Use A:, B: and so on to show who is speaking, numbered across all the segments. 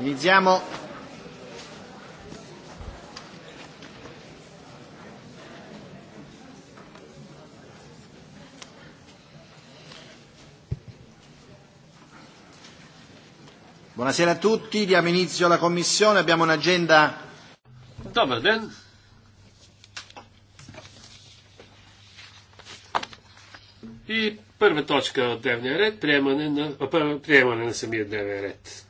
A: Iniziamo. Buonasera a tutti, diamo inizio alla commissione, abbiamo un'agenda.
B: Добър И първа точка от дневния ред, приемане на, приемане на самия дневен ред.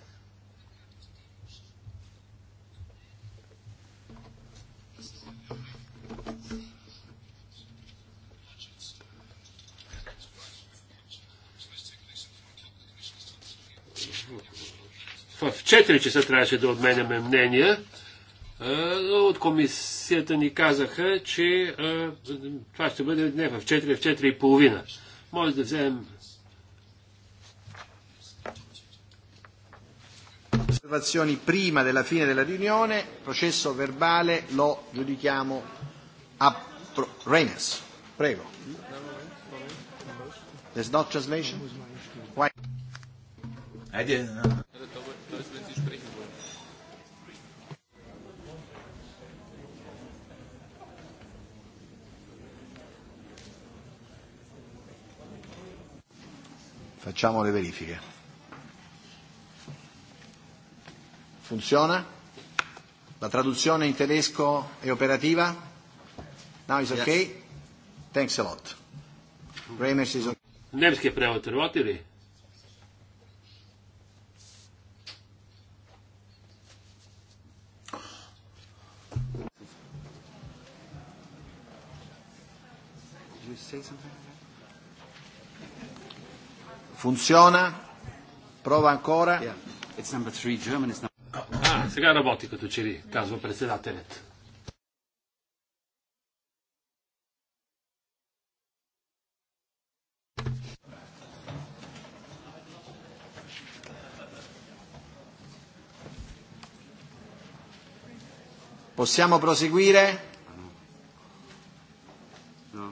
B: 4 часа трябваше да обменяме мнения, но от комисията ни казаха, че това ще бъде не в 4, в 4 и половина. Може да вземем
A: osservazioni prima della fine della riunione, processo verbale lo giudichiamo a Renes. Prego. There's not translation? Why?
C: I didn't know.
A: Facciamo le verifiche. Funziona? La traduzione in tedesco è operativa? Now is okay? Yes. Thanks a lot.
B: Remes is okay. Немският превод работи ли? say something? Функциона.
A: Прова анкора.
B: А, сега работи като че ли, казва
D: председателят.
A: Possiamo proseguire? Ah, no,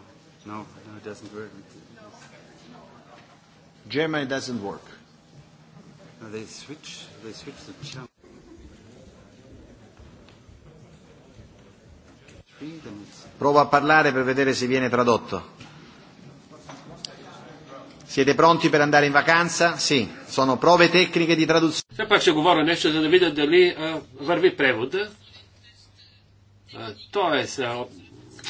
A: no, no, it doesn't work. Germany doesn't work.
D: They switch, they switch the channel.
A: Prova a parlare per vedere se viene tradotto. Siete pronti per andare in vacanza? Sì, sono prove tecniche di traduzione.
B: Все пак ще говоря нещо, за да видя дали а, върви превода. А, тоест, а,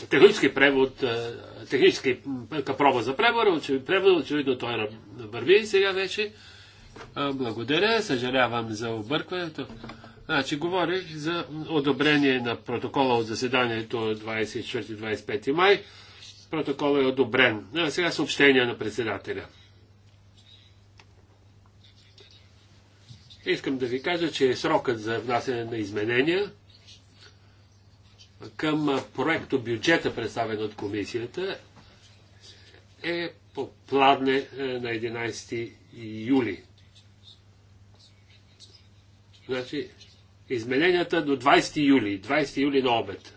B: технически превод, е, технически проба за превод, превод, очевидно той върви сега вече. Благодаря, съжалявам за объркването. Значи, говорих за одобрение на протокола от заседанието 24-25 май. Протоколът е одобрен. А сега съобщение на председателя. Искам да ви кажа, че е срокът за внасяне на изменения към проекто бюджета, представен от комисията, е попладне е, на 11 юли. Значи, измененията до 20 юли, 20 юли на обед.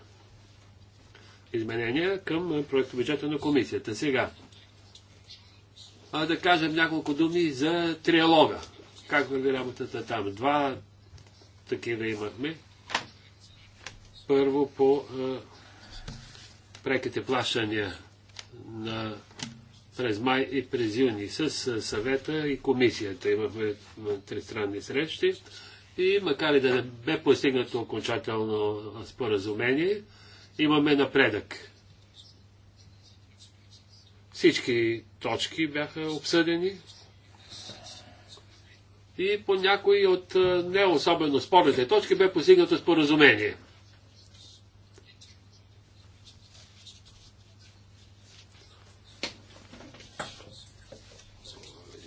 B: Изменения към проекто бюджета на комисията. Сега, а да кажем няколко думи за триалога. Как върви работата там? Два такива имахме първо по преките плащания на, през май и през юни с съвета и комисията. Имахме тристранни срещи и макар и да не бе постигнато окончателно споразумение, имаме напредък. Всички точки бяха обсъдени и по някои от не особено спорните точки бе постигнато споразумение.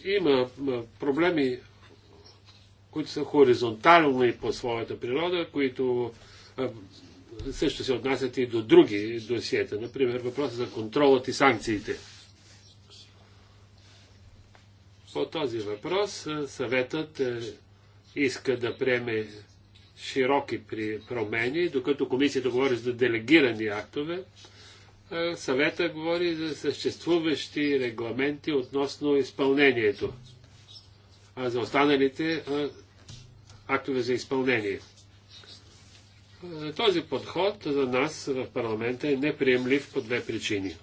B: има проблеми, които са хоризонтални по своята природа, които също се отнасят и до други досиета. Например, въпроса за контролът и санкциите. По този въпрос съветът иска да приеме широки промени, докато комисията говори за делегирани актове съвета говори за съществуващи регламенти относно изпълнението, а за останалите а, актове за изпълнение. Този подход за нас в парламента е неприемлив по две причини.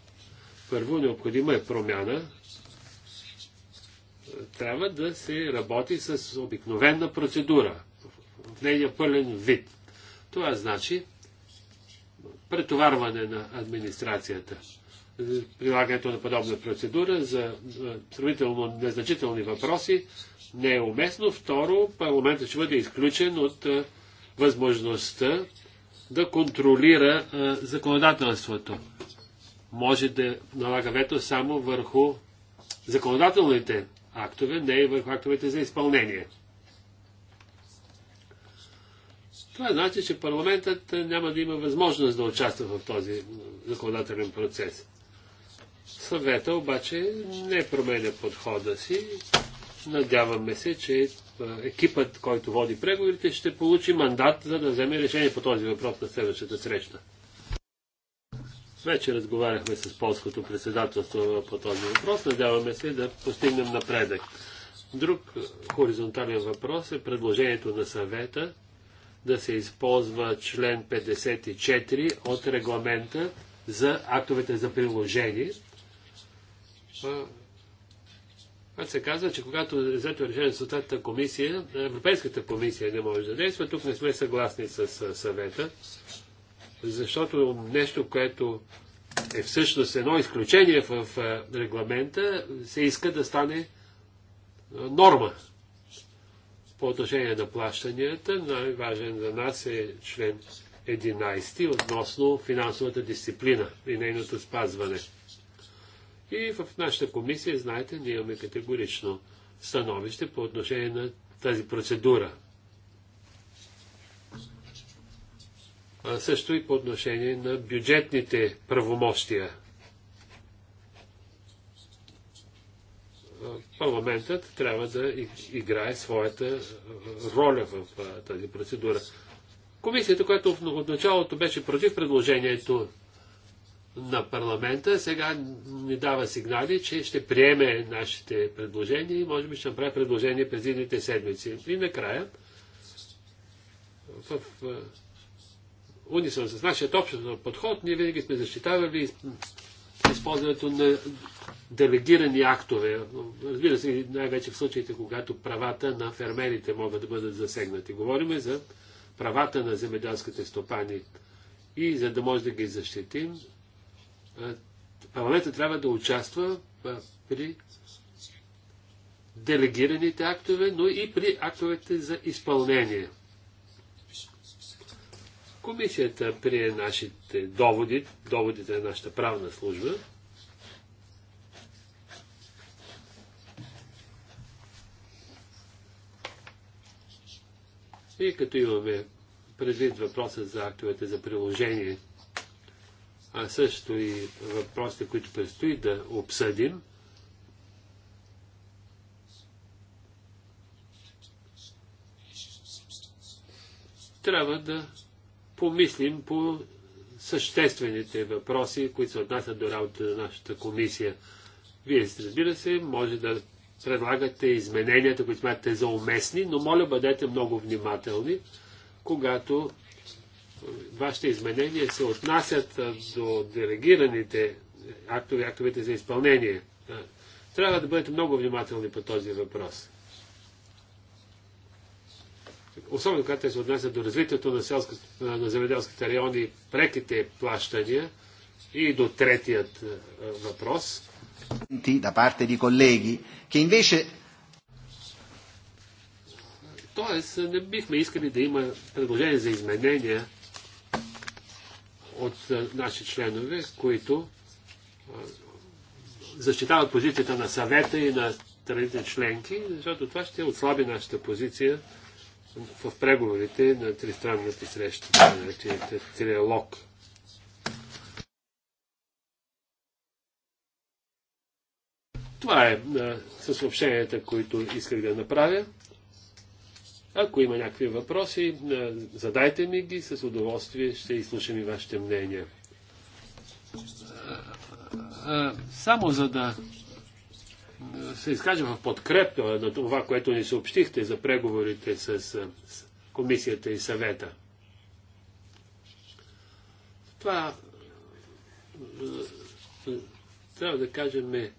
B: Първо, необходима е промяна. Трябва да се работи с обикновена процедура, в нейния пълен вид. Това значи претоварване на администрацията. Прилагането на подобна процедура за сравнително незначителни въпроси не е уместно. Второ, парламентът ще бъде изключен от възможността да контролира законодателството. Може да налага вето само върху законодателните актове, не и върху актовете за изпълнение. Това значи, че парламентът е, няма да има възможност да участва в този законодателен процес. Съвета обаче не променя подхода си. Надяваме се, че е, екипът, който води преговорите, ще получи мандат, за да вземе решение по този въпрос на следващата среща. Вече разговаряхме с полското председателство по този въпрос. Надяваме се да постигнем напредък. Друг хоризонтален въпрос е предложението на съвета да се използва член 54 от регламента за актовете за приложение. Когато се казва, че когато е взето решение на съответната комисия, Европейската комисия не може да действа, тук не сме съгласни с съвета, защото нещо, което е всъщност едно изключение в регламента, се иска да стане норма по отношение на плащанията, най-важен за нас е член 11 относно финансовата дисциплина и нейното спазване. И в нашата комисия, знаете, ние имаме категорично становище по отношение на тази процедура. А също и по отношение на бюджетните правомощия парламентът трябва да играе своята е, роля в е, тази процедура. Комисията, която от началото беше против предложението на парламента, сега ни дава сигнали, че ще приеме нашите предложения и може би ще направи предложение през едните седмици. И накрая, в е, унисъл с нашия общ подход, ние винаги сме защитавали използването на делегирани актове. Разбира се, най-вече в случаите, когато правата на фермерите могат да бъдат засегнати. Говориме за правата на земеделските стопани и за да може да ги защитим, парламентът трябва да участва при делегираните актове, но и при актовете за изпълнение. Комисията прие нашите доводи, доводите на нашата правна служба, И като имаме предвид въпроса за актовете за приложение, а също и въпросите, които предстои да обсъдим, трябва да помислим по съществените въпроси, които се отнасят до работата на нашата комисия. Вие, разбира се, може да предлагате измененията, които смятате за уместни, но моля бъдете много внимателни, когато е, вашите изменения се отнасят е, до делегираните актове, актовете за изпълнение. Е, трябва да бъдете много внимателни по този въпрос. Особено когато се отнасят до развитието на, селско, на земеделските райони, преките плащания и до третият въпрос –
A: да parte di colleghi, che invece...
B: Тоест, не бихме искали да има предложение за изменения от наши членове, които защитават позицията на съвета и на страните членки, защото това ще отслаби нашата позиция в преговорите на тристранната среща, наречените триалог. Това е със е, съобщенията, които исках да направя. Ако има някакви въпроси, е, задайте ми ги, с удоволствие ще изслушам и вашите мнения. Е, само за да се изкажа в подкрепа на това, което ни съобщихте за преговорите с комисията и съвета. Това трябва да кажем е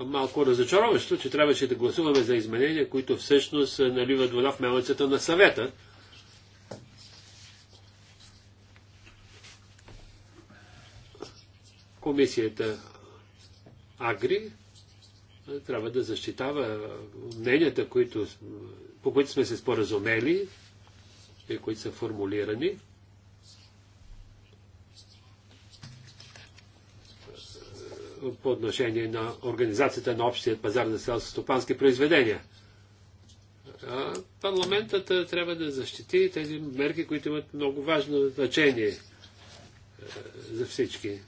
B: малко разочароващо, че трябваше да гласуваме за изменения, които всъщност наливат вода в мелницата на съвета. Комисията Агри трябва да защитава мненията, които, по които сме се споразумели и които са формулирани. по отношение на Организацията на общият пазар за селско-стопански произведения. Парламентът трябва да защити тези мерки, които имат много важно значение за всички.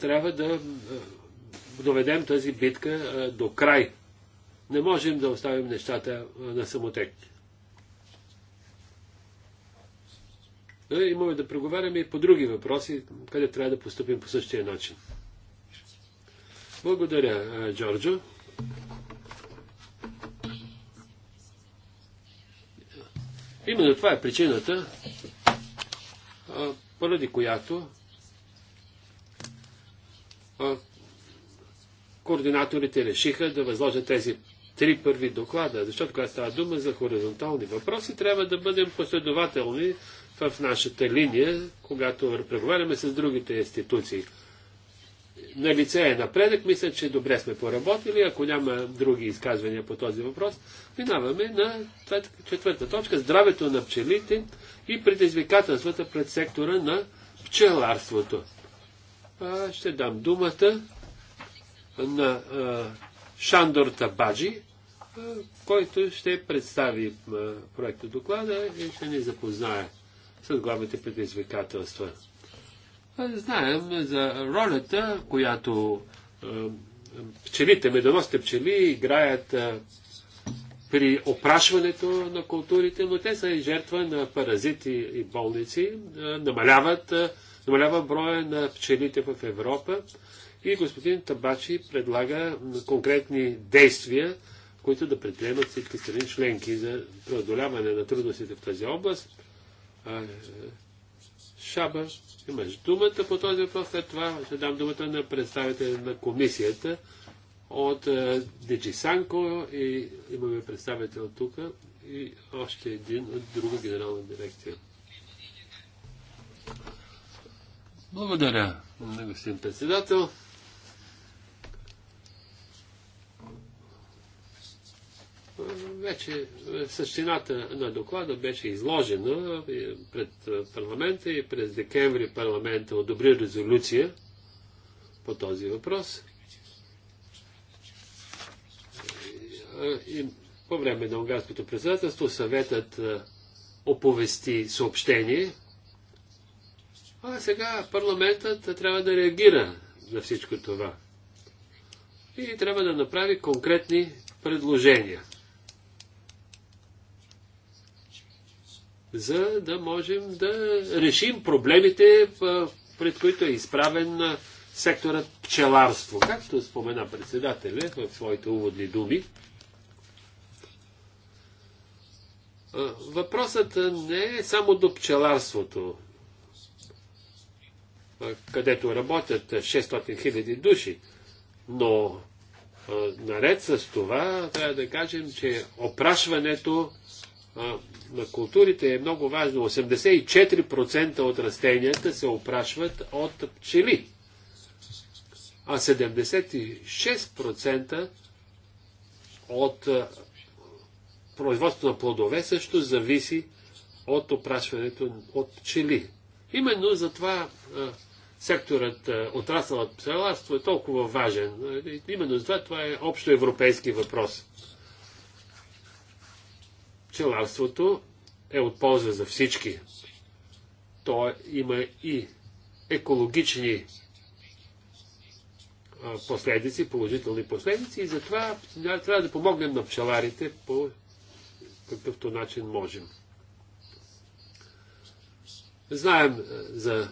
B: Трябва да доведем тази битка до край. Не можем да оставим нещата на самотек. Е, имаме да преговаряме и по други въпроси, къде трябва да поступим по същия начин. Благодаря, е, Джорджо. Именно това е причината, е, поради която координаторите решиха да възложат тези три първи доклада, защото когато става дума за хоризонтални въпроси, трябва да бъдем последователни в нашата линия, когато преговаряме с другите институции. На лице е напредък, мисля, че добре сме поработили. Ако няма други изказвания по този въпрос, минаваме на четвърта точка. Здравето на пчелите и предизвикателствата пред сектора на пчеларството. А, ще дам думата на а, Шандор Табаджи, който ще представи проекта доклада и ще ни запознае с главните предизвикателства. Знаем за ролята, която е, пчелите, медоносните пчели играят е, при опрашването на културите, но те са и жертва на паразити и болници. Е, намаляват, намалява броя на пчелите в Европа и господин Табачи предлага конкретни действия, които да предприемат всички страни членки за преодоляване на трудностите в тази област. Е, Шаба, имаш думата по този въпрос. След това ще дам думата на представителя на комисията от е, Диджи Санко и имаме представител тук и още един от друга генерална дирекция. Благодаря, господин председател. Вече същината на доклада беше изложена пред парламента и през декември парламента одобри резолюция по този въпрос. И по време на унгарското председателство съветът оповести съобщение, а сега парламентът трябва да реагира на всичко това. И трябва да направи конкретни предложения. за да можем да решим проблемите, пред които е изправен секторът пчеларство. Както спомена председателя в своите уводни думи, въпросът не е само до пчеларството, където работят 600 хиляди души, но наред с това трябва да кажем, че опрашването на културите е много важно. 84% от растенията се опрашват от пчели, а 76% от производството на плодове също зависи от опрашването от пчели. Именно затова секторът, отрасълът пчеларство е толкова важен. Именно затова това е общо европейски въпрос пчеларството е от полза за всички. То има и екологични последици, положителни последици и затова трябва да помогнем на пчеларите по какъвто начин можем. Знаем за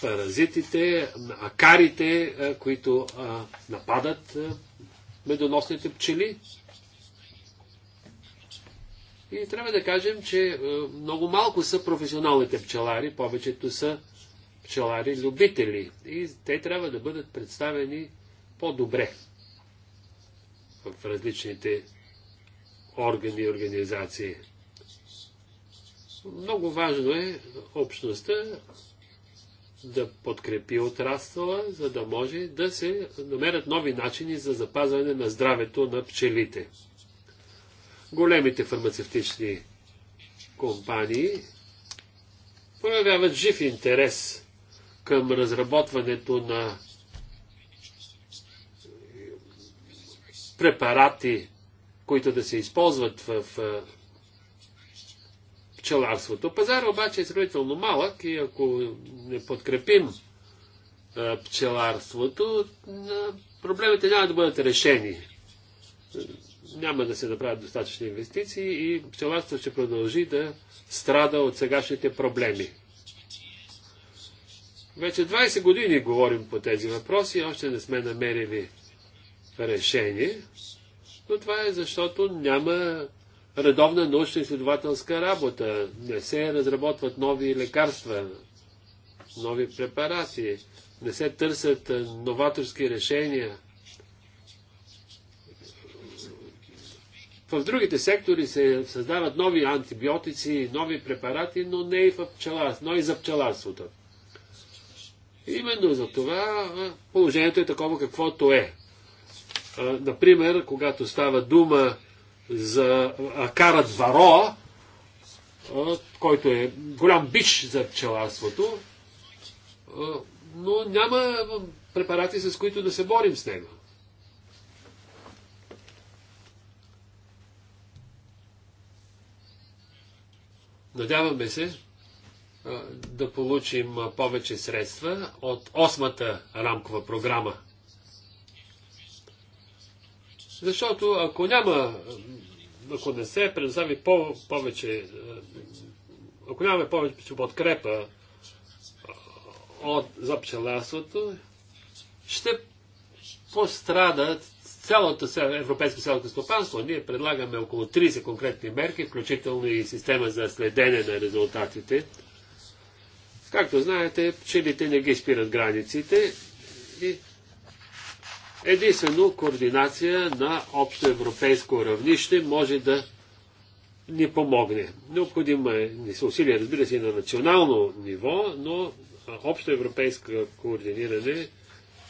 B: паразитите, акарите, които нападат медоносните пчели. И трябва да кажем, че е, много малко са професионалните пчелари, повечето са пчелари-любители. И те трябва да бъдат представени по-добре в различните органи и организации. Много важно е общността да подкрепи отрасъла, за да може да се намерят нови начини за запазване на здравето на пчелите големите фармацевтични компании проявяват жив интерес към разработването на препарати, които да се използват в пчеларството. Пазар обаче е сравнително малък и ако не подкрепим пчеларството, проблемите няма да бъдат решени няма да се направят достатъчни инвестиции и пчеларството ще продължи да страда от сегашните проблеми. Вече 20 години говорим по тези въпроси, още не сме намерили решение, но това е защото няма редовна научно-изследователска работа, не се разработват нови лекарства, нови препарати, не се търсят новаторски решения В другите сектори се създават нови антибиотици, нови препарати, но не и, в пчелар, но и за пчеларството. Именно за това положението е такова каквото е. Например, когато става дума за карат варо, който е голям бич за пчеларството, но няма препарати, с които да се борим с него. Надяваме се да получим повече средства от осмата рамкова програма. Защото ако няма, ако не се предостави по- повече, ако нямаме повече подкрепа от, за пчеларството, ще пострадат цялото европейско селско стопанство ние предлагаме около 30 конкретни мерки, включително и система за следене на резултатите. Както знаете, пчелите не ги спират границите и единствено координация на общо европейско равнище може да ни помогне. Необходимо е не са усилия, разбира се, и на национално ниво, но общо европейско координиране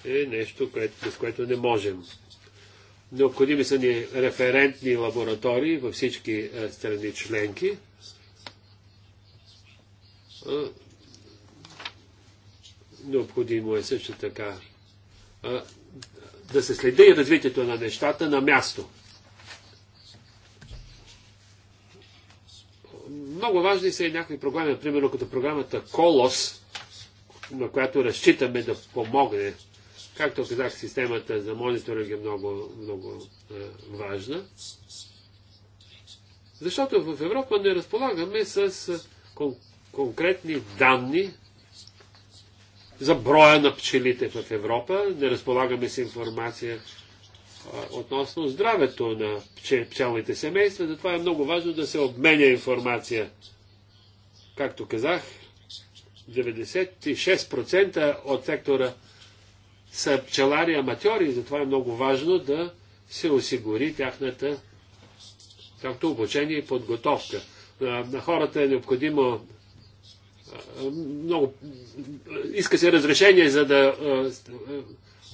B: е нещо, което, което не можем. Необходими са ни референтни лаборатории във всички е, страни членки. Необходимо е също така да се следи и развитието на нещата на място. Много важни са и някои програми, например, като програмата Колос, на която разчитаме да помогне Както казах, системата за мониторинг е много, много е, важна. Защото в Европа не разполагаме с е, кон- конкретни данни за броя на пчелите в Европа, не разполагаме с информация е, относно здравето на пчелните семейства, затова е много важно да се обменя информация. Както казах, 96% от сектора са пчелари аматьори и затова е много важно да се осигури тяхната както обучение и подготовка. На хората е необходимо много... Иска се разрешение за да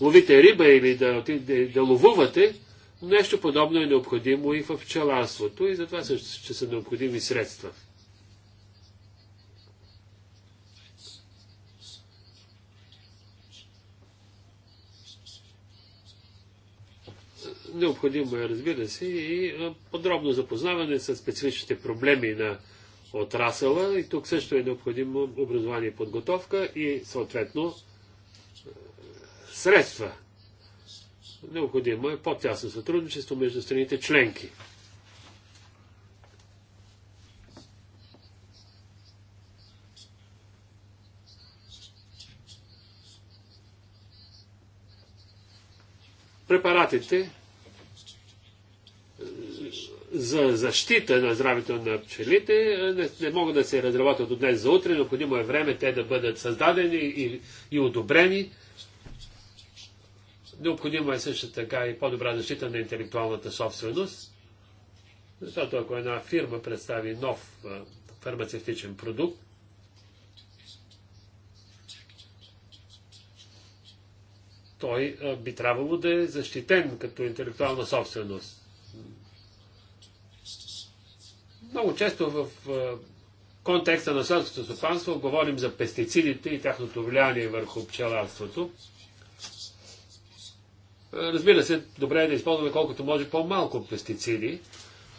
B: ловите риба или да, да, да ловувате, нещо подобно е необходимо и в пчеларството и затова също ще са необходими средства. Необходимо е, разбира се, и подробно запознаване с специфичните проблеми на отрасъла и тук също е необходимо образование и подготовка и съответно средства. Необходимо е по-тясно сътрудничество между страните членки. препаратите за защита на здравето на пчелите не, не могат да се разработят от днес за утре. Необходимо е време те да бъдат създадени и, и одобрени. Необходимо е също така и по-добра защита на интелектуалната собственост. Защото ако една фирма представи нов фармацевтичен продукт, той би трябвало да е защитен като интелектуална собственост. Много често в е, контекста на селското стопанство говорим за пестицидите и тяхното влияние върху пчеларството. Е, разбира се, добре е да използваме колкото може по-малко пестициди, е,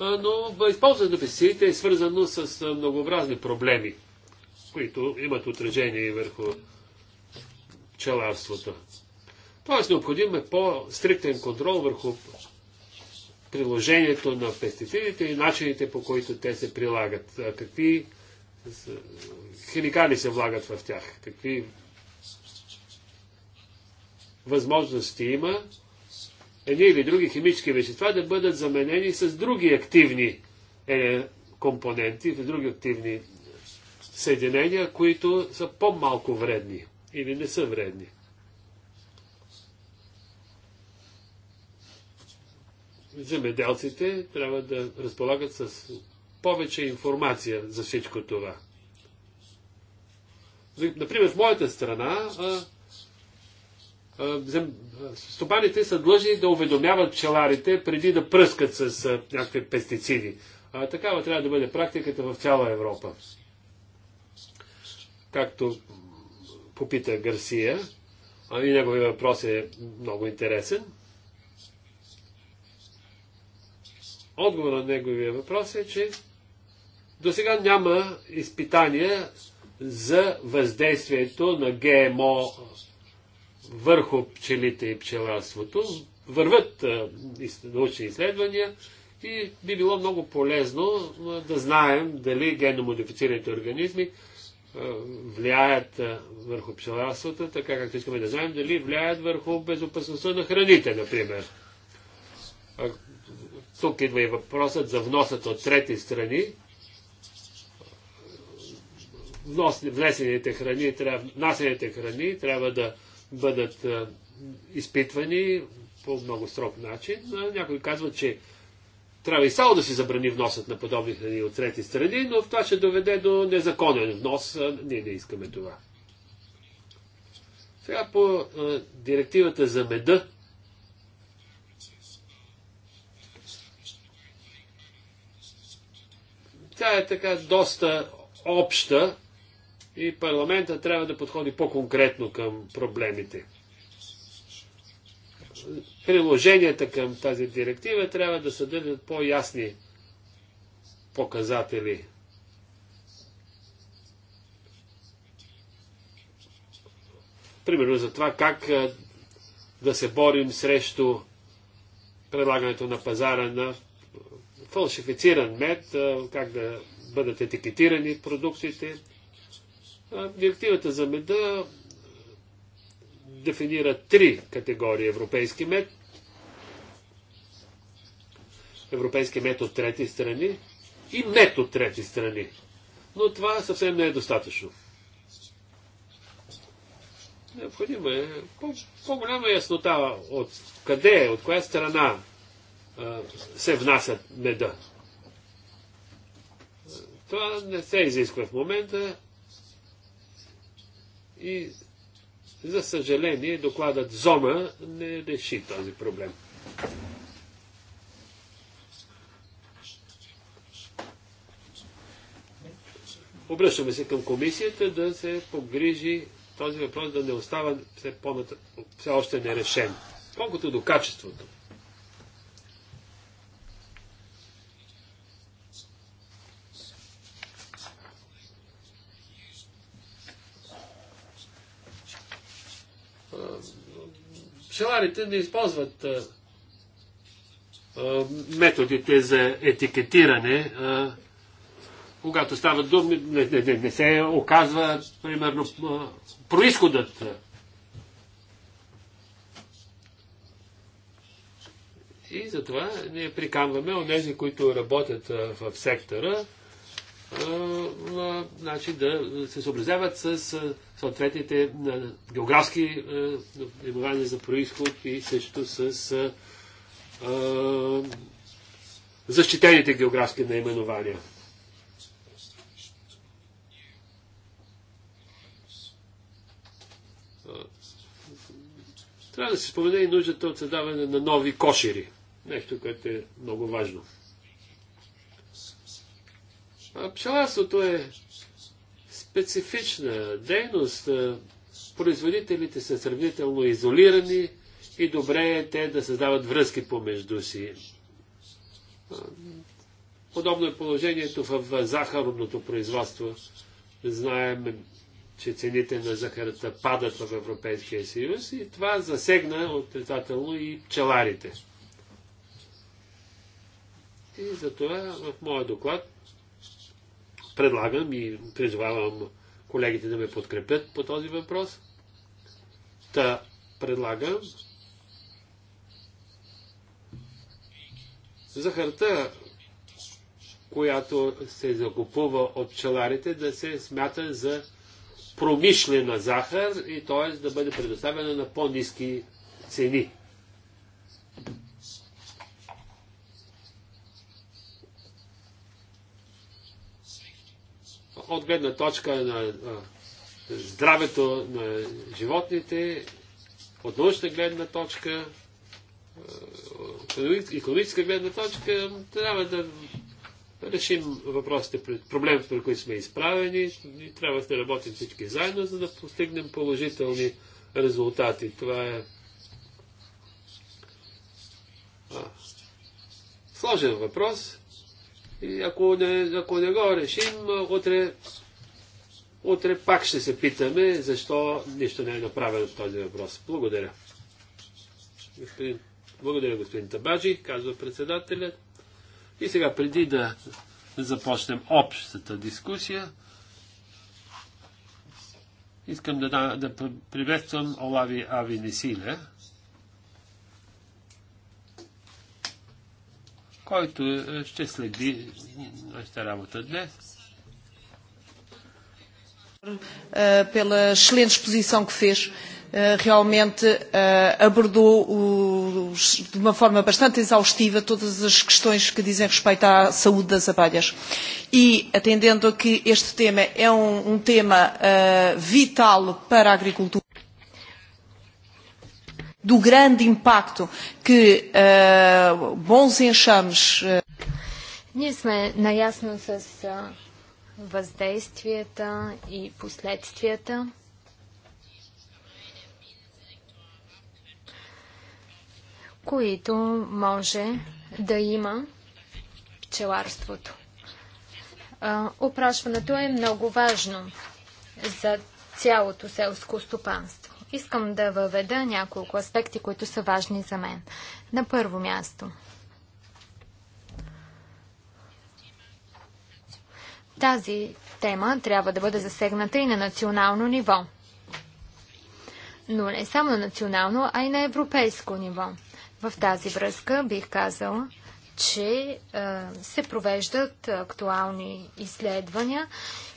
B: но използването на пестицидите е свързано с многообразни проблеми, които имат отражение върху пчеларството. Тоест необходим е по-стриктен контрол върху приложението на пестицидите и начините по които те се прилагат. Какви химикали се влагат в тях? Какви възможности има едни или други химически вещества да бъдат заменени с други активни е, компоненти, с други активни съединения, които са по-малко вредни или не са вредни. земеделците трябва да разполагат с повече информация за всичко това. Например, в моята страна стопаните са длъжни да уведомяват пчеларите преди да пръскат с някакви пестициди. А, такава трябва да бъде практиката в цяла Европа. Както попита Гарсия, а и неговият въпрос е много интересен. Отговор на неговия въпрос е, че до сега няма изпитания за въздействието на ГМО върху пчелите и пчеларството. Върват научни изследвания и би било много полезно да знаем дали генномодифицираните организми влияят върху пчеларството, така както искаме да знаем, дали влияят върху безопасността на храните, например. Тук идва и въпросът за вносът от трети страни. Внос, внесените храни, трябва, насените храни трябва да бъдат изпитвани по много строг начин. Някой казва, че трябва и само да се забрани вносът на подобни храни от трети страни, но това ще доведе до незаконен внос. Ние не искаме това. Сега по директивата за меда Тя е така доста обща и парламента трябва да подходи по-конкретно към проблемите. Приложенията към тази директива трябва да съдържат по-ясни показатели. Примерно за това как да се борим срещу предлагането на пазара на фалшифициран мед, как да бъдат етикетирани продукциите. Директивата за меда дефинира три категории европейски мед. Европейски мед от трети страни и мед от трети страни. Но това съвсем не е достатъчно. Необходима е по-голяма яснота от къде, от коя страна се внасят меда. Това не се изисква в момента и за съжаление докладът ЗОМА не реши този проблем. Обръщаме се към комисията да се погрижи този въпрос да не остава все, все още нерешен. Колкото до качеството. пчеларите не използват методите за етикетиране, когато става дум, не, не, не, не се оказва, примерно, происходът. И затова ние приканваме от тези, които работят в сектора, значи, да се съобразяват с съответните географски наименования за происход и също с защитените географски наименования. Трябва да се спомене и нуждата от създаване на нови кошери. Нещо, което е много важно. Пчеларството е специфична дейност. Производителите са сравнително изолирани и добре е те да създават връзки помежду си. Подобно е положението в захарното производство. Знаем, че цените на захарата падат в Европейския съюз и това засегна отрицателно и пчеларите. И затова в моя доклад предлагам и призовавам колегите да ме подкрепят по този въпрос. Та предлагам захарта, която се закупува от пчеларите, да се смята за промишлена захар и т.е. да бъде предоставена на по-низки цени. от гледна точка на здравето на животните, от научна гледна точка, економическа гледна точка, трябва да решим въпросите, проблемите, при които сме изправени и трябва да работим всички заедно, за да постигнем положителни резултати. Това е сложен въпрос. И ако не, ако не го решим, утре, утре пак ще се питаме защо нищо не е направено в този въпрос. Благодаря. Господин, благодаря, господин Табаджи, казва председателят. И сега, преди да започнем общата дискусия, искам да, да приветствам Олави Ави Несиле който ще следи нашата работа днес.
E: Pela excelente exposição que fez, realmente abordou de uma forma bastante exaustiva todas as questões que dizem respeito à saúde das abelhas. E, atendendo a que este tema é um, um tema vital para a agricultura do grande impacto que uh, bons enxames. Eh,
F: Ние сме наясно с въздействията и последствията. които може да има пчеларството. опрашването е много важно за цялото селско стопанство. Искам да въведа няколко аспекти, които са важни за мен. На първо място. Тази тема трябва да бъде засегната и на национално ниво. Но не само на национално, а и на европейско ниво. В тази връзка бих казала, че е, се провеждат актуални изследвания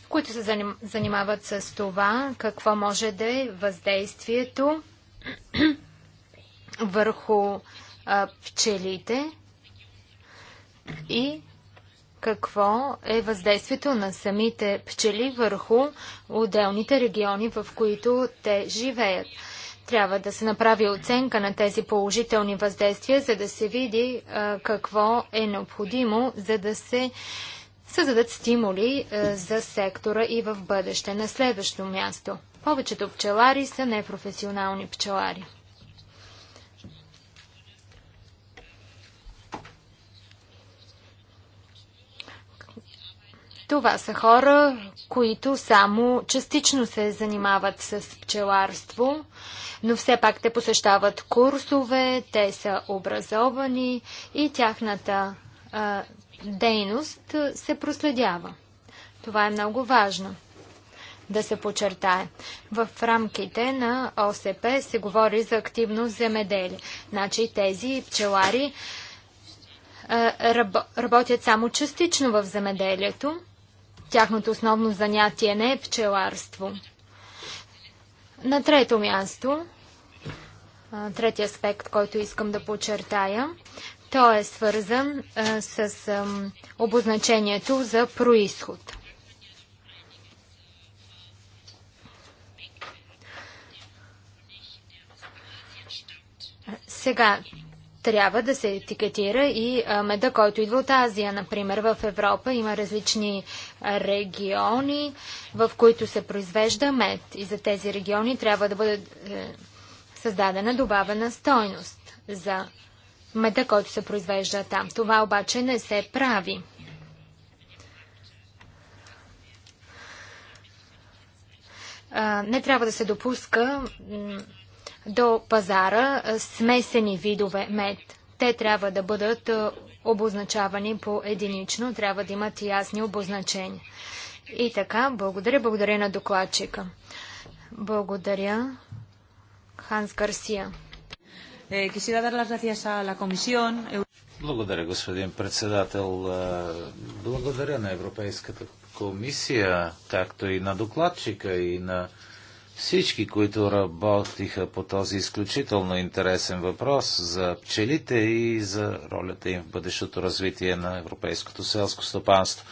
F: които се занимават с това какво може да е въздействието върху а, пчелите и какво е въздействието на самите пчели върху отделните региони, в които те живеят. Трябва да се направи оценка на тези положителни въздействия, за да се види а, какво е необходимо, за да се а, създадат стимули е, за сектора и в бъдеще. На следващо място. Повечето пчелари са непрофесионални пчелари. Това са хора, които само частично се занимават с пчеларство, но все пак те посещават курсове, те са образовани и тяхната а, дейност се проследява. Това е много важно да се почертае. В рамките на ОСП се говори за активно земеделие. Значи тези пчелари работят само частично в земеделието. Тяхното основно занятие не е пчеларство. На трето място, третия аспект, който искам да подчертая, той е свързан а, с а, обозначението за происход. Сега трябва да се етикетира и меда, който идва от Азия. Например, в Европа има различни региони, в които се произвежда мед. И за тези региони трябва да бъде е, създадена добавена стойност за меда, който се произвежда там. Това обаче не се прави. Не трябва да се допуска до пазара смесени видове мед. Те трябва да бъдат обозначавани по единично, трябва да имат ясни обозначения. И така, благодаря, благодаря на докладчика. Благодаря, Ханс Гарсия.
D: Eh,
C: благодаря, господин председател. Е, благодаря на Европейската комисия, както и на докладчика и на всички, които работиха по този изключително интересен въпрос за пчелите и за ролята им в бъдещото развитие на европейското селско стопанство.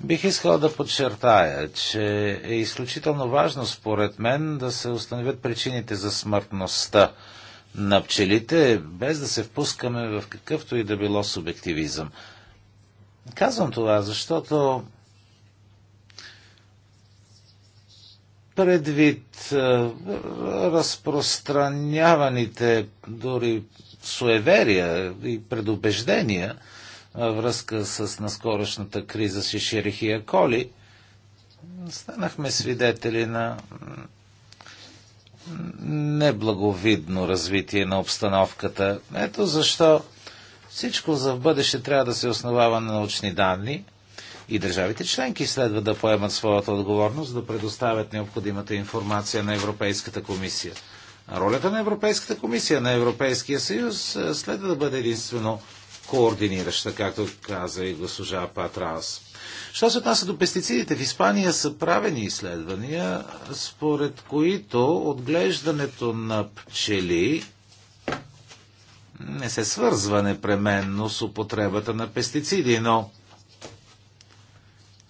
C: Бих искал да подчертая, че е изключително важно според мен да се установят причините за смъртността на пчелите, без да се впускаме в какъвто и да било субективизъм. Казвам това, защото предвид е, разпространяваните дори суеверия и предубеждения връзка с наскорошната криза с Ишерихия Коли, станахме свидетели на неблаговидно развитие на обстановката. Ето защо всичко за бъдеще трябва да се основава на научни данни и държавите членки следва да поемат своята отговорност да предоставят необходимата информация на Европейската комисия. Ролята на Европейската комисия, на Европейския съюз е, следва да бъде единствено координираща, както каза и госпожа Патраус. Що се отнася до пестицидите, в Испания са правени изследвания, според които отглеждането на пчели не се свързва непременно с употребата на пестициди, но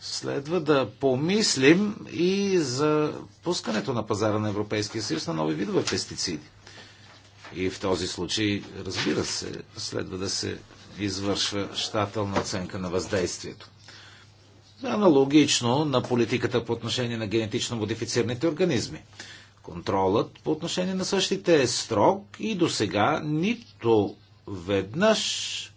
C: следва да помислим и за пускането на пазара на Европейския съюз на нови видове пестициди. И в този случай, разбира се, следва да се извършва щателна оценка на въздействието аналогично на политиката по отношение на генетично модифицираните организми. Контролът по отношение на същите е строг и до сега нито веднъж е,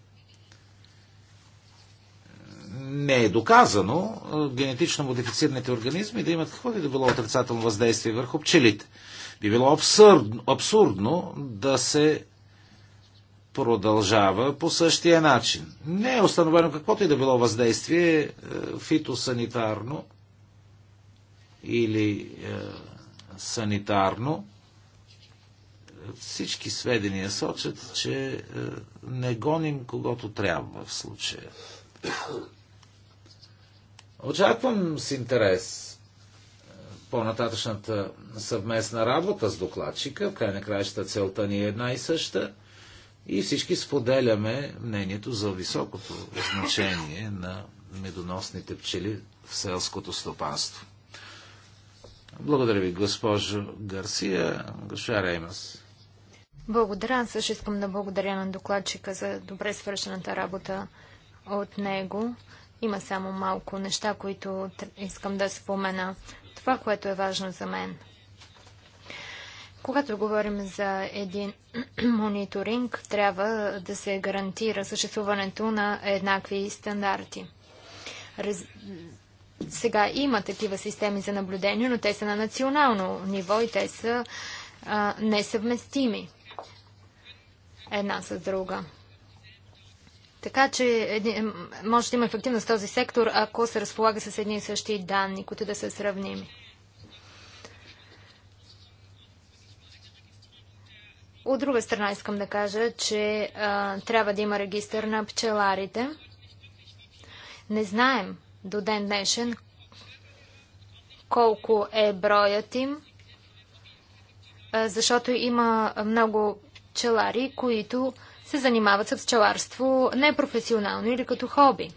C: не е доказано е, генетично модифицираните организми да имат какво да било отрицателно въздействие върху пчелите. Би било абсурдно, абсурдно да се продължава по същия начин. Не е установено каквото и да било въздействие е, фитосанитарно или е, санитарно. Всички сведения сочат, че е, не гоним когато трябва в случая. Очаквам с интерес е, по-нататъчната съвместна работа с докладчика. В на краищата целта ни е една и съща и всички споделяме мнението за високото значение на медоносните пчели в селското стопанство. Благодаря ви, госпожо Гарсия. Госпожа Реймас.
F: Благодаря. Аз също искам да благодаря на докладчика за добре свършената работа от него. Има само малко неща, които искам да спомена. Това, което е важно за мен – когато говорим за един мониторинг, трябва да се гарантира съществуването на еднакви стандарти. Раз... Сега има такива системи за наблюдение, но те са на национално ниво и те са а, несъвместими една с друга. Така че може да има ефективност този сектор, ако се разполага с едни и същи данни, които да са сравними. От друга страна искам да кажа, че а, трябва да има регистър на пчеларите. Не знаем до ден днешен колко е броят им, а, защото има много пчелари, които се занимават с пчеларство непрофесионално или като хоби.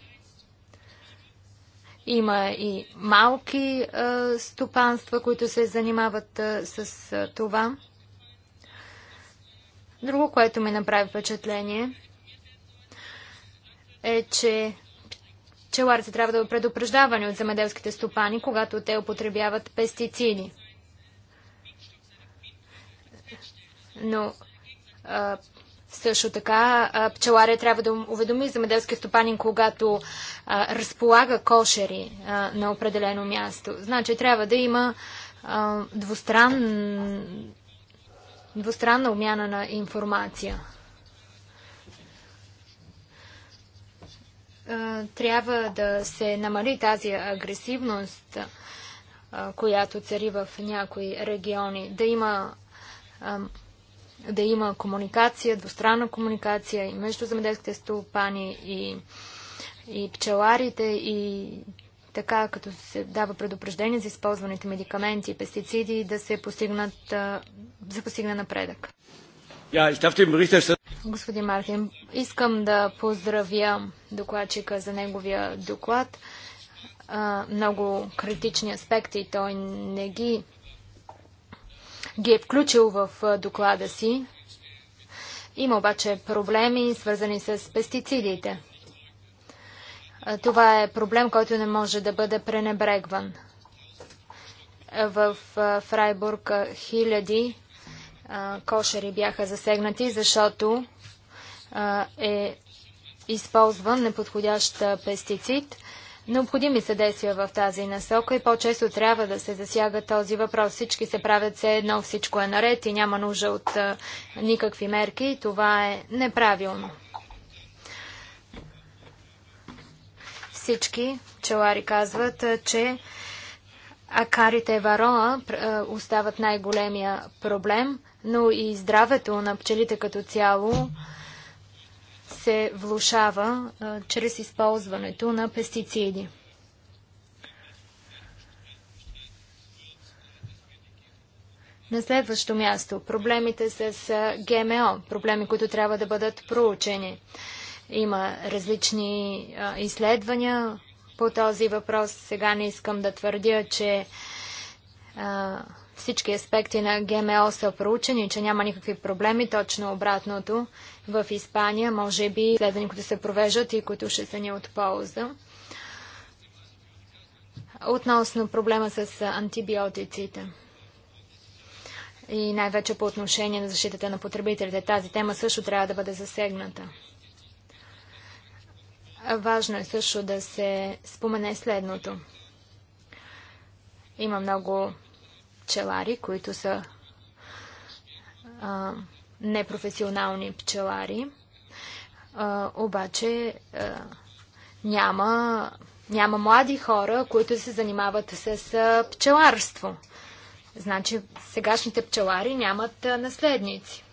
F: Има и малки а, стопанства, които се занимават а, с а, това. Друго, което ми направи впечатление, е, че пчеларите трябва да бъдат предупреждавани от земеделските стопани, когато те употребяват пестициди. Но а, също така а, пчеларя трябва да уведоми земеделски стопанин, когато а, разполага кошери а, на определено място. Значи трябва да има а, двустран двустранна обмяна на информация. Трябва да се намали тази агресивност, която цари в някои региони. Да има, да има комуникация, двустранна комуникация и между земеделските стопани и, и пчеларите и така като се дава предупреждение за използваните медикаменти и пестициди, да се постигнат, да постигне напредък. Господин Мартин, искам да поздравя докладчика за неговия доклад. много критични аспекти той не ги, ги е включил в доклада си. Има обаче проблеми, свързани с пестицидите. Това е проблем, който не може да бъде пренебрегван. В Фрайбург хиляди кошери бяха засегнати, защото е използван неподходящ пестицид. Необходими са действия в тази насока и по-често трябва да се засяга този въпрос. Всички се правят все едно, всичко е наред и няма нужда от никакви мерки. Това е неправилно. Всички пчелари казват, че акарите вароа остават най-големия проблем, но и здравето на пчелите като цяло се влушава чрез използването на пестициди. На следващо място проблемите с ГМО, проблеми, които трябва да бъдат проучени. Има различни а, изследвания по този въпрос. Сега не искам да твърдя, че а, всички аспекти на ГМО са проучени, че няма никакви проблеми, точно обратното. В Испания, може би, изследвания, които се провеждат и които ще са ни от полза. Относно проблема с антибиотиците и най-вече по отношение на защитата на потребителите. Тази тема също трябва да бъде засегната. Важно е също да се спомене следното. Има много пчелари, които са а, непрофесионални пчелари, а, обаче а, няма, няма млади хора, които се занимават с а, пчеларство. Значи сегашните пчелари нямат а, наследници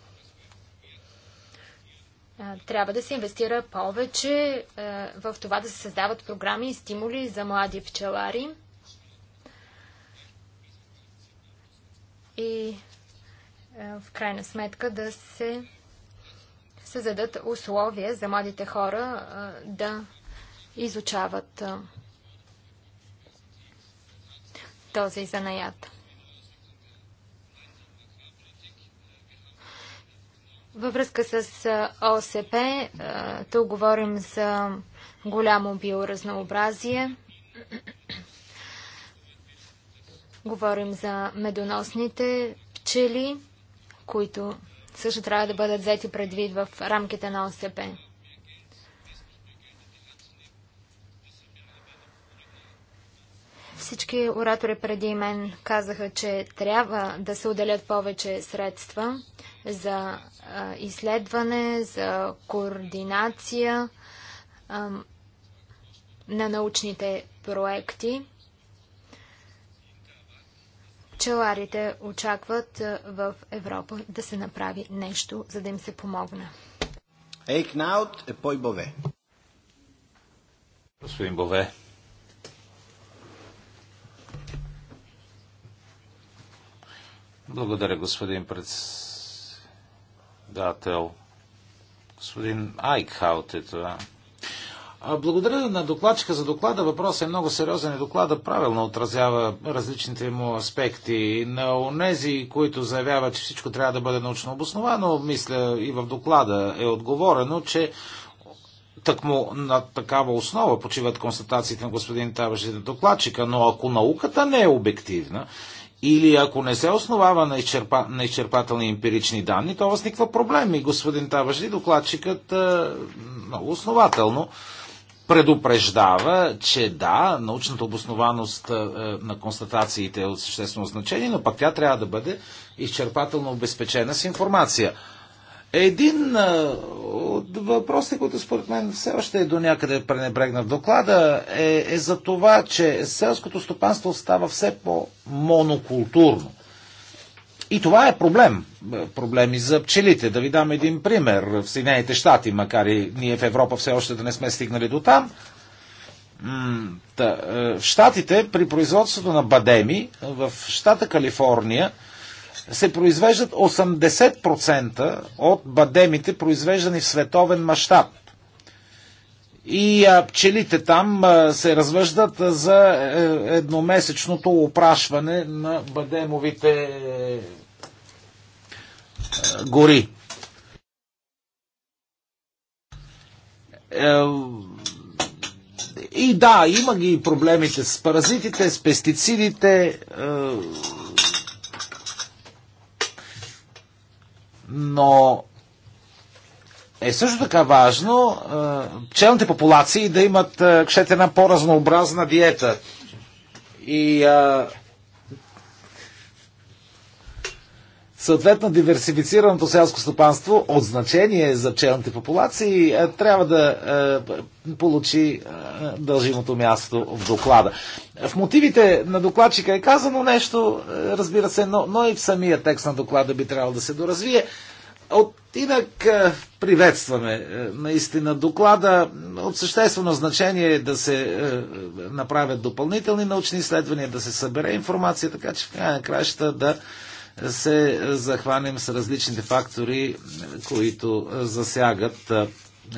F: трябва да се инвестира повече е, в това да се създават програми и стимули за млади пчелари. И е, в крайна сметка да се създадат условия за младите хора е, да изучават този занаят. Във връзка с ОСП, тук говорим за голямо биоразнообразие. Говорим за медоносните пчели, които също трябва да бъдат взети предвид в рамките на ОСП. Всички оратори преди мен казаха, че трябва да се отделят повече средства за изследване, за координация на научните проекти. Пчеларите очакват в Европа да се направи нещо, за да им се помогне.
A: Ейкнаут е пой Бове.
C: Господин Бове. Благодаря, господин председател председател. Господин Айкхаут е това. Благодаря на докладчика за доклада. Въпросът е много сериозен и доклада правилно отразява различните му аспекти. На онези, които заявяват, че всичко трябва да бъде научно обосновано, мисля и в доклада е отговорено, че тъкмо на такава основа почиват констатациите на господин Таваш и докладчика, но ако науката не е обективна или ако не се основава на, изчерпа, на изчерпателни емпирични данни, то възниква проблем. И господин Таважди, докладчикът е, много основателно предупреждава, че да, научната обоснованост е, е, на констатациите е от съществено значение, но пък тя трябва да бъде изчерпателно обезпечена с информация. Един от въпросите, които според мен все още е до някъде пренебрегна в доклада, е, е за това, че селското стопанство става все по-монокултурно. И това е проблем. Проблеми за пчелите. Да ви дам един пример. В Съединените щати, макар и ние в Европа все още да не сме стигнали до там, е, в щатите при производството на бадеми в щата Калифорния се произвеждат 80% от бадемите, произвеждани в световен мащаб. И а, пчелите там а, се развъждат а, за е, едномесечното опрашване на бадемовите е, гори. Е, и да, има ги проблемите с паразитите, с пестицидите. Е, но е също така важно пчелните е, популации да имат, кшете, една по-разнообразна диета. И а, е, Съответно, диверсифицираното селско стопанство от значение за пчелните популации е, трябва да е, получи е, дължимото място в доклада. В мотивите на докладчика е казано нещо, е, разбира се, но, но и в самия текст на доклада би трябвало да се доразвие. От инак е, приветстваме наистина доклада. От съществено значение е да се направят допълнителни научни изследвания, да се събере информация, така че в края на краища да се захванем с различните фактори, които засягат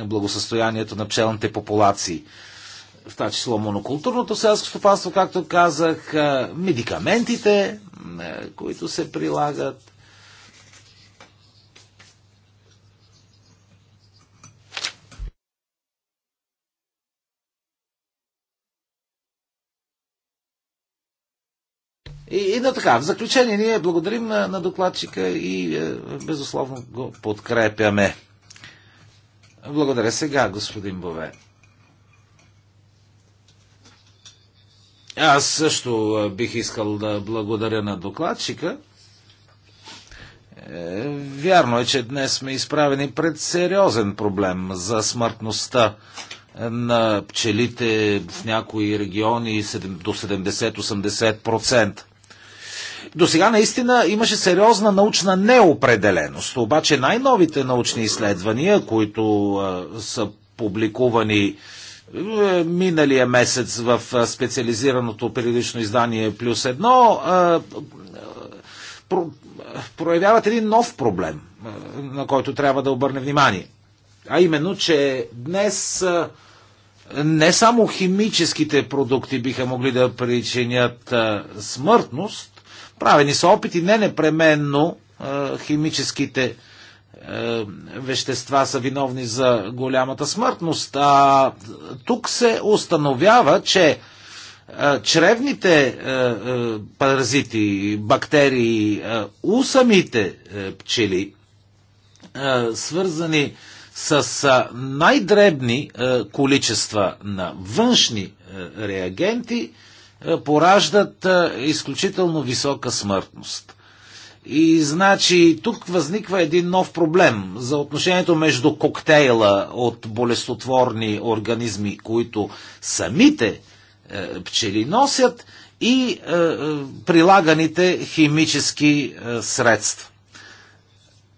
C: благосъстоянието на пчелните популации. В това число монокултурното селско стопанство, както казах, медикаментите, които се прилагат, И, и да така, в заключение ние благодарим на, на докладчика и е, безусловно го подкрепяме. Благодаря сега, господин Бове. Аз също е, бих искал да благодаря на докладчика. Е, вярно е, че днес сме изправени пред сериозен проблем за смъртността на пчелите в някои региони до 70-80%. До сега наистина имаше сериозна научна неопределеност, обаче най-новите научни изследвания, които а, са публикувани е, миналия месец в специализираното периодично издание Плюс Едно, про, проявяват един нов проблем, на който трябва да обърне внимание. А именно, че днес не само химическите продукти биха могли да причинят смъртност, Правени са опити не непременно химическите вещества са виновни за голямата смъртност. А, тук се установява, че чревните паразити, бактерии у самите пчели, свързани с най-дребни количества на външни реагенти, е, пораждат е, изключително висока смъртност. И значи тук възниква един нов проблем за отношението между коктейла от болестотворни организми, които самите е, пчели носят, и е, е прилаганите химически е, средства.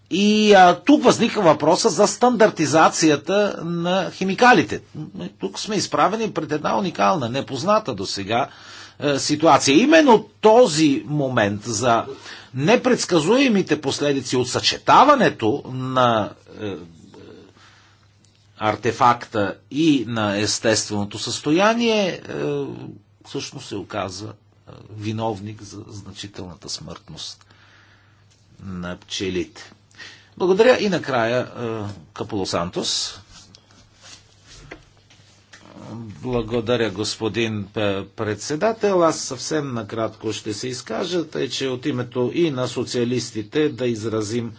C: И а, тук възниква въпроса за стандартизацията на химикалите. Тук сме изправени пред една уникална, непозната до сега е, ситуация. Именно този момент за непредсказуемите последици от съчетаването на е, артефакта и на естественото състояние е, всъщност се оказва е, виновник за значителната смъртност на пчелите. Благодаря и накрая е, Капуло Сантос. Благодаря, господин председател. Аз съвсем накратко ще се изкажа, тъй че от името и на социалистите да изразим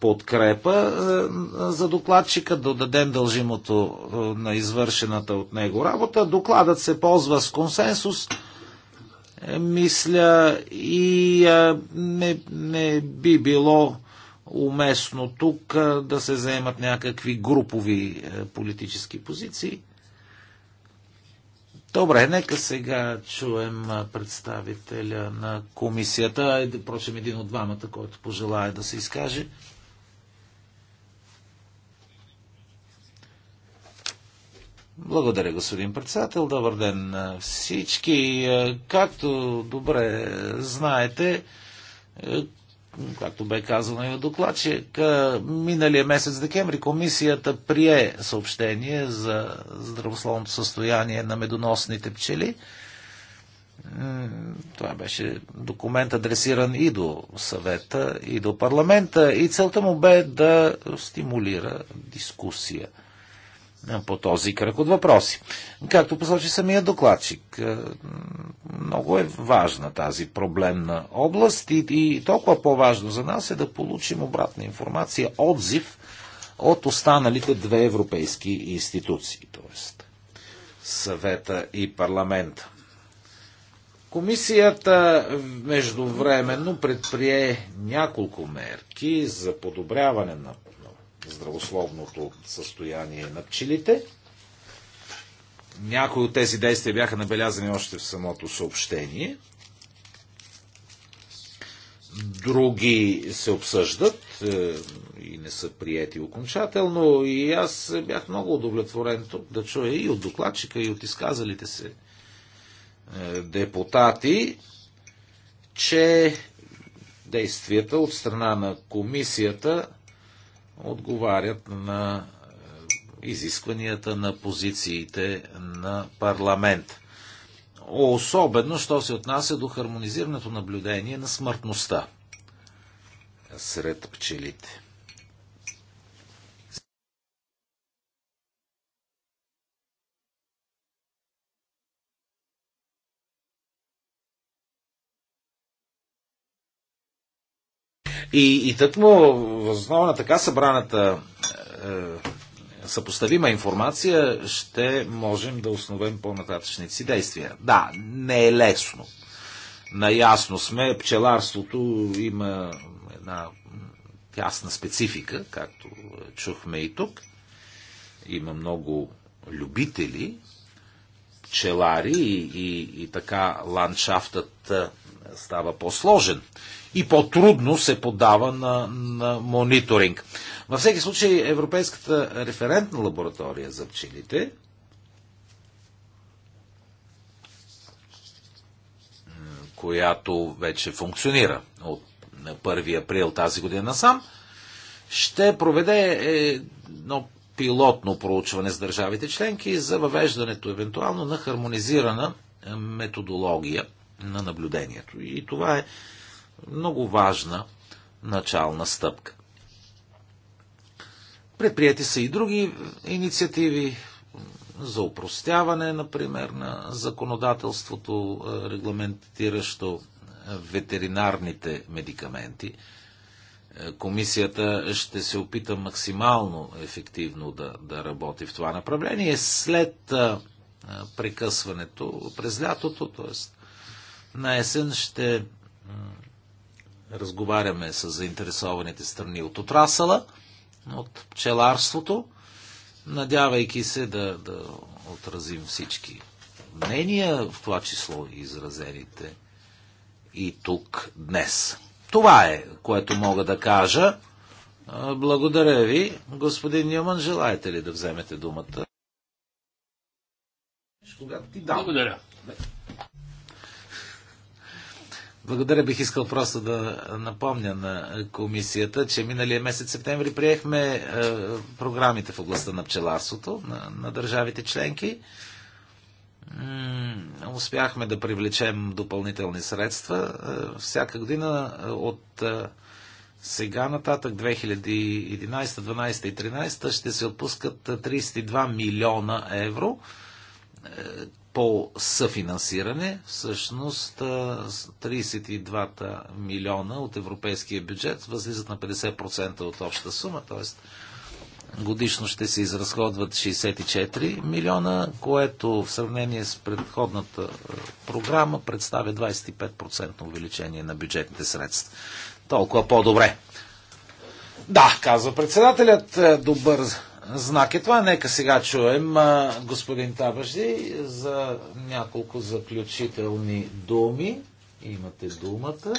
C: подкрепа е, за докладчика, да дадем дължимото е, на извършената от него работа. Докладът се ползва с консенсус, мисля, и не, не би било уместно тук да се заемат някакви групови е, политически позиции. Добре, нека сега чуем представителя на комисията, прочим един от двамата, който пожелая да се изкаже. Благодаря, господин председател. Добър ден на всички. Е, както добре знаете, е, както бе казано и в докладчик, миналия месец декември комисията прие съобщение за здравословното състояние на медоносните пчели. Това беше документ адресиран и до съвета, и до парламента, и целта му бе да стимулира дискусия – е, по този кръг от въпроси. Както посочи самия докладчик, е, много е важна тази проблемна област и, и толкова по-важно за нас е да получим обратна информация, отзив от останалите две европейски институции, т.е. съвета и парламента. Комисията междувременно предприе няколко мерки за подобряване на здравословното състояние на пчелите. Някои от тези действия бяха набелязани още в самото съобщение. Други се обсъждат е, и не са приети окончателно. И аз бях много удовлетворен тук да чуя и от докладчика, и от изказалите се е, депутати, че действията от страна на комисията отговарят на е, изискванията на позициите на парламент. Особено, що се отнася до хармонизирането наблюдение на смъртността сред пчелите. И, и тъкмо възоснова на така събраната е, съпоставима информация ще можем да основем по-нататъчните си действия. Да, не е лесно. Наясно сме, пчеларството има една тясна специфика, както чухме и тук. Има много любители, пчелари и, и, и така ландшафтът е, става по-сложен и по-трудно се подава на, на мониторинг. Във всеки случай, Европейската референтна лаборатория за пчелите която вече функционира от 1 април тази година насам, ще проведе едно пилотно проучване с държавите членки за въвеждането евентуално на хармонизирана методология на наблюдението. И това е много важна начална стъпка. Предприяти са и други инициативи за упростяване, например, на законодателството, е, регламентиращо ветеринарните медикаменти. Е, комисията ще се опита максимално ефективно да, да работи в това направление. След е, прекъсването през лятото, т.е. на есен ще разговаряме с заинтересованите страни от отрасала, от пчеларството, надявайки се да, да отразим всички мнения, в това число и изразените и тук днес. Това е, което мога да кажа. Благодаря ви. Господин Нюман, желаете ли да вземете думата? Когато ти дам. Благодаря. Благодаря, бих искал просто да напомня на комисията, че миналия месец септември приехме е, програмите в областта на пчеларството на, на държавите членки. М успяхме да привлечем допълнителни средства. Е, всяка година е, от е, сега нататък, 2011, 2012 и 2013, ще се отпускат 32 е, милиона евро е, по съфинансиране, всъщност 32 милиона от европейския бюджет възлизат на 50% от обща сума, т.е. годишно ще се изразходват 64 милиона, което в сравнение с предходната програма представя 25% увеличение на бюджетните средства. Толкова по-добре. Да, казва председателят, добър знак е това. Нека сега чуем господин Табажди за няколко заключителни думи. Имате думата.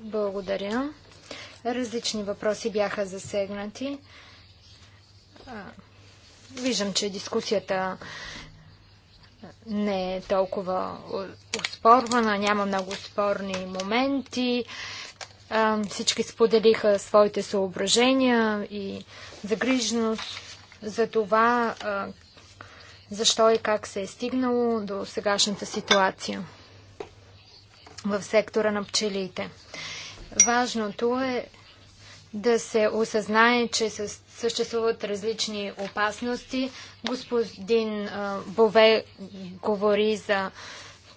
F: Благодаря. Различни въпроси бяха засегнати. Виждам, че дискусията не е толкова успорвана, няма много спорни моменти. Всички споделиха своите съображения и загриженост за това, защо и как се е стигнало до сегашната ситуация в сектора на пчелите. Важното е да се осъзнае, че с Съществуват различни опасности. Господин а, Бове говори за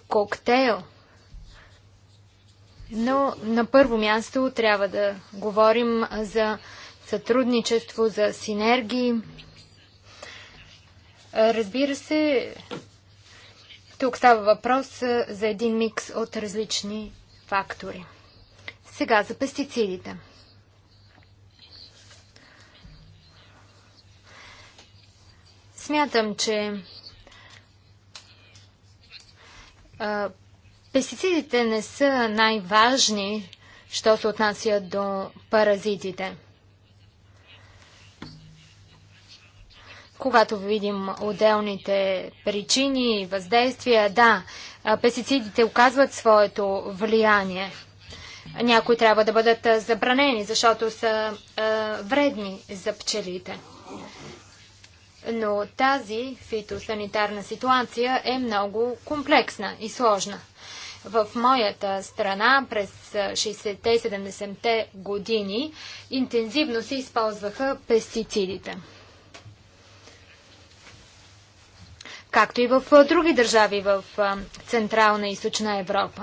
F: коктейл. Но на първо място трябва да говорим за сътрудничество, за синергии. Разбира се, тук става въпрос за един микс от различни фактори. Сега за пестицидите. Смятам, че пестицидите не са най-важни, що се отнася до паразитите. Когато видим отделните причини и въздействия, да, пестицидите оказват своето влияние. Някои трябва да бъдат забранени, защото са вредни за пчелите. Но тази фитосанитарна ситуация е много комплексна и сложна. В моята страна през 60-те и 70-те години интензивно се използваха пестицидите. Както и в други държави в Централна и Източна Европа.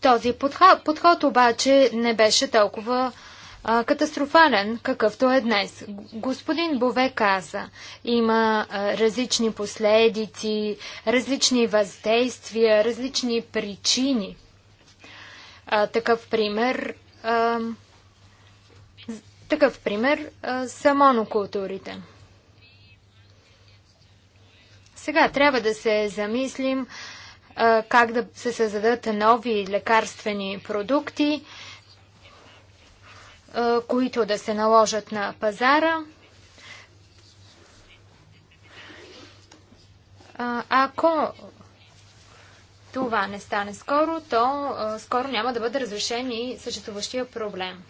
F: Този подход, подход обаче не беше толкова а, катастрофален, какъвто е днес. Господин Бове каза, има а, различни последици, различни въздействия, различни причини. А, такъв пример. А, такъв пример а, са монокултурите. Сега трябва да се замислим а, как да се създадат нови лекарствени продукти, които да се наложат на пазара. Ако това не стане скоро, то скоро няма да бъде разрешен и съществуващия проблем.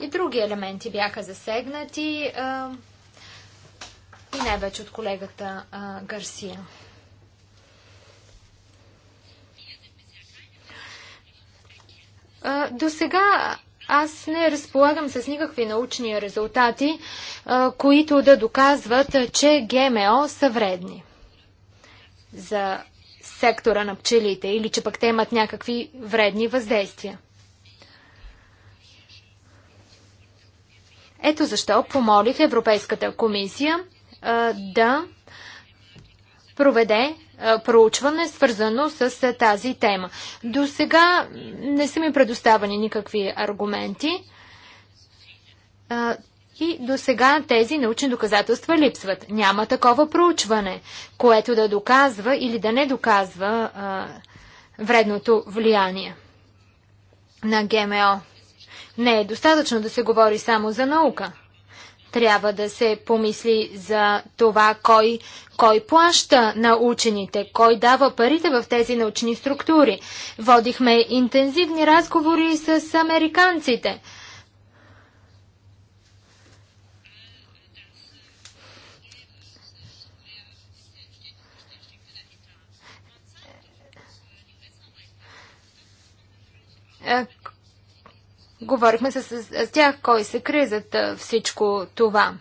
F: И други елементи бяха засегнати и най-вече от колегата Гарсия. До сега аз не разполагам с никакви научни резултати, които да доказват, че ГМО са вредни за сектора на пчелите или че пък те имат някакви вредни въздействия. Ето защо помолих Европейската комисия да проведе проучване, свързано с тази тема. До сега не са ми предоставени никакви аргументи и до сега тези научни доказателства липсват. Няма такова проучване, което да доказва или да не доказва вредното влияние на ГМО. Не е достатъчно да се говори само за наука. Трябва да се помисли за това кой, кой плаща на учените, кой дава парите в тези научни структури. Водихме интензивни разговори с американците. Говорихме с, с, с тях кой се крие за всичко това.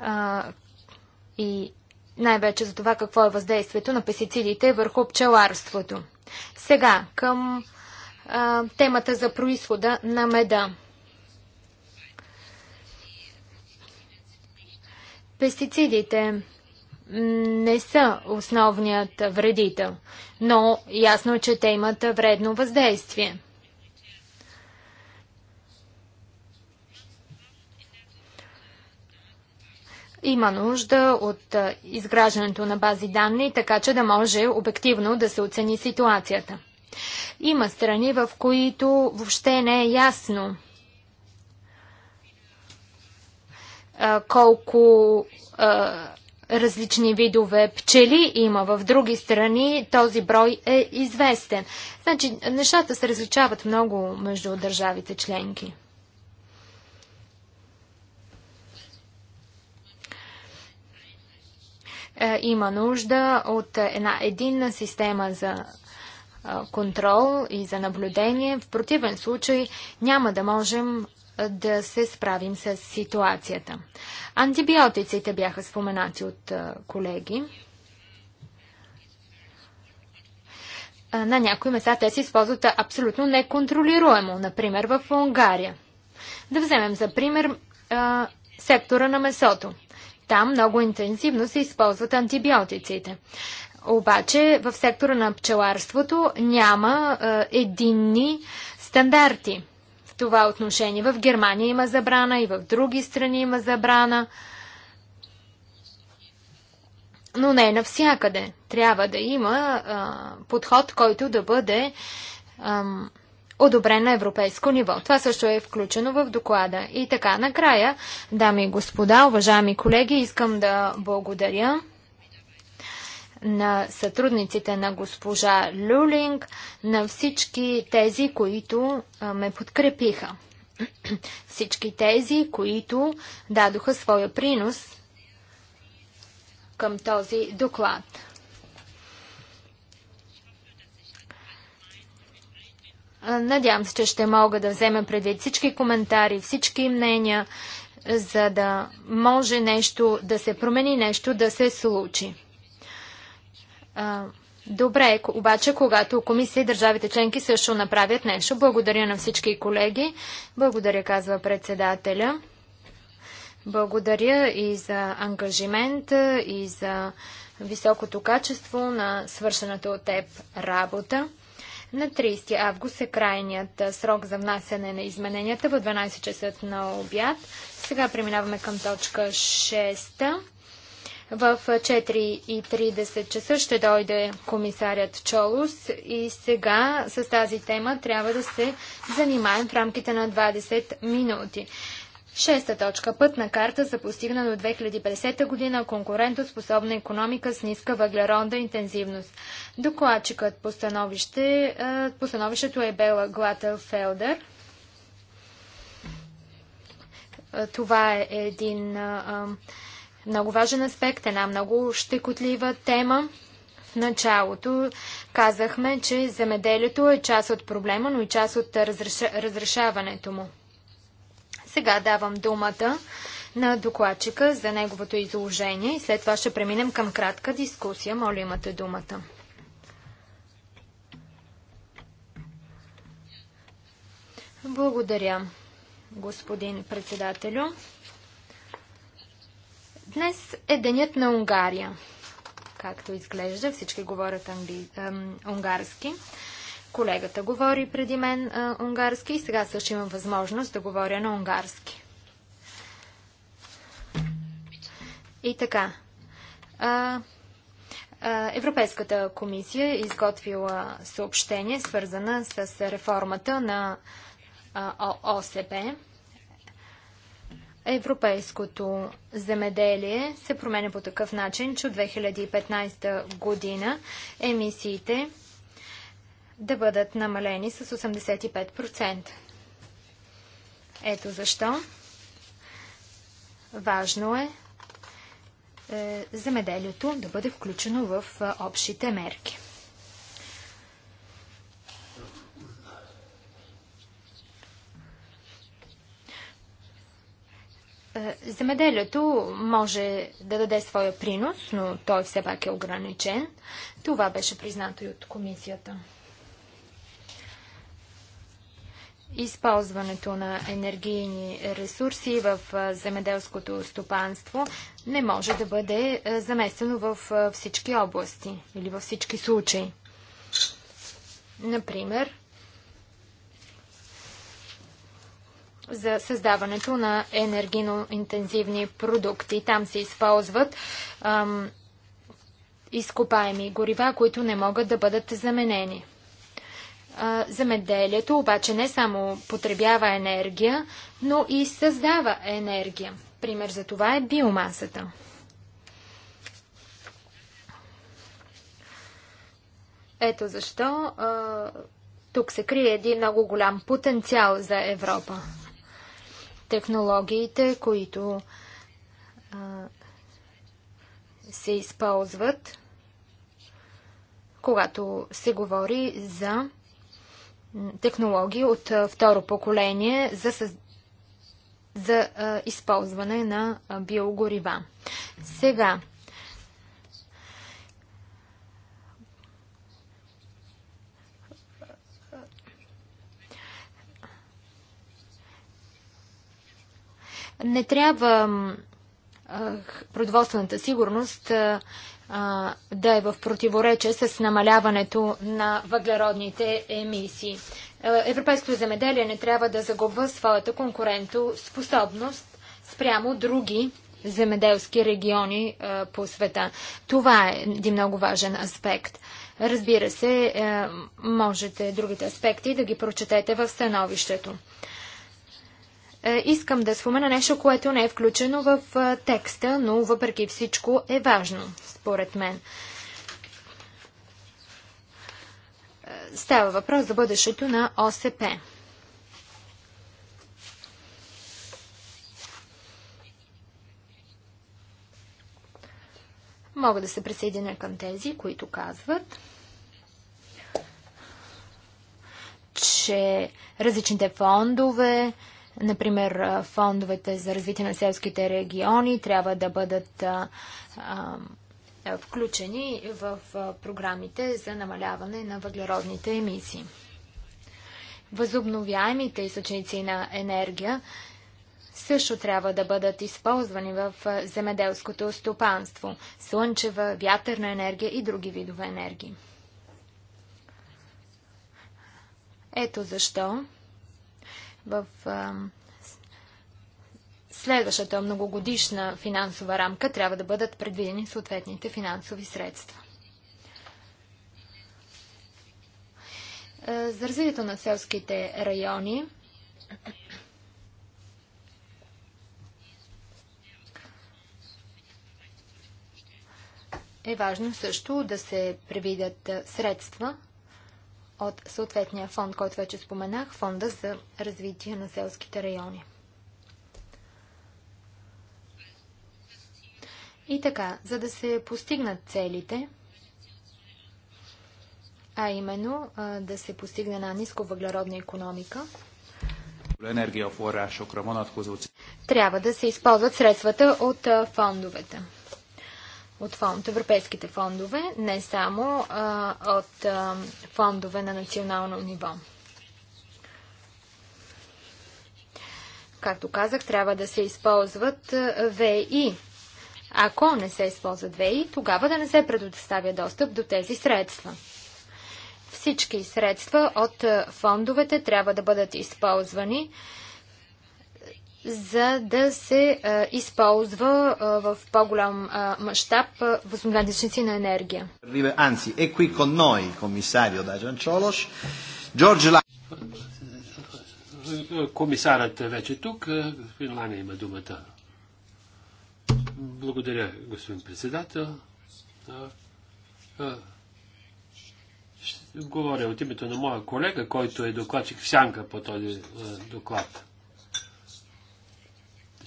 F: А, и най-вече за това какво е въздействието на пестицидите върху пчеларството. Сега към а, темата за происхода на меда. Пестицидите не са основният вредител, но ясно е, че те имат вредно въздействие. Има нужда от изграждането на бази данни, така че да може обективно да се оцени ситуацията. Има страни, в които въобще не е ясно колко различни видове пчели има в други страни, този брой е известен. Значи, нещата се различават много между държавите членки. Е, има нужда от една единна система за е, контрол и за наблюдение. В противен случай няма да можем да се справим с ситуацията. Антибиотиците бяха споменати от колеги. На някои места те се използват абсолютно неконтролируемо, например в Унгария. Да вземем за пример а, сектора на месото. Там много интензивно се използват антибиотиците. Обаче в сектора на пчеларството няма а, единни стандарти това отношение. В Германия има забрана и в други страни има забрана. Но не навсякъде. Трябва да има а, подход, който да бъде ам, одобрен на европейско ниво. Това също е включено в доклада. И така, накрая, дами и господа, уважаеми колеги, искам да благодаря на сътрудниците на госпожа Люлинг, на всички тези, които ме подкрепиха. Всички тези, които дадоха своя принос към този доклад. Надявам се, че ще мога да взема предвид всички коментари, всички мнения, за да може нещо да се промени, нещо да се случи. Добре обаче, когато комисия и държавите членки също направят нещо. Благодаря на всички колеги. Благодаря, казва председателя. Благодаря и за ангажимент, и за високото качество на свършената от теб работа. На 30 август е крайният срок за внасяне на измененията в 12 часа на обяд. Сега преминаваме към точка 6. В 4.30 часа ще дойде комисарят Чолус и сега с тази тема трябва да се занимаем в рамките на 20 минути. Шеста точка. Пътна карта за постигна до 2050 година конкурентоспособна економика с ниска въглеродна интензивност. Докладчикът по, становище, по становището е Бела Глателфелдер. Това е един много важен аспект, една много щекотлива тема. В началото казахме, че земеделието е част от проблема, но и част от разреша... разрешаването му. Сега давам думата на докладчика за неговото изложение и след това ще преминем към кратка дискусия. Моля, имате думата. Благодаря, господин председателю. Днес е денят на Унгария. Както изглежда, всички говорят англи... Э, унгарски. Колегата говори преди мен э, унгарски и сега също имам възможност да говоря на унгарски. И така. А, Европейската комисия е изготвила съобщение, свързана с реформата на ОСП. Европейското земеделие се променя по такъв начин, че от 2015 година емисиите да бъдат намалени с 85%. Ето защо важно е, е, земеделието да бъде включено в е, общите мерки. Е, земеделието може да даде своя принос, но той все пак е ограничен. Това беше признато и от комисията. Използването на енергийни ресурси в е, земеделското стопанство не може да бъде е, заместено в всички области или във всички случаи. Например, за създаването на енергийно интензивни продукти. Там се използват ам, изкопаеми горива, които не могат да бъдат заменени. А, замеделието обаче не само потребява енергия, но и създава енергия. Пример за това е биомасата. Ето защо а, тук се крие един много голям потенциал за Европа технологиите, които а, се използват, когато се говори за технологии от а, второ поколение за, за а, използване на биогорива. Сега, Не трябва продоволствената сигурност да е в противоречие с намаляването на въглеродните емисии. Европейското земеделие не трябва да загубва своята конкурентоспособност спрямо други земеделски региони по света. Това е един много важен аспект. Разбира се, е, можете другите аспекти да ги прочетете в становището. Е, искам да спомена нещо, което не е включено в е, текста, но въпреки всичко е важно, според мен. Е, става въпрос за бъдещето на ОСП. Мога да се присъединя към тези, които казват, че различните фондове, Например, фондовете за развитие на селските региони трябва да бъдат включени в програмите за намаляване на въглеродните емисии. Възобновяемите източници на енергия също трябва да бъдат използвани в земеделското стопанство – слънчева, вятърна енергия и други видове енергии. Ето защо в а, следващата многогодишна финансова рамка трябва да бъдат предвидени съответните финансови средства. Е, за развитието на селските райони е важно също да се предвидят е, средства от съответния фонд, който вече споменах, фонда за развитие на селските райони. И така, за да се постигнат целите, а именно да се постигне на ниско въглеродна економика, трябва да се използват средствата от фондовете от фонд, европейските фондове, не само а, от а, фондове на национално ниво. Както казах, трябва да се използват ВИ. Ако не се използват ВИ, тогава да не се предоставя достъп до тези средства. Всички средства от фондовете трябва да бъдат използвани за да се а, използва а, в по-голям мащаб възобновяемите източници на енергия.
A: Anzi, qui con noi
B: Комисарът е вече тук. Господин има думата. Благодаря, господин председател. Ще говоря от името на моя колега, който е докладчик в Сянка по този доклад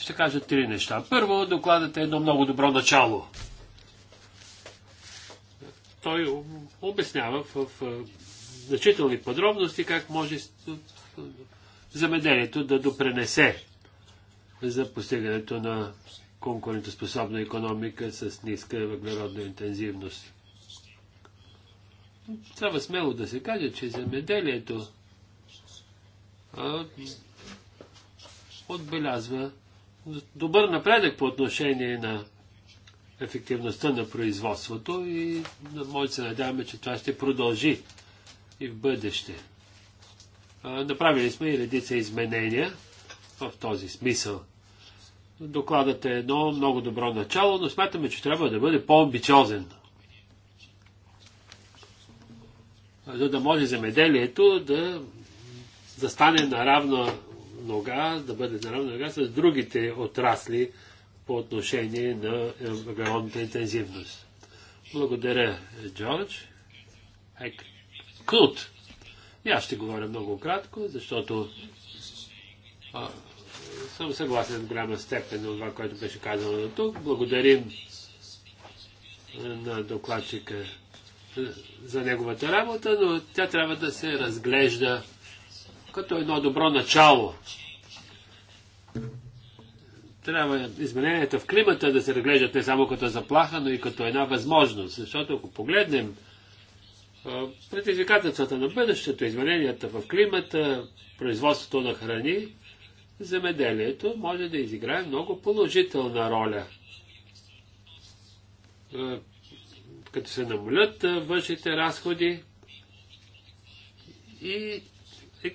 B: ще кажа три неща. Първо, докладът е едно много добро начало. Той обяснява в значителни подробности как може замеделието да допренесе за постигането на конкурентоспособна економика с ниска въглеродна интензивност. Трябва смело да се каже, че замеделието а, отбелязва добър напредък по отношение на ефективността на производството и може да се надяваме, че това ще продължи и в бъдеще. Направили сме и редица изменения в този смисъл. Докладът е едно много добро начало, но смятаме, че трябва да бъде по-амбициозен. За да може земеделието да застане на равна нога, да бъде на равна нога с другите отрасли по отношение на въглеродната е, интензивност. Благодаря, Джордж. Ек. Клут. И аз ще говоря много кратко, защото а, съм съгласен с голяма степен от това, което беше казано до тук. Благодарим е, на докладчика е, за неговата работа, но тя трябва да се разглежда като едно добро начало. Трябва измененията в климата да се разглеждат не само като заплаха, но и като една възможност. Защото ако погледнем предизвикателствата на бъдещето, измененията в климата, производството на храни, земеделието може да изиграе много положителна роля. Като се намалят външните разходи и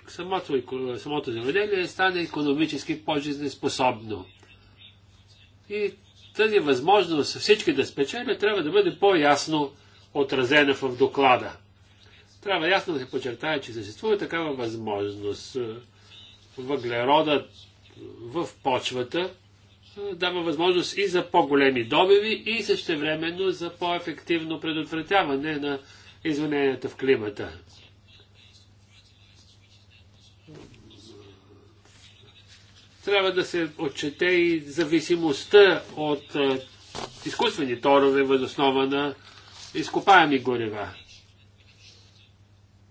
B: самото, самото земеделие стане економически по-жизнеспособно. И тази възможност всички да спечелят трябва да бъде по-ясно отразена в доклада. Трябва ясно да се подчертая, че съществува такава възможност. Въглеродът в почвата дава възможност и за по-големи добиви и същевременно за по-ефективно предотвратяване на измененията в климата. Трябва да се отчете и зависимостта от е, изкуствени торове възоснова на изкопаеми горива.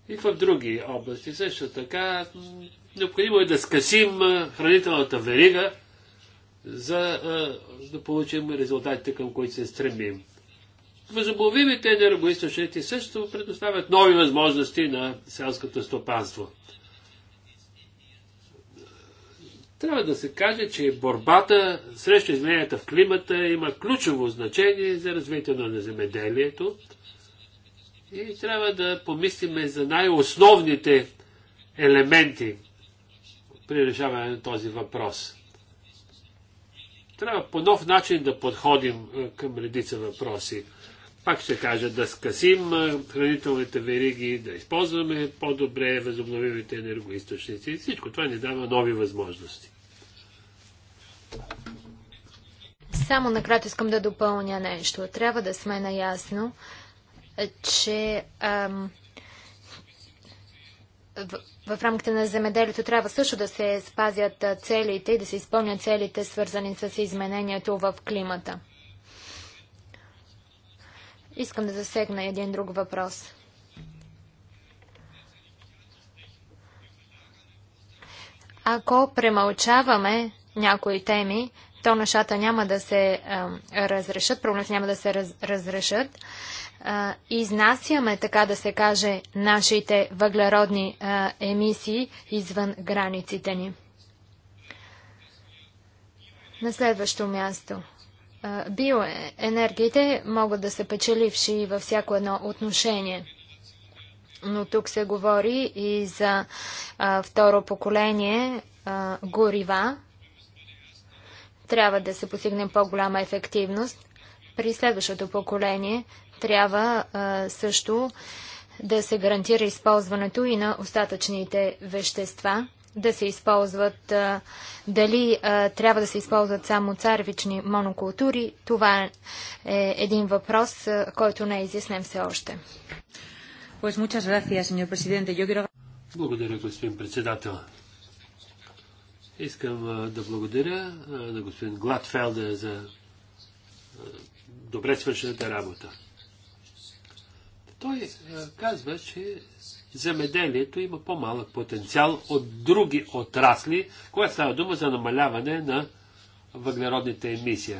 B: И в други области също така необходимо е да скъсим е, хранителната верига, за е, да получим резултатите, към които се стремим. Възобновимите енергоисточници също предоставят нови възможности на селското стопанство. Трябва да се каже, че борбата срещу измененията в климата има ключово значение за развитие на земеделието и трябва да помислиме за най-основните елементи при решаване на този въпрос. Трябва по нов начин да подходим е, към редица въпроси. Пак ще кажа да скъсим хранителните вериги, да използваме по-добре възобновимите енергоисточници всичко това ни дава нови възможности.
F: Само накратко искам да допълня нещо. Трябва да сме наясно, че ам, в, в рамките на земеделието трябва също да се спазят целите и да се изпълнят целите, свързани с изменението в климата. Искам да засегна един друг въпрос. Ако премълчаваме някои теми, то нещата няма да се а, разрешат, проблемите няма да се раз, разрешат. А, изнасяме, така да се каже, нашите въглеродни а, емисии извън границите ни. На следващо място – биоенергиите могат да са печеливши във всяко едно отношение. Но тук се говори и за а, второ поколение а, горива. Трябва да се постигне по-голяма ефективност. При следващото поколение трябва а, също да се гарантира използването и на остатъчните вещества да се използват, дали трябва да се използват само царвични монокултури, това е един въпрос, който не е изяснен все още.
B: Благодаря, господин председател. Искам да благодаря на господин Гладфелдер за добре свършената работа. Той казва, че земеделието има по-малък потенциал от други отрасли, когато става дума за намаляване на въглеродните емисии.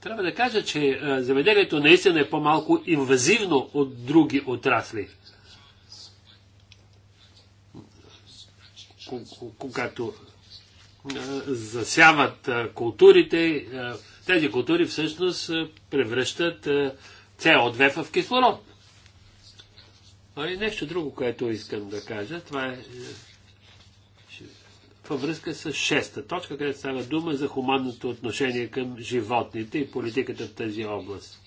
B: Трябва да кажа, че земеделието наистина е по-малко инвазивно от други отрасли. Когато засяват културите, тези култури всъщност превръщат CO2 в кислород. А и нещо друго, което искам да кажа, това е, е във връзка с шеста точка, където става дума за хуманното отношение към животните и политиката в тази област.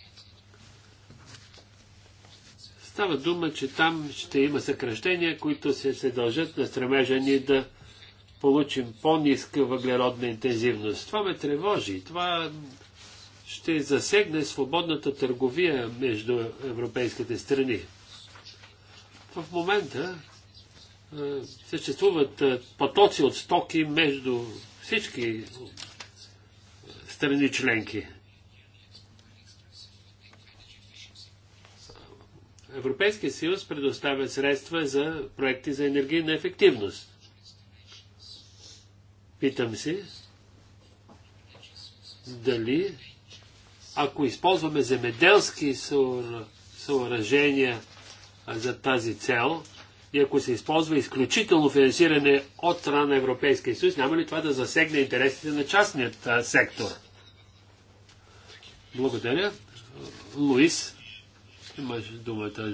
B: Става дума, че там ще има съкръщения, които се, се дължат на стремежа ни да получим по-ниска въглеродна интензивност. Това ме тревожи. Това ще засегне свободната търговия между европейските страни. В момента съществуват потоци от стоки между всички страни членки. Европейския съюз предоставя средства за проекти за енергийна ефективност. Питам се дали ако използваме земеделски съоръжения за тази цел и ако се използва изключително финансиране от страна на Европейския съюз, няма ли това да засегне интересите на частният а, сектор? Благодаря. Луис, имаш думата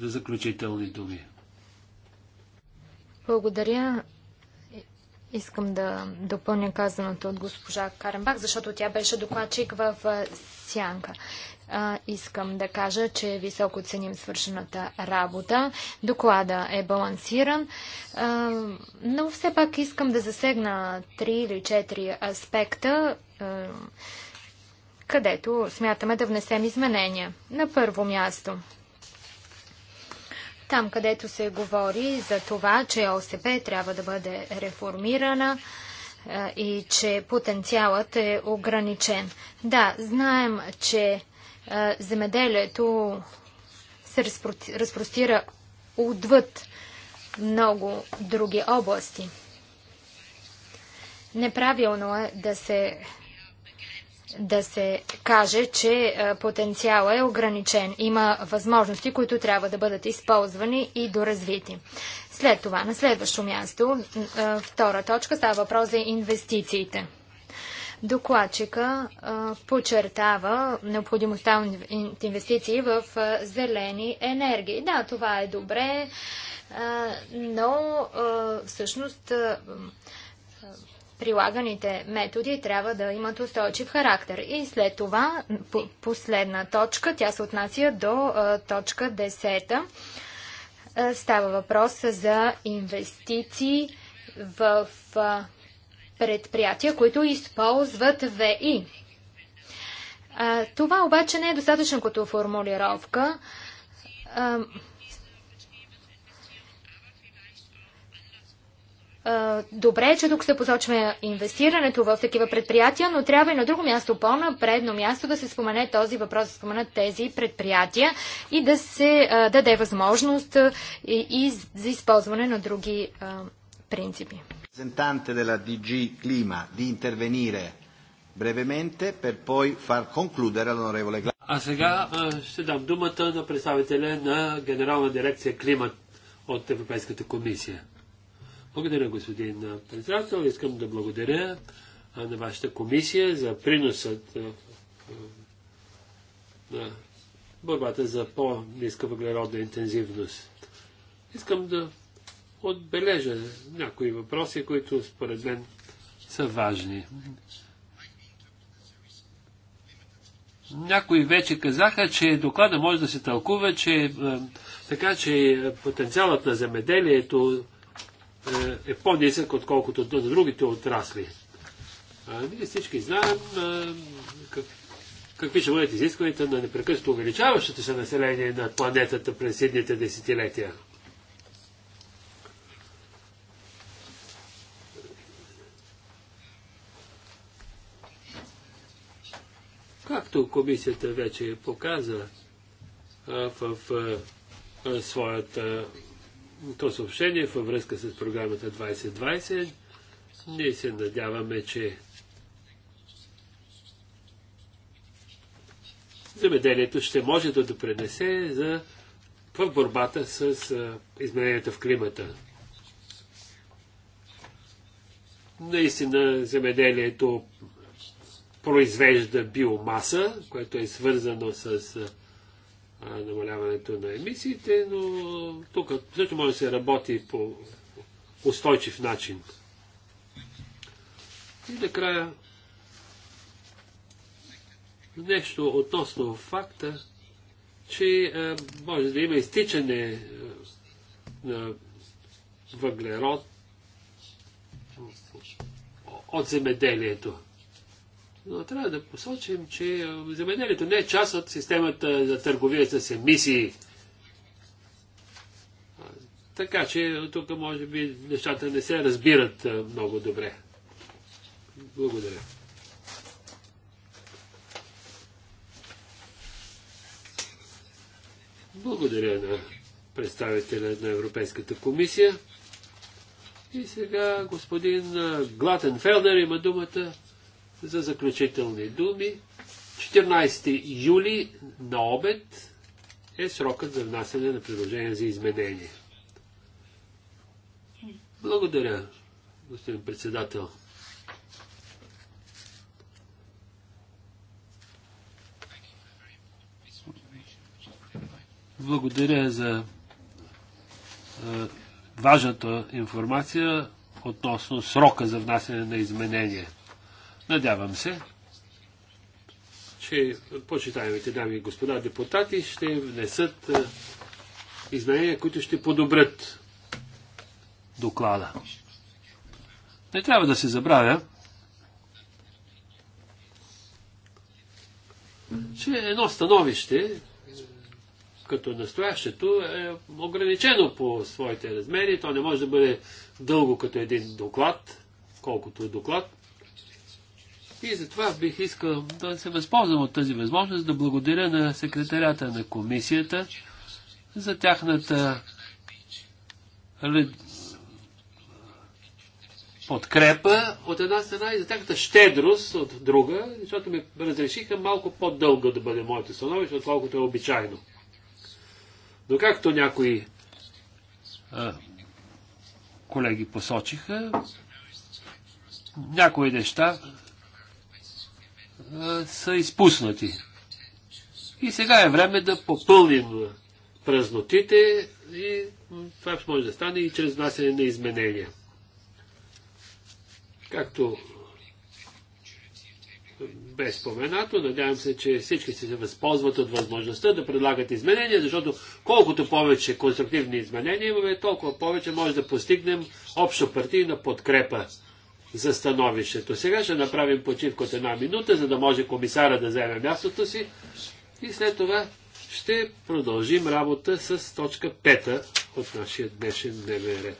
B: за заключителни думи.
F: Благодаря. Искам да допълня казаното от госпожа Каренбак, защото тя беше докладчик в Сянка искам да кажа, че високо ценим свършената работа. Доклада е балансиран, но все пак искам да засегна три или четири аспекта, където смятаме да внесем изменения. На първо място там, където се говори за това, че ОСП трябва да бъде реформирана и че потенциалът е ограничен. Да, знаем, че земеделието се разпростира отвъд много други области. Неправилно е да се, да се каже, че потенциал е ограничен. Има възможности, които трябва да бъдат използвани и доразвити. След това, на следващо място, втора точка става въпрос за инвестициите. Докладчика а, подчертава необходимостта от инвестиции в а, зелени енергии. Да, това е добре, а, но всъщност прилаганите методи трябва да имат устойчив характер. И след това, последна точка, тя се отнася до точка 10. Става въпрос за инвестиции в предприятия, които използват ВИ. А, това обаче не е достатъчно като формулировка. Добре е, че тук се посочва инвестирането в такива предприятия, но трябва и на друго място, по-напредно място да се спомене този въпрос, да споменат тези предприятия и да се даде възможност и, и за използване на други принципи
A: rappresentante della DG Clima di intervenire brevemente per poi far concludere l'onorevole
B: А сега ще дам думата на представителя на Генерална дирекция Климат от Европейската комисия. Благодаря, господин председател. Искам да благодаря на вашата комисия за приносът на борбата за по-ниска въглеродна интензивност. Искам да отбележа някои въпроси, които според мен са важни. Някои вече казаха, че доклада може да се тълкува, че е, така че потенциалът на земеделието е, е по-нисък, отколкото на другите отрасли. ние всички знаем какви ще бъдат изискванията на непрекъснато увеличаващото се население на планетата през едните десетилетия. Както комисията вече е показа в а, своята то съобщение във връзка с програмата 2020, ние се надяваме, че земеделието ще може да допренесе за, в борбата с измененията в климата. Наистина земеделието произвежда биомаса, което е свързано с а, намаляването на емисиите, но тук също може да се работи по устойчив начин. И накрая нещо относно факта, че а, може да има изтичане а, на въглерод от земеделието. Но трябва да посочим, че е, земеделието не е част от системата за търговия с емисии. Така че тук може би нещата не се разбират е, много добре. Благодаря. Благодаря на представителя на Европейската комисия. И сега господин е, Глатен Фелдер има думата за заключителни думи. 14 юли на обед е срокът за внасяне на предложение за изменение. Благодаря, господин председател. Благодаря за важната информация относно срока за внасяне на изменения. Надявам се, че почитаемите дами и господа депутати ще внесат е, изменения, които ще подобрят доклада. Не трябва да се забравя, че едно становище, е, като настоящето, е ограничено по своите размери. То не може да бъде дълго като един доклад, колкото е доклад. И затова бих искал да се възползвам от тази възможност да благодаря на секретарята на комисията за тяхната подкрепа от една страна и за тяхната щедрост от друга, защото ми разрешиха малко по-дълго да бъде моето становище, отколкото е обичайно. Но както някои а, колеги посочиха, някои неща са изпуснати. И сега е време да попълним празнотите и това може да стане и чрез внасяне на изменения. Както бе споменато, надявам се, че всички ще се възползват от възможността да предлагат изменения, защото колкото повече конструктивни изменения имаме, толкова повече може да постигнем общо партийна подкрепа за становището. Сега ще направим почивка от една минута, за да може комисара да вземе мястото си и след това ще продължим работа с точка 5 от нашия днешен дневен ред.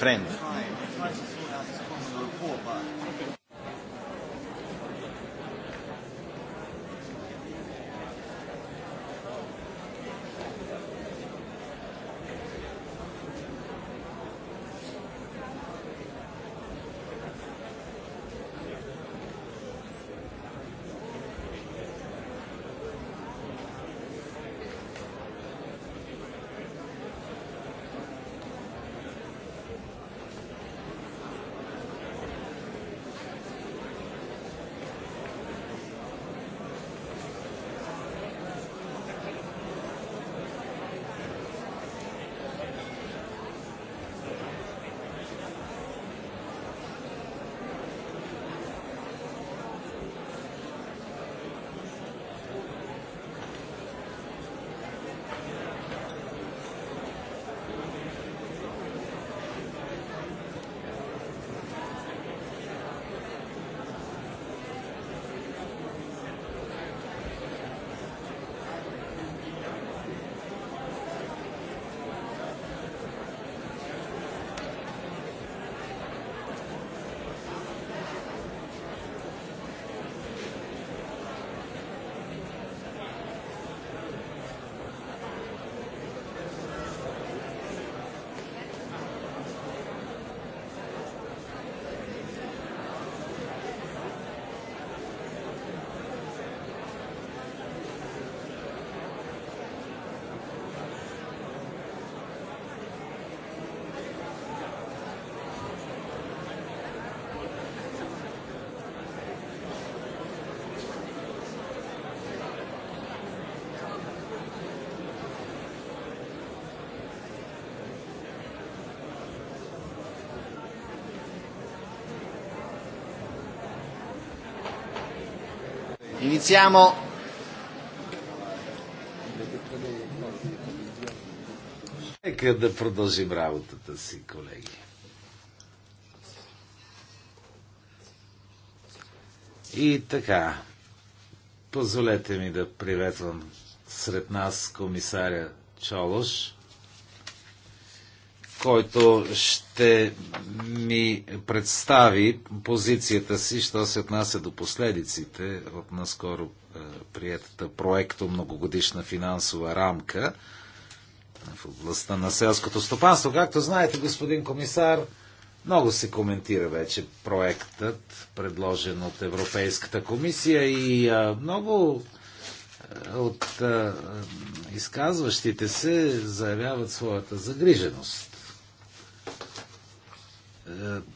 A: friend. Iniziamo.
C: Нека да продължим работата си, колеги. И така, позволете ми да приветвам сред нас комисаря Чолош който ще ми представи позицията си, що се отнася до последиците от наскоро е, приятата проекто многогодишна финансова рамка в областта на селското стопанство. Както знаете, господин комисар, много се коментира вече проектът, предложен от Европейската комисия и е, много е, от изказващите се заявяват своята загриженост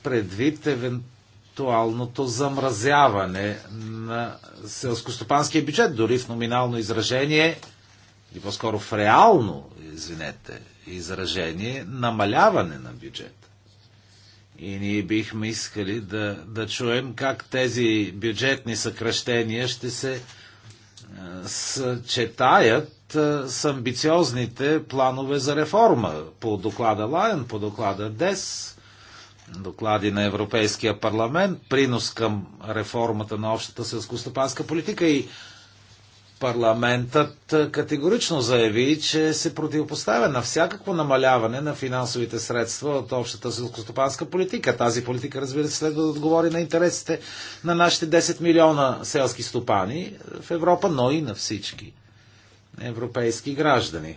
C: предвид евентуалното замразяване на селскостопанския бюджет, дори в номинално изражение, и по-скоро в реално, извинете, изражение, намаляване на бюджета. И ние бихме искали да, да чуем как тези бюджетни съкръщения ще се е, съчетаят е, с амбициозните планове за реформа по доклада Лайен, по доклада ДЕС, доклади на Европейския парламент, принос към реформата на общата селскостопанска политика и парламентът е, категорично заяви, че се противопоставя на всякакво намаляване на финансовите средства от общата селскостопанска политика. Тази политика, разбира се, следва да отговори на интересите на нашите 10 милиона селски стопани в Европа, но и на всички европейски граждани.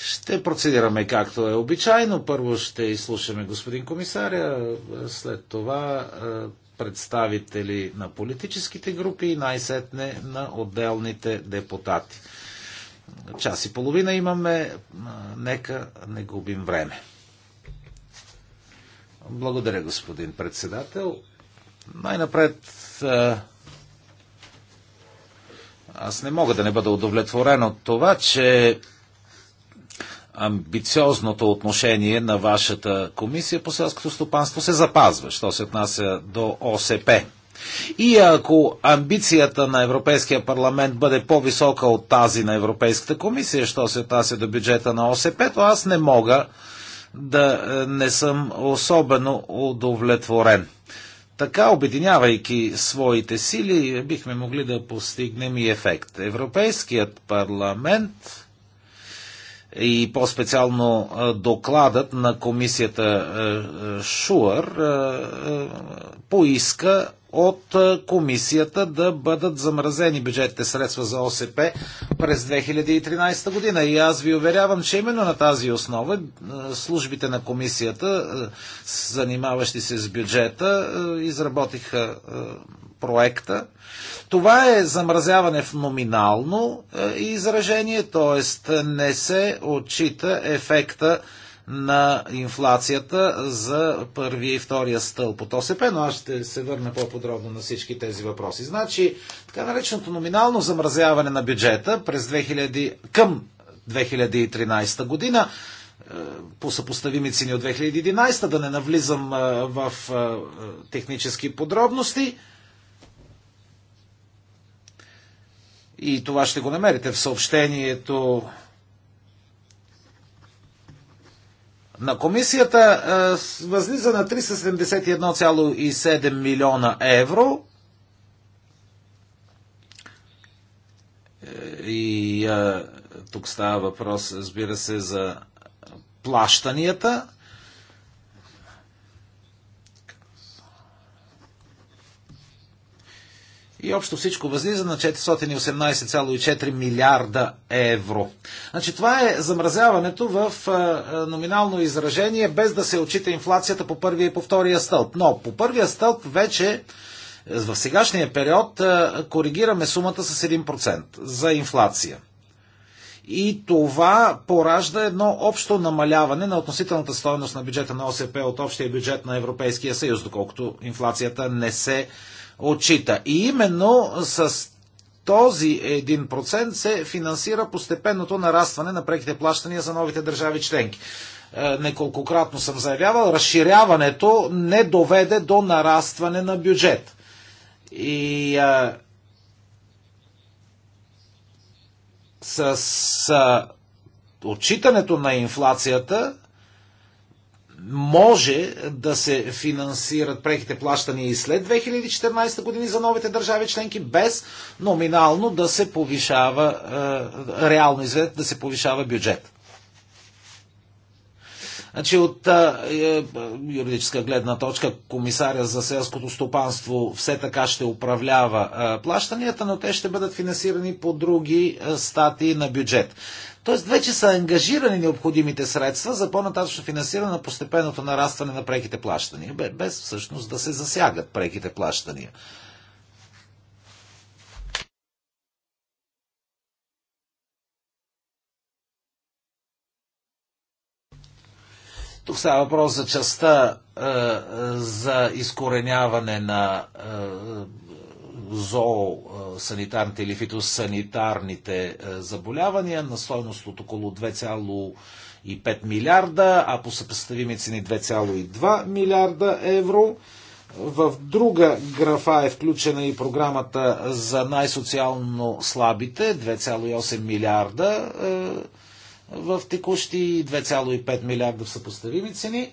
C: Ще процедираме както е обичайно. Първо ще изслушаме господин комисаря, след това е, представители на политическите групи и най-сетне на отделните депутати. Час и половина имаме, е, нека не губим време. Благодаря, господин председател. Най-напред е, аз не мога да не бъда удовлетворен от това, че амбициозното отношение на вашата комисия по селското стопанство се запазва, що се отнася до ОСП. И ако амбицията на Европейския парламент бъде по-висока от тази на Европейската комисия, що се отнася до бюджета на ОСП, то аз не мога да е, не съм особено удовлетворен. Така, обединявайки своите сили, бихме могли да постигнем и ефект. Европейският парламент и по-специално докладът на комисията Шуър поиска от комисията да бъдат замразени бюджетните средства за ОСП през 2013 година. И аз ви уверявам, че именно на тази основа службите на комисията, занимаващи се с бюджета, изработиха проекта. Това е замразяване в номинално е, изражение, т.е. не се отчита ефекта на инфлацията за първия и втория стълб от ОСП, но аз ще се върна по-подробно на всички тези въпроси. Значи, така нареченото номинално замразяване на бюджета през 2000, към 2013 година е, по съпоставими цени от 2011, да не навлизам е, в технически подробности – И това ще го намерите в съобщението на комисията. Възлиза на 371,7 милиона евро. Е, и тук става въпрос, разбира се, за плащанията И общо всичко възлиза на 418,4 милиарда евро. Значи това е замразяването в номинално изражение, без да се отчита инфлацията по първия и по втория стълб. Но по първия стълб вече е, в сегашния период коригираме сумата с 1% за инфлация. И това поражда едно общо намаляване на относителната стоеност на бюджета на ОСП от общия бюджет на Европейския съюз, доколкото инфлацията не се отчита. И именно с този 1% се финансира постепенното нарастване на преките плащания за новите държави членки. Е, неколкократно съм заявявал, разширяването не доведе до нарастване на бюджет. И а, е, с а, е, отчитането на инфлацията може да се финансират преките плащания и след 2014 години за новите държави членки, без номинално да се повишава, е, реално извед, да се повишава бюджет. Значи от е, е, юридическа гледна точка комисаря за селското стопанство все така ще управлява е, плащанията, но те ще бъдат финансирани по други е, статии на бюджет. Тоест вече са ангажирани необходимите средства за по-нататъчно финансиране на постепенното нарастване на преките плащания, без всъщност да се засягат преките плащания. Тук става въпрос за частта е, е за изкореняване на е, зоосанитарните или фитосанитарните заболявания на стойност от около 2,5 милиарда, а по съпоставими цени 2,2 милиарда евро. В друга графа е включена и програмата за най-социално слабите 2,8 милиарда в текущи и 2,5 милиарда в съпоставими цени.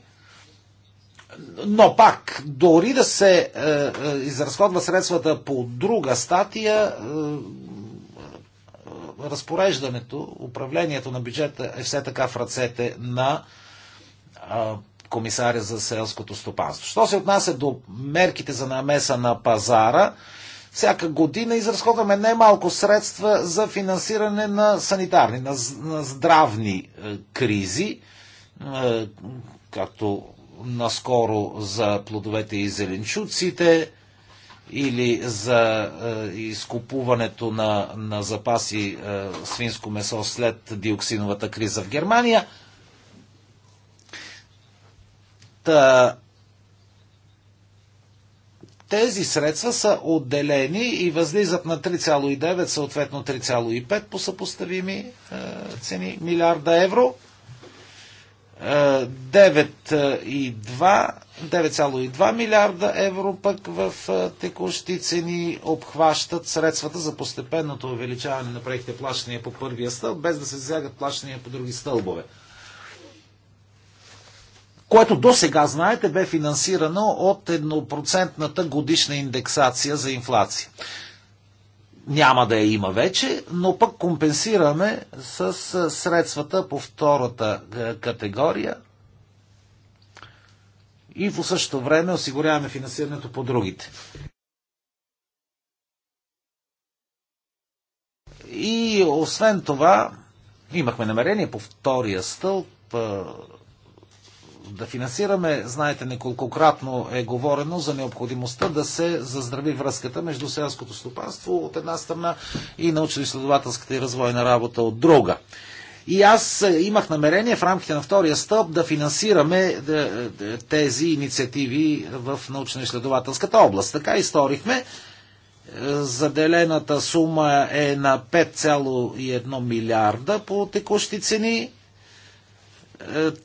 C: Но пак, дори да се е, е изразходва средствата по друга статия, е, е, разпореждането, управлението на бюджета е все така в ръцете на е, комисаря за селското стопанство. Що се отнася до мерките за намеса на пазара, всяка година изразходваме немалко средства за финансиране на санитарни, на, на здравни е, кризи, е, както наскоро за плодовете и зеленчуците или за е, изкупуването на, на запаси е, свинско месо след диоксиновата криза в Германия. Та, тези средства са отделени и възлизат на 3,9, съответно 3,5 по съпоставими е, цени милиарда евро. 9,2 милиарда евро пък в текущи цени обхващат средствата за постепенното увеличаване на проектите плащания по първия стълб, без да се засягат плащания по други стълбове. Което до сега, знаете, бе финансирано от еднопроцентната годишна индексация за инфлация няма да я има вече, но пък компенсираме с средствата по втората категория и в същото време осигуряваме финансирането по другите. И освен това, имахме намерение по втория стълб да финансираме. Знаете, неколкократно е говорено за необходимостта да се заздрави връзката между селското стопанство от една страна и научно-изследователската и развойна работа от друга. И аз е, имах намерение в рамките на втория стълб да финансираме е, е, тези инициативи в научно-изследователската област. Така и сторихме. Заделената сума е на 5,1 милиарда по текущи цени.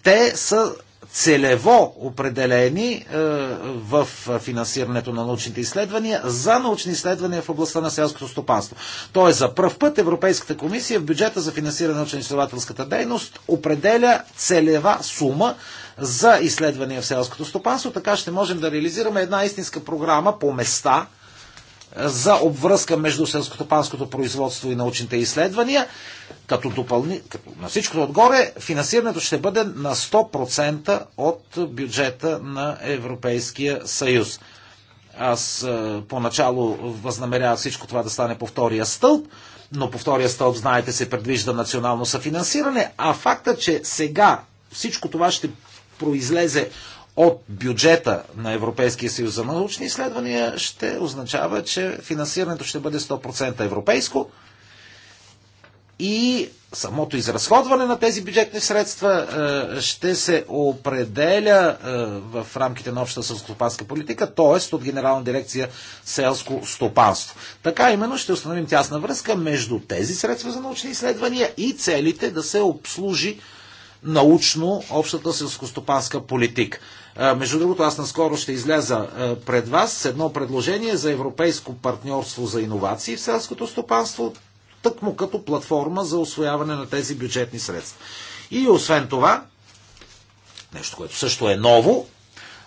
C: Те са целево определени е, в финансирането на научните изследвания за научни изследвания в областта на селското стопанство. Тоест, за първ път Европейската комисия в бюджета за финансиране на научно-изследователската дейност определя целева сума за изследвания в селското стопанство. Така ще можем да реализираме една истинска програма по места – за обвръзка между селскотопанското производство и научните изследвания, като, допълни, като на всичкото отгоре финансирането ще бъде на 100% от бюджета на Европейския съюз. Аз е, поначало възнамерявах всичко това да стане по втория стълб, но по втория стълб, знаете, се предвижда национално съфинансиране, а факта, че сега всичко това ще произлезе от бюджета на Европейския съюз за научни изследвания ще означава, че финансирането ще бъде 100% европейско и самото изразходване на тези бюджетни средства е, ще се определя е, в рамките на общата селскостопанска политика, т.е. от Генерална дирекция селско стопанство. Така именно ще установим тясна връзка между тези средства за научни изследвания и целите да се обслужи научно общата селскостопанска политика. Между другото, аз наскоро ще изляза пред вас с едно предложение за европейско партньорство за иновации в селското стопанство, тъкмо като платформа за освояване на тези бюджетни средства. И освен това, нещо, което също е ново,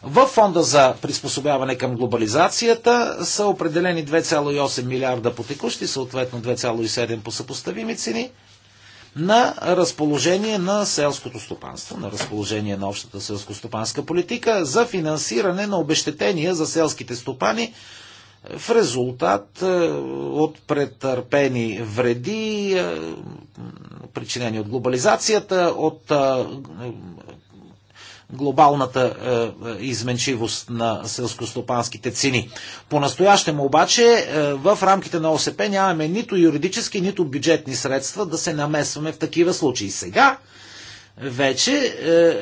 C: в фонда за приспособяване към глобализацията са определени 2,8 милиарда по текущи, съответно 2,7 по съпоставими цени – на разположение на селското стопанство, на разположение на общата селско-стопанска политика за финансиране на обещетения за селските стопани в резултат е, от претърпени вреди, е, причинени от глобализацията, от е, глобалната е, е, изменчивост на селскостопанските цени. По-настоящем обаче е, в рамките на ОСП нямаме нито юридически, нито бюджетни средства да се намесваме в такива случаи. Сега вече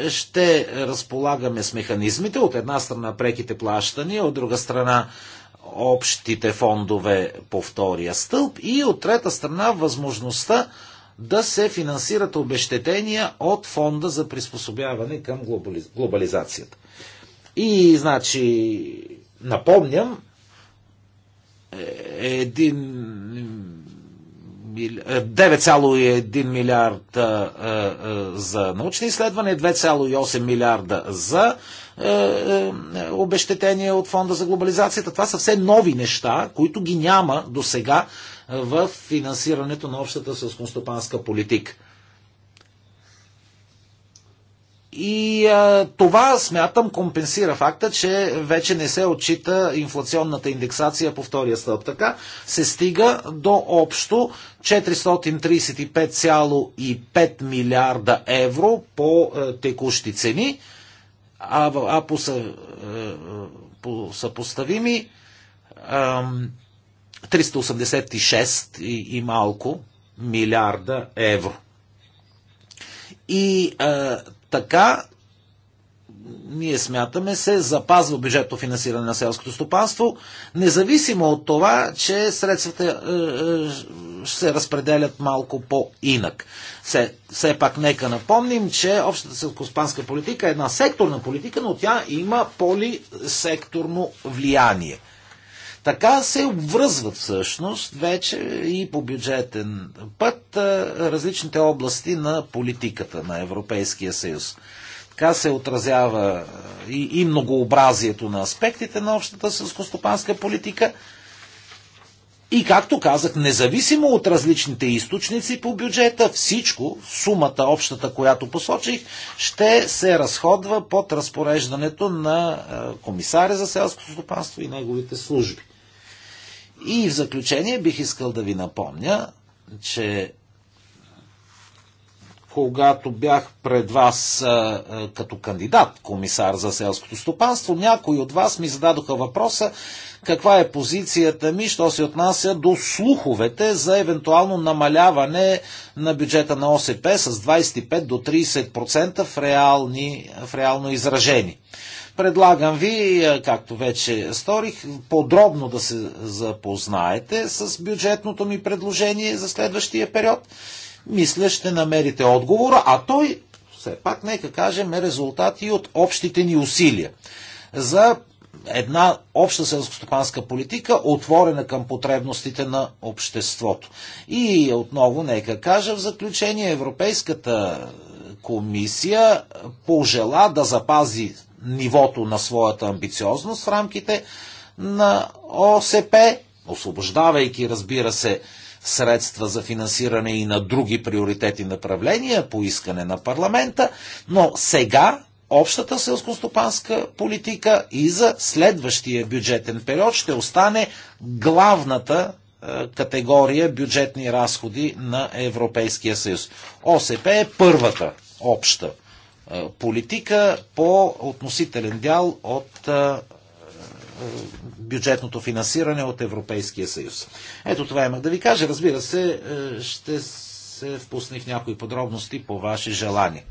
C: ще разполагаме с механизмите, от една страна преките плащания, от друга страна общите фондове по втория стълб и от трета страна възможността да се финансират обещетения от фонда за приспособяване към глобализацията. И, значи, напомням, е, един 9,1 е, милиарда за научни изследвания, 2,8 милиарда за е, обещетения от фонда за глобализацията. Това са все нови неща, които ги няма до сега в финансирането на общата сълскостопанска политика. И а, това, смятам, компенсира факта, че вече не се отчита инфлационната индексация по втория стълб. Така се стига до общо 435,5 милиарда евро по а, е, текущи цени, а, а по, са, а, е, е, по съпоставими. А, 386 и, и малко милиарда евро. И а, така ние смятаме, се запазва бюджетно финансиране на селското стопанство, независимо от това, че средствата е, се разпределят малко по-инак. Все, все пак нека напомним, че общата селскостопанска политика е една секторна политика, но тя има полисекторно влияние. Така се обвръзват всъщност вече и по бюджетен път различните области на политиката на Европейския съюз. Така се отразява и, и многообразието на аспектите на общата селскостопанска политика. И както казах, независимо от различните източници по бюджета, всичко, сумата общата, която посочих, ще се разходва под разпореждането на комисаря за селското стопанство и неговите служби. И в заключение бих искал да ви напомня, че когато бях пред вас а, а, като кандидат комисар за селското стопанство, някои от вас ми зададоха въпроса каква е позицията ми, що се отнася до слуховете за евентуално намаляване на бюджета на ОСП с 25 до 30% в, реални, в реално изражени. Предлагам ви, както вече сторих, подробно да се запознаете с бюджетното ми предложение за следващия период. Мисля, ще намерите отговора, а той, все пак, нека кажем, е резултат и от общите ни усилия за една обща селскостопанска политика, отворена към потребностите на обществото. И отново, нека кажа в заключение, Европейската комисия пожела да запази нивото на своята амбициозност в рамките на ОСП, освобождавайки, разбира се, средства за финансиране и на други приоритети направления по искане на парламента, но сега общата селскостопанска политика и за следващия бюджетен период ще остане главната е, категория бюджетни разходи на Европейския съюз. ОСП е първата обща политика по относителен дял от бюджетното финансиране от Европейския съюз. Ето това имах да ви кажа. Разбира се, ще се впусни в някои подробности по ваше желание.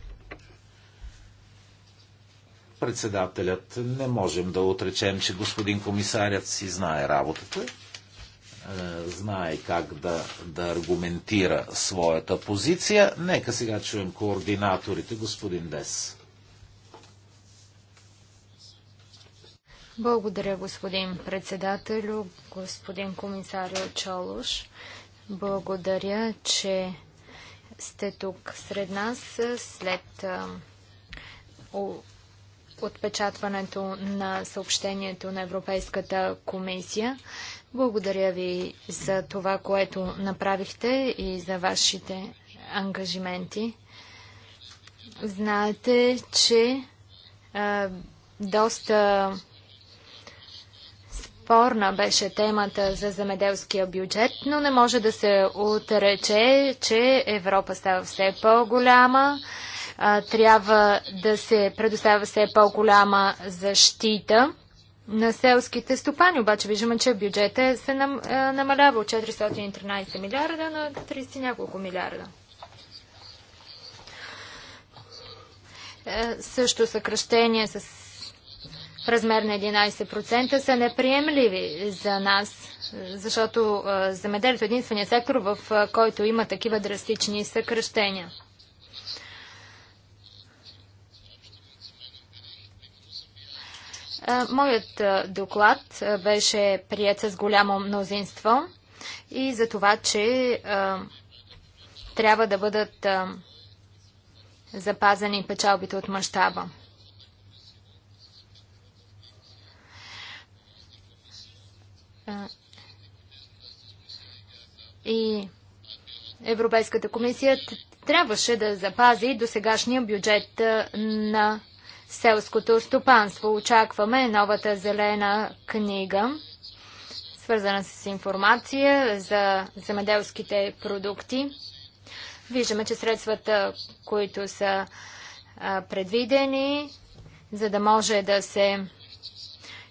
C: Председателят, не можем да отречем, че господин комисарят си знае работата. Е, знае как да, да аргументира своята позиция. Нека сега чуем координаторите, господин Дес.
F: Благодаря, господин председателю, господин комисар Чолуш. Благодаря, че сте тук сред нас е, след е, отпечатването на съобщението на Европейската комисия. Благодаря ви за това, което направихте и за вашите ангажименти. Знаете, че а, доста спорна беше темата за земеделския бюджет, но не може да се отрече, че Европа става все по-голяма. Трябва да се предоставя все по-голяма защита на селските стопани. Обаче виждаме, че бюджета е- се нам, е, намалява от 413 милиарда на 30 няколко милиарда. Е, също съкръщение с размер на 11% са неприемливи за нас, защото е, земеделието е единствения сектор, в е, който има такива драстични съкръщения. Е, моят е, доклад е, беше прият с голямо мнозинство и за това, че трябва да бъдат запазени печалбите от мащаба. И Европейската комисия трябваше да запази досегашния бюджет на селското стопанство. Очакваме новата зелена книга, свързана с информация за земеделските продукти. Виждаме, че средствата, които са предвидени, за да може да се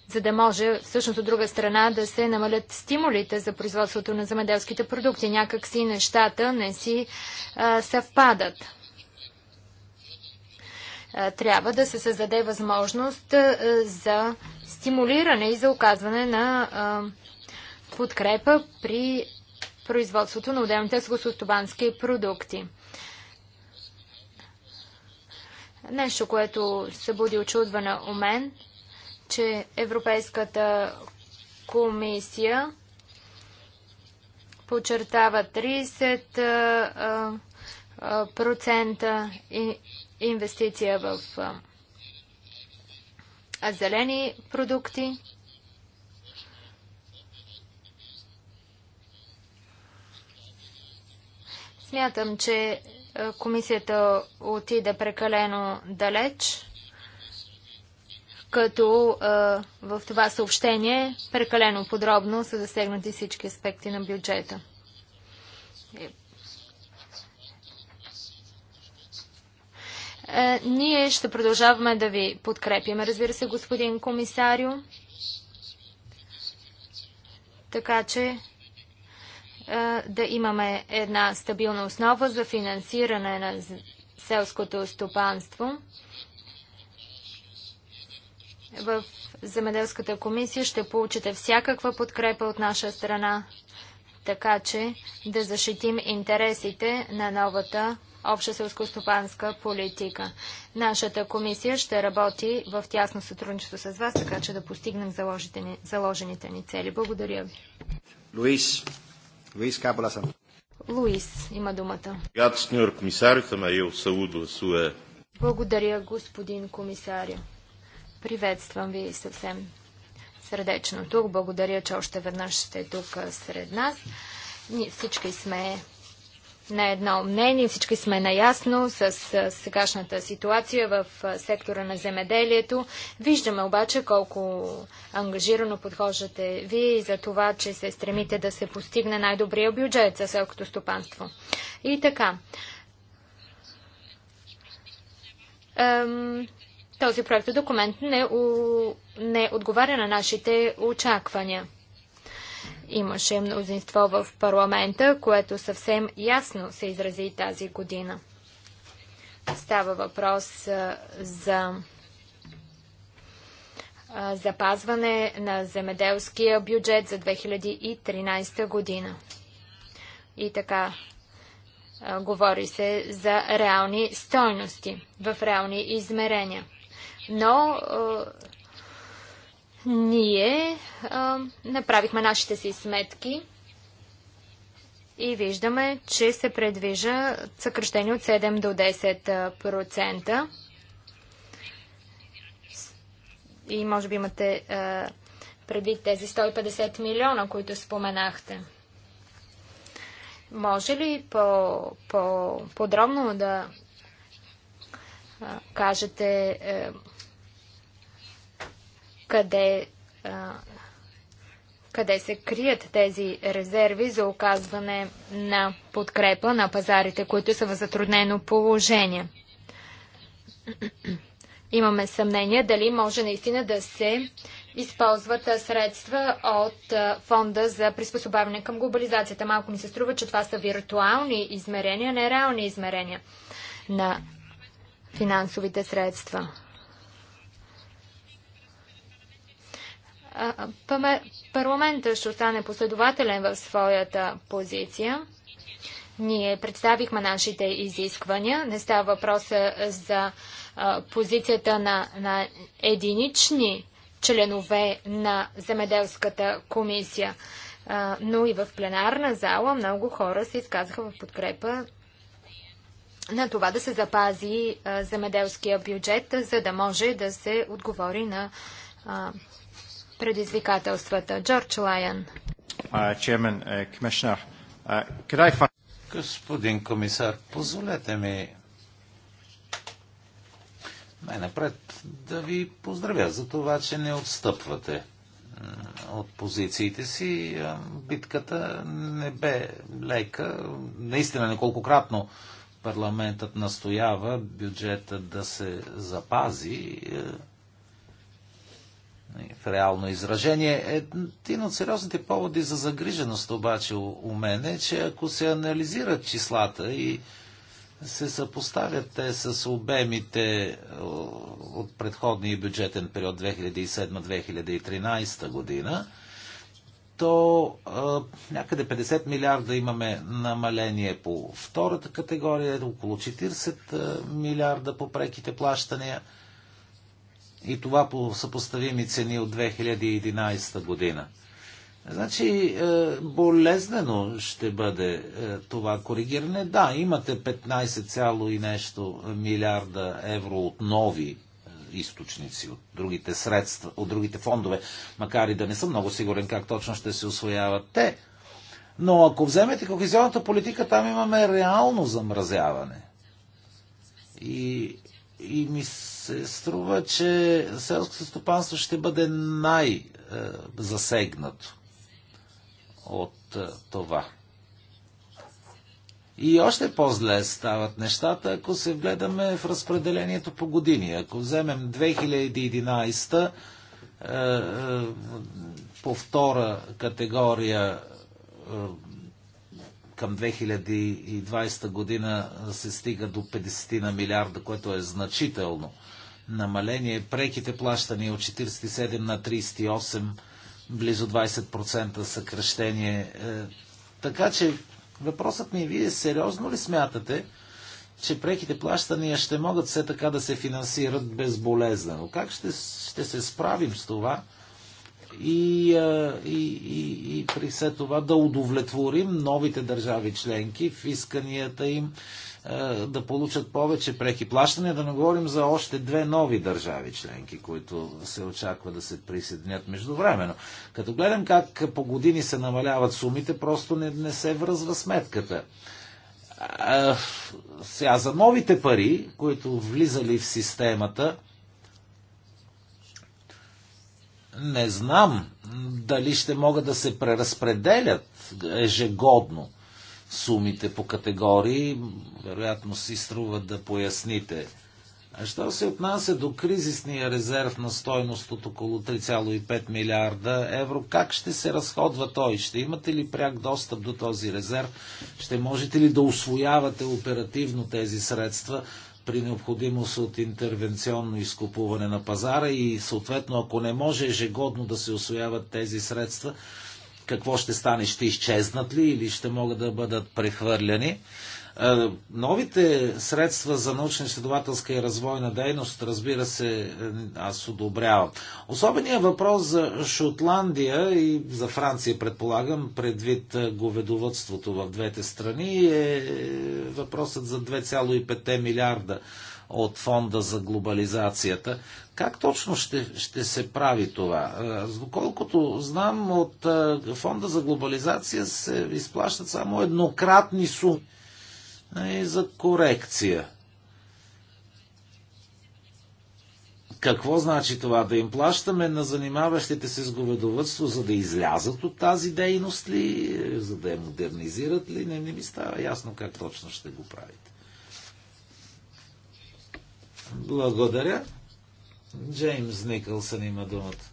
F: за да може всъщност от друга страна да се намалят стимулите за производството на земеделските продукти. Някак си нещата не си а, съвпадат трябва да се създаде възможност за стимулиране и за оказване на подкрепа при производството на отделните сгосостопански продукти. Нещо, което събуди очудване у мен, че Европейската комисия подчертава 30% инвестиция в зелени продукти. Смятам, че комисията отида прекалено далеч, като в това съобщение прекалено подробно са засегнати всички аспекти на бюджета. Е, Е, ние ще продължаваме да ви подкрепяме, разбира се, господин комисарио. Така че е, да имаме една стабилна основа за финансиране на селското стопанство. В Земеделската комисия ще получите всякаква подкрепа от наша страна, така че да защитим интересите на новата обща политика. Нашата комисия ще работи в тясно сътрудничество с вас, така че да постигнем заложите, заложените ни цели. Благодаря ви.
A: Луис. Луис
C: Капола
F: Луис има думата. Благодаря, господин комисаря. Приветствам ви съвсем сърдечно тук. Благодаря, че още веднъж сте тук сред нас. Ние всички сме на едно мнение. Всички сме наясно с сегашната ситуация в сектора на земеделието. Виждаме обаче колко ангажирано подхождате вие и за това, че се стремите да се постигне най-добрия бюджет за селското стопанство. И така. Ем, този проект документ не, у, не отговаря на нашите очаквания. Имаше мнозинство в парламента, което съвсем ясно се изрази тази година. Става въпрос за запазване на земеделския бюджет за 2013 година. И така, говори се за реални стойности в реални измерения. Но ние а, направихме нашите си сметки и виждаме, че се предвижа съкръщение от 7 до 10%. И може би имате а, предвид тези 150 милиона, които споменахте. Може ли по-подробно по да а, кажете а, е, къде, а, къде се крият тези резерви за оказване на подкрепа на пазарите, които са в затруднено положение. Имаме съмнение дали може наистина да се използват средства от фонда за приспособяване към глобализацията. Малко ми се струва, че това са виртуални измерения, не реални измерения на финансовите средства. Парламента ще остане последователен в своята позиция. Ние представихме нашите изисквания. Не става въпрос за позицията на, на единични членове на Земеделската комисия. но и в пленарна зала много хора се изказаха в подкрепа на това да се запази земеделския бюджет, за да може да се отговори на предизвикателствата. Джордж Лайън.
C: Е, Господин комисар, позволете ми най-напред да ви поздравя за това, че не отстъпвате от позициите си. Битката не бе лека. Наистина неколкократно парламентът настоява бюджета да се запази е, в реално изражение. Един от сериозните поводи за загриженост обаче у мен е, че ако се анализират числата и се съпоставят те с обемите от предходния бюджетен период 2007-2013 година, то а, някъде 50 милиарда имаме намаление по втората категория, около 40 милиарда по преките плащания – и това по съпоставими цени от 2011 година. Значи, е, болезнено ще бъде е, това коригиране. Да, имате 15 и нещо милиарда евро от нови е, източници, от другите средства, от другите фондове, макар и да не съм много сигурен как точно ще се освояват те. Но ако вземете кохезионната политика, там имаме реално замразяване. И, и ми се струва, че селското стопанство ще бъде най-засегнато от е, това. И още по-зле стават нещата, ако се вгледаме в разпределението по години. Ако вземем 2011 по втора категория е, към 2020 година се стига до 50 на милиарда, което е значително намаление. Преките плащания от 47 на 38, близо 20% съкръщение. Е, така че въпросът ми е, вие сериозно ли смятате, че преките плащания ще могат все така да се финансират безболезнено? Как ще, ще се справим с това? и, и, и, и при все това да удовлетворим новите държави членки в исканията им да получат повече преки плащания, да не говорим за още две нови държави членки, които се очаква да се присъединят междувременно. Като гледам как по години се намаляват сумите, просто не, не се връзва сметката. А, сега за новите пари, които влизали в системата, не знам дали ще могат да се преразпределят ежегодно сумите по категории. Вероятно си струва да поясните. А що се отнася до кризисния резерв на стойност от около 3,5 милиарда евро, как ще се разходва той? Ще имате ли пряк достъп до този резерв? Ще можете ли да освоявате оперативно тези средства? при необходимост от интервенционно изкупуване на пазара и съответно, ако не може ежегодно да се освояват тези средства, какво ще стане? Ще изчезнат ли или ще могат да бъдат прехвърляни? Е, новите средства за научно-изследователска и развойна дейност, разбира се, е, аз одобрявам. Особеният въпрос за Шотландия и за Франция, предполагам, предвид е, говедовътството в двете страни, е въпросът за 2,5 милиарда от фонда за глобализацията. Как точно ще, ще се прави това? Доколкото знам, от фонда за глобализация се изплащат само еднократни суми и за корекция. Какво значи това? Да им плащаме на занимаващите се с говедовътство, за да излязат от тази дейност ли, за да я модернизират ли? Не, не ми става ясно как точно ще го правите. Благодаря. Джеймс Никълсън има думата.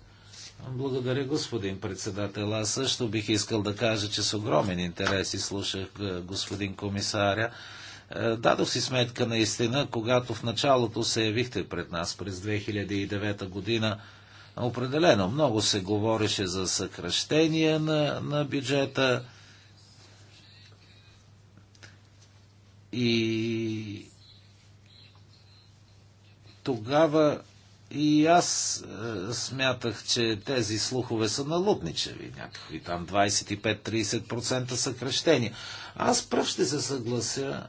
C: Благодаря, господин председател. Аз също бих искал да кажа, че с огромен интерес изслушах е, господин комисаря. Е, дадох си сметка наистина, когато в началото се явихте пред нас през 2009 година, определено много се говореше за съкръщение на, на бюджета и тогава и аз е, смятах, че тези слухове са налудничеви, някакви там 25-30% кръщени. Аз пръв ще се съглася,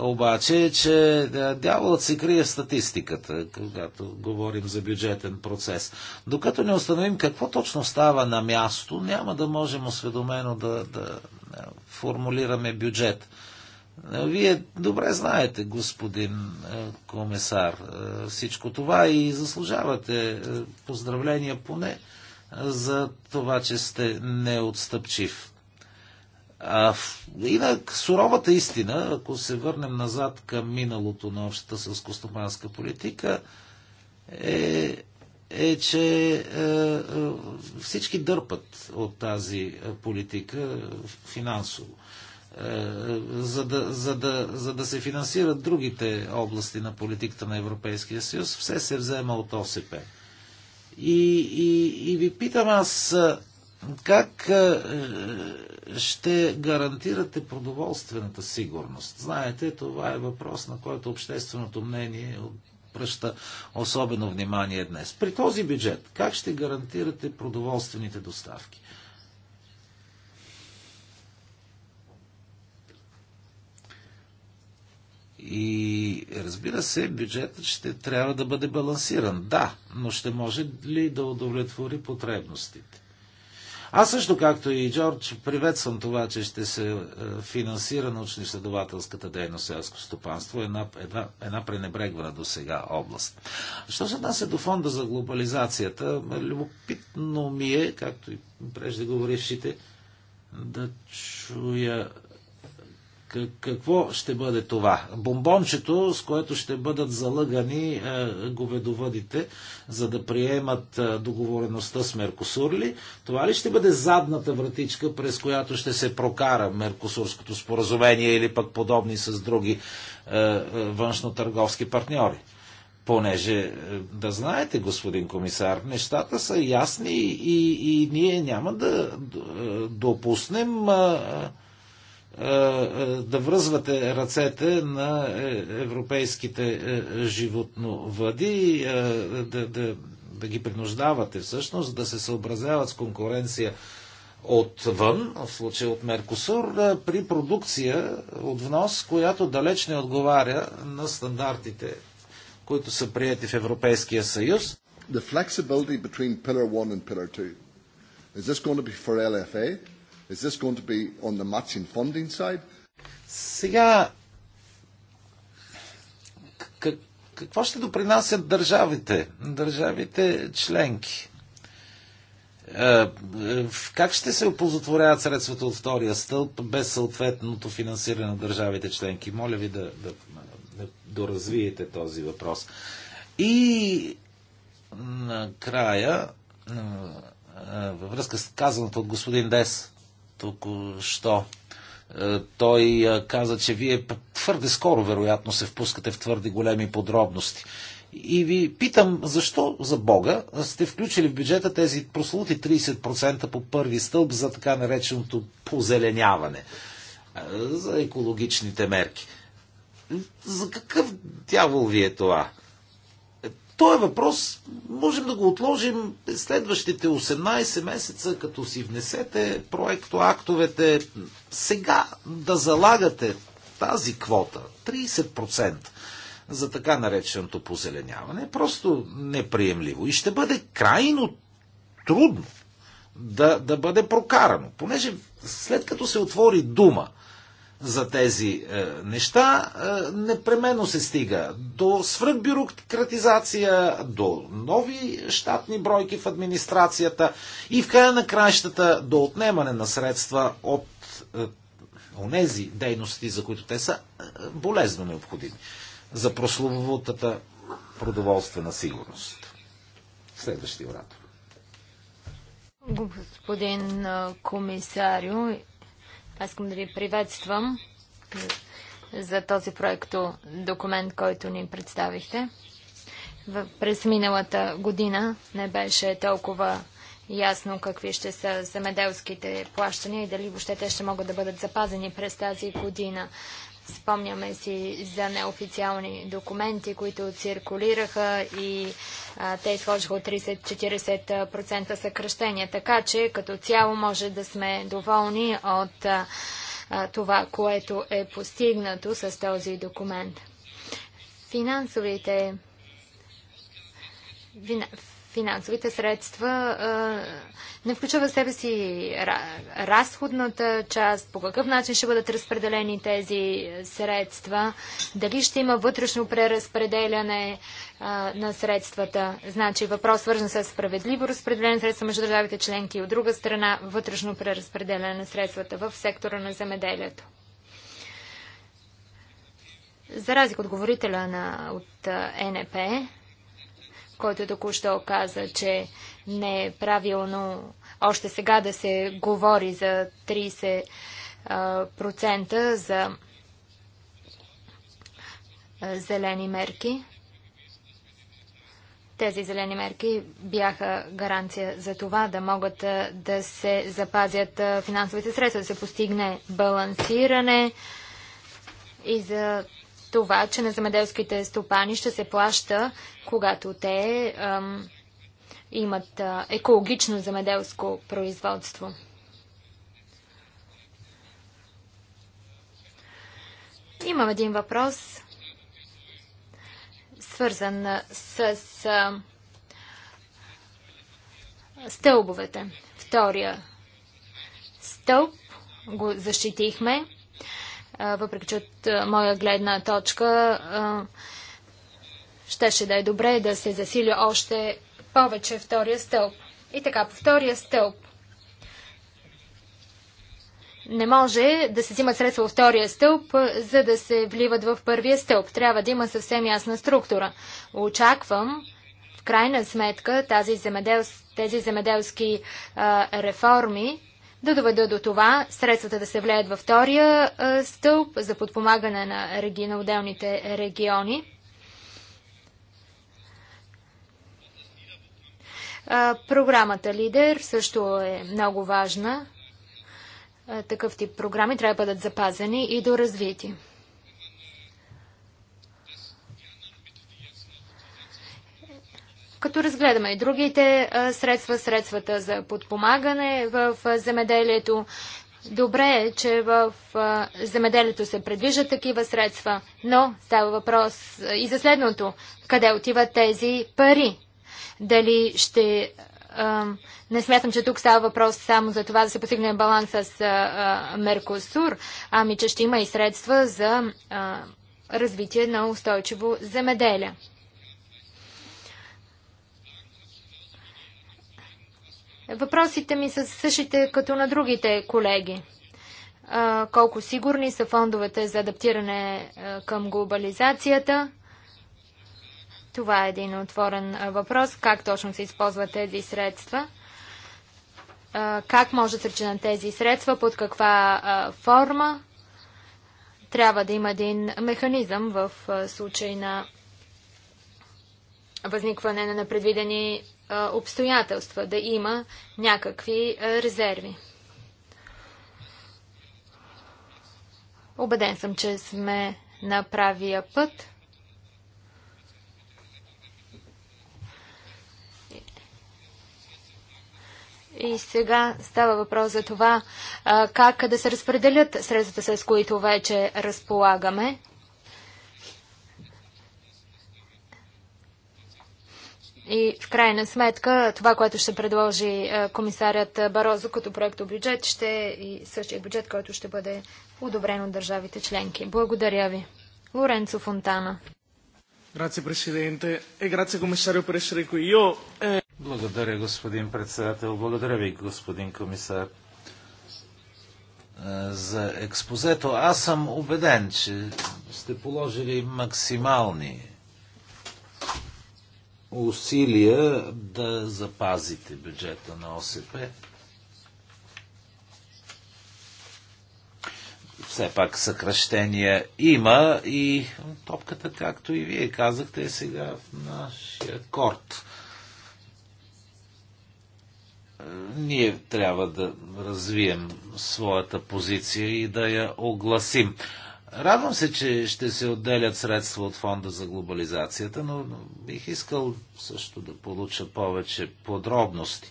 C: обаче, че дяволът се крие в статистиката, когато говорим за бюджетен процес. Докато не установим какво точно става на място, няма да можем осведомено да, да е, формулираме бюджет. Вие добре знаете, господин комисар, всичко това и заслужавате поздравления поне за това, че сте неотстъпчив. А, инак, суровата истина, ако се върнем назад към миналото на общата сълскостопанска политика, е, е че е, е, всички дърпат от тази политика финансово. Е, за да, за, да, за да се финансират другите области на политиката на Европейския съюз, все се взема от ОСП. И, и, и ви питам аз, е, как е, ще гарантирате продоволствената сигурност? Знаете, това е въпрос, на който общественото мнение пръща особено внимание днес. При този бюджет, как ще гарантирате продоволствените доставки? И разбира се, бюджетът ще трябва да бъде балансиран. Да, но ще може ли да удовлетвори потребностите? Аз също, както и Джордж, приветствам това, че ще се е, финансира научно-изследователската дейност селско стопанство, една, една, една пренебрегвана до сега област. Що се отнася до фонда за глобализацията, любопитно ми е, както и преждеговорившите, да чуя какво ще бъде това? Бомбончето, с което ще бъдат залъгани е, говедовъдите, за да приемат е, договореността с Меркосур ли? Това ли ще бъде задната вратичка, през която ще се прокара Меркосурското споразумение или пък подобни с други е, външно-търговски партньори? Понеже, да знаете, господин комисар, нещата са ясни и, и ние няма да допуснем а, е, е, да връзвате ръцете на е, европейските животновъди, и да, да, да ги принуждавате всъщност да се съобразяват с конкуренция отвън, в случая от Меркосур, при продукция от внос, която далеч не отговаря на стандартите, които са приети в Европейския съюз.
A: The flexibility between pillar 1 and pillar 2. Is this going to be for LFA? Is this going to be on the matching funding side?
C: Сега, какво ще допринасят държавите, държавите членки? Е, е, как ще се опозотворяват средствата от втория стълб без съответното финансиране на държавите членки? Моля ви да, да, да доразвиете този въпрос. И накрая, е, във връзка с казаното от господин Дес, току-що. Е, той е, каза, че вие твърде скоро, вероятно, се впускате в твърде големи подробности. И ви питам, защо за Бога сте включили в бюджета тези прослути 30% по първи стълб за така нареченото позеленяване, е, за екологичните мерки? За какъв дявол ви е това? е въпрос можем да го отложим следващите 18 месеца, като си внесете проекто, актовете, Сега да залагате тази квота, 30%, за така нареченото позеленяване, е просто неприемливо и ще бъде крайно трудно да, да бъде прокарано, понеже след като се отвори дума за тези е, неща, е, непременно се стига до свръхбюрократизация, до нови щатни бройки в администрацията и в края на краищата до отнемане на средства от е, онези дейности, за които те са е, болезно необходими за прословутата продоволствена сигурност. Следващия оратор.
F: Господин е, комисарио, аз искам да ви приветствам за този проекто документ, който ни представихте. през миналата година не беше толкова ясно какви ще са земеделските плащания и дали въобще те ще могат да бъдат запазени през тази година. Спомняме си за неофициални документи, които циркулираха и а, те изхождаха от 30-40% съкръщения. Така че като цяло може да сме доволни от а, това, което е постигнато с този документ. Финансовите финансовите средства не включва в себе си разходната част, по какъв начин ще бъдат разпределени тези средства, дали ще има вътрешно преразпределяне на средствата. Значи въпрос свързан с справедливо разпределение средства между държавите членки и от друга страна вътрешно преразпределяне на средствата в сектора на земеделието. За разлика от говорителя на, от НП, който току-що каза, че не е правилно още сега да се говори за 30% за зелени мерки. Тези зелени мерки бяха гаранция за това да могат да се запазят финансовите средства, да се постигне балансиране и за това, че на земеделските стопани ще се плаща, когато те ам, имат а, екологично земеделско производство. Имам един въпрос, свързан с а, стълбовете. Втория стълб го защитихме въпреки че от моя гледна точка щеше да е добре да се засили още повече втория стълб. И така, по втория стълб не може да се взимат средства от втория стълб, за да се вливат в първия стълб. Трябва да има съвсем ясна структура. Очаквам, в крайна сметка, тази тези земеделски а, реформи да доведа до това средствата да се влеят във втория стълб за подпомагане на, реги, на отделните региони. Програмата Лидер също е много важна. Такъв тип програми трябва да бъдат запазени и доразвити. Като разгледаме и другите средства, средствата за подпомагане в земеделието, добре е, че в земеделието се предвижат такива средства, но става въпрос и за следното. Къде отиват тези пари? Дали ще не смятам, че тук става въпрос само за това да се постигне баланс с Меркосур, ами че ще има и средства за развитие на устойчиво земеделие. Въпросите ми са същите като на другите колеги. Колко сигурни са фондовете за адаптиране към глобализацията? Това е един отворен въпрос. Как точно се използват тези средства? Как може да се причинат тези средства? Под каква форма? Трябва да има един механизъм в случай на възникване на непредвидени обстоятелства, да има някакви резерви. Обеден съм, че сме на правия път. И сега става въпрос за това как да се разпределят средствата, с които вече разполагаме. И в крайна сметка това, което ще предложи е, комисарят Барозо като проекто бюджет, ще е и същия бюджет, който ще бъде одобрен от държавите членки. Благодаря ви. Лоренцо Фонтана.
C: E eh, Благодаря, господин председател. Благодаря ви, господин комисар, е, за експозето. Аз съм убеден, че сте положили максимални усилия да запазите бюджета на ОСП. Все пак съкръщения има и топката, както и вие казахте, е сега в нашия корт. Ние трябва да развием своята позиция и да я огласим. Радвам се, че ще се отделят средства от фонда за глобализацията, но бих искал също да получа повече подробности.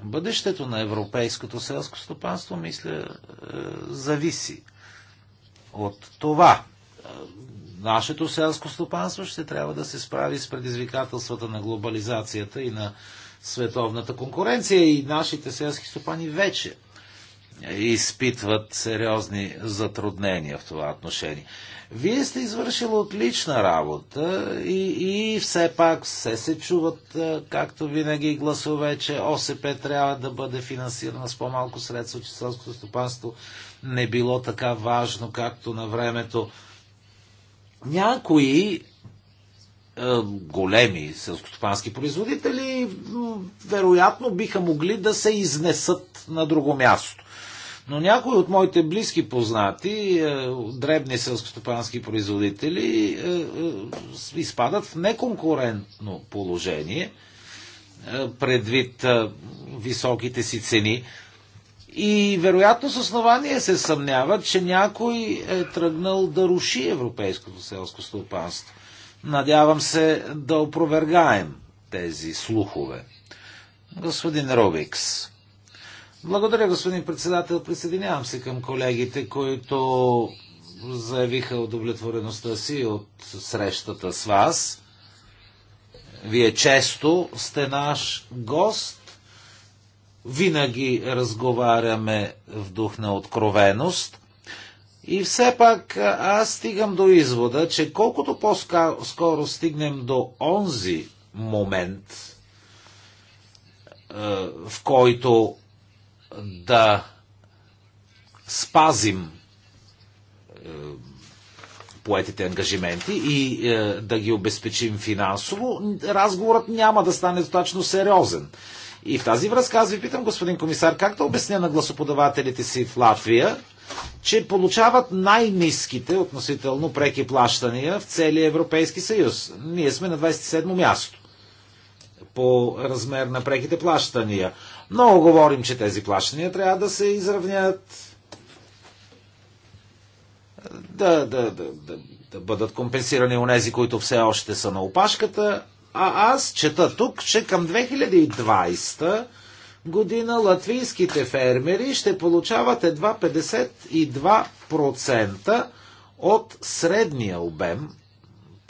C: Бъдещето на европейското селско стопанство, мисля, е, зависи от това. Нашето селско стопанство ще трябва да се справи с предизвикателствата на глобализацията и на световната конкуренция и нашите селски стопани вече изпитват сериозни затруднения в това отношение. Вие сте извършили отлична работа и, и все пак все се чуват, както винаги, гласове, че ОСП трябва да бъде финансирана с по-малко средства, че селското стопанство не било така важно, както на времето. Някои големи селскостопански производители вероятно биха могли да се изнесат на друго място. Но някои от моите близки познати, е, дребни селскостопански производители, е, е, изпадат в неконкурентно положение предвид високите си цени. И вероятно с основание се съмнява, че някой е тръгнал да руши европейското селско стопанство. Надявам се да опровергаем тези слухове. Господин Робикс, благодаря, господин председател. Присъединявам се към колегите, които заявиха удовлетвореността си от срещата с вас. Вие често сте наш гост. Винаги разговаряме в дух на откровеност. И все пак аз стигам до извода, че колкото по-скоро стигнем до онзи момент, в който да спазим е, поетите ангажименти и е, да ги обезпечим финансово, разговорът няма да стане достатъчно сериозен. И в тази връзка аз ви питам, господин комисар, как да обясня на гласоподавателите си в Латвия, че получават най-низките относително преки плащания в целия Европейски съюз. Ние сме на 27-о място по размер на преките плащания. Много говорим, че тези плащания трябва да се изравнят, да, да, да, да, да бъдат компенсирани у нези, които все още са на опашката. А аз чета тук, че към 2020 година латвийските фермери ще получават едва 52% от средния обем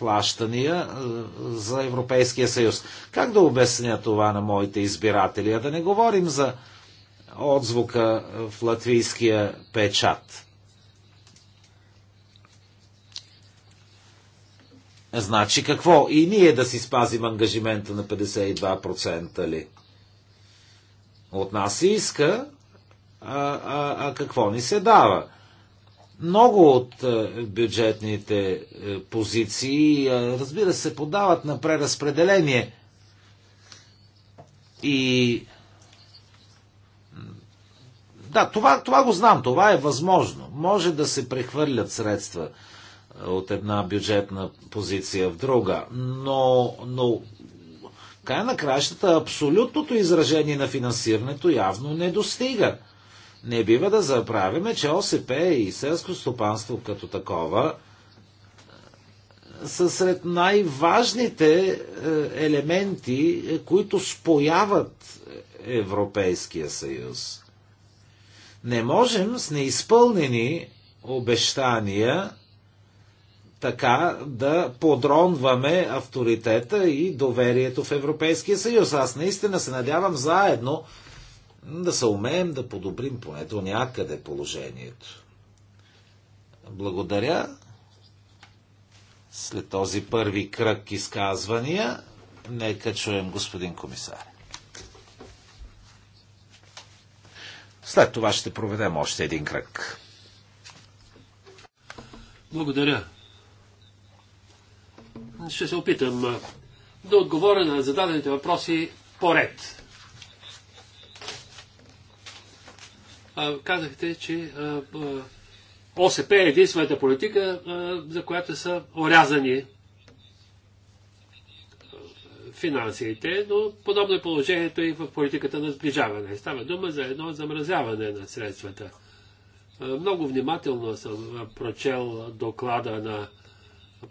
C: плащания е, за Европейския съюз. Как да обясня това на моите избиратели? А да не говорим за отзвука в латвийския печат. Значи какво? И ние да си спазим ангажимента на 52% ли? От нас се иска, а, а, а какво ни се дава? Много от е, бюджетните е, позиции, е, разбира се, подават на преразпределение. И да, това, това го знам, това е възможно. Може да се прехвърлят средства от една бюджетна позиция в друга, но, но край на кращата абсолютното изражение на финансирането явно не достига. Не бива да забравяме, че ОСП и селско стопанство като такова е, са сред най-важните е, елементи, е, които спояват Европейския съюз. Не можем с неизпълнени обещания така да подронваме авторитета и доверието в Европейския съюз. Аз наистина се надявам заедно да се умеем да подобрим поне до някъде положението. Благодаря. След този първи кръг изказвания, нека чуем господин комисар. След това ще проведем още един кръг.
B: Благодаря. Ще се опитам да отговоря на зададените въпроси поред. казахте, че ОСП е единствената политика, за която са орязани финансите, но подобно е положението и в политиката на сближаване. Става дума за едно замразяване на средствата. Много внимателно съм прочел доклада на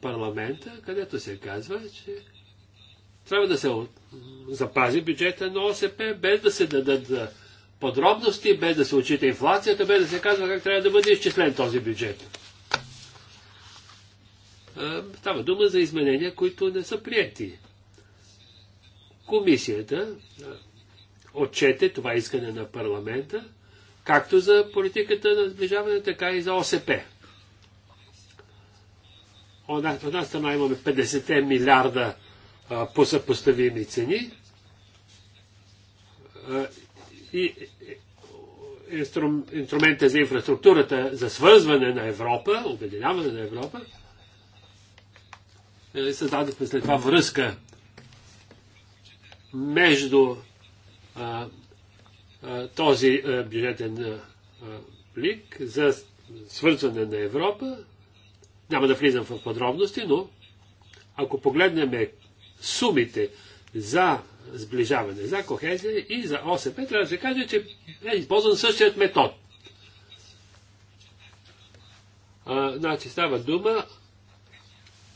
B: парламента, където се казва, че трябва да се запази бюджета на ОСП, без да се дадат подробности, без да се отчита инфлацията, без да се казва как трябва да бъде изчислен този бюджет. Става дума за изменения, които не са прияти. Комисията отчете това искане на парламента, както за политиката на сближаване, така и за ОСП. От една страна имаме 50 милиарда по съпоставими цени, и е, е, инструм, инструмента за инфраструктурата за свързване на Европа, обединяване на Европа, нали, създадохме след това връзка между а, а, този а, бюджетен лик за свързване на Европа. Няма да влизам в подробности, но ако погледнем сумите за сближаване, за кохезия и за ОСП, трябва да се каже, че е използван същият метод. А, значи става дума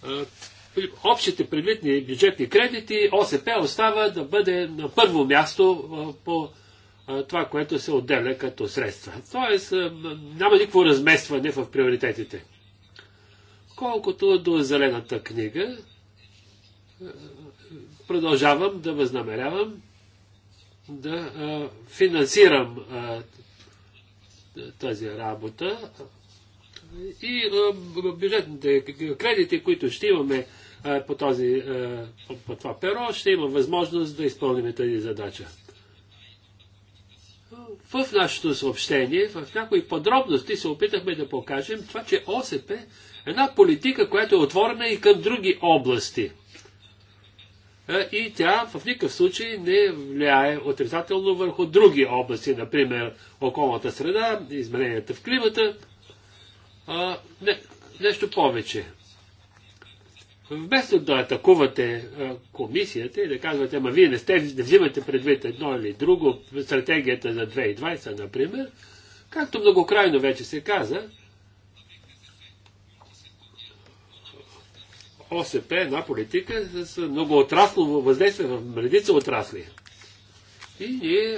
B: а, при общите предвидни бюджетни кредити ОСП остава да бъде на първо място а, по а, това, което се отделя като средства. Тоест а, няма никакво разместване в приоритетите. Колкото до зелената книга, продължавам да възнамерявам да а, финансирам а, тази работа и а, бюджетните кредити, които ще имаме а, по, този, а, по, по това перо, ще има възможност да изпълним тази задача. В нашето съобщение, в някои подробности се опитахме да покажем това, че ОСП е една политика, която е отворена и към други области – и тя в никакъв случай не влияе отрицателно върху други области, например околната среда, измененията в климата, а, не, нещо повече. Вместо да атакувате а, комисията и да казвате, Ама вие не, сте, не взимате предвид едно или друго, стратегията за 2020, например, както многокрайно вече се каза, ОСП една политика с много отраслово въздействие в редица отрасли. И ние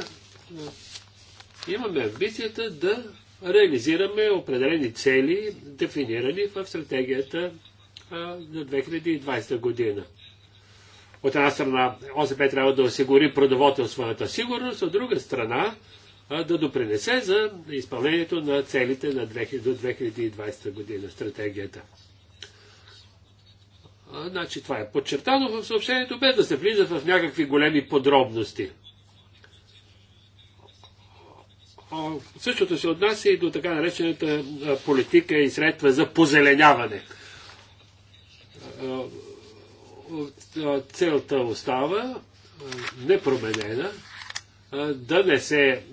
B: имаме амбицията да реализираме определени цели, дефинирани в стратегията за 2020 година. От една страна ОСП трябва да осигури продоволствената сигурност, от друга страна да допринесе за изпълнението на целите на до 2020 година стратегията. Значи това е подчертано в съобщението, без да се влиза в някакви големи подробности. Същото се отнася и до така наречената политика и средства за позеленяване. Целта остава непроменена, да не се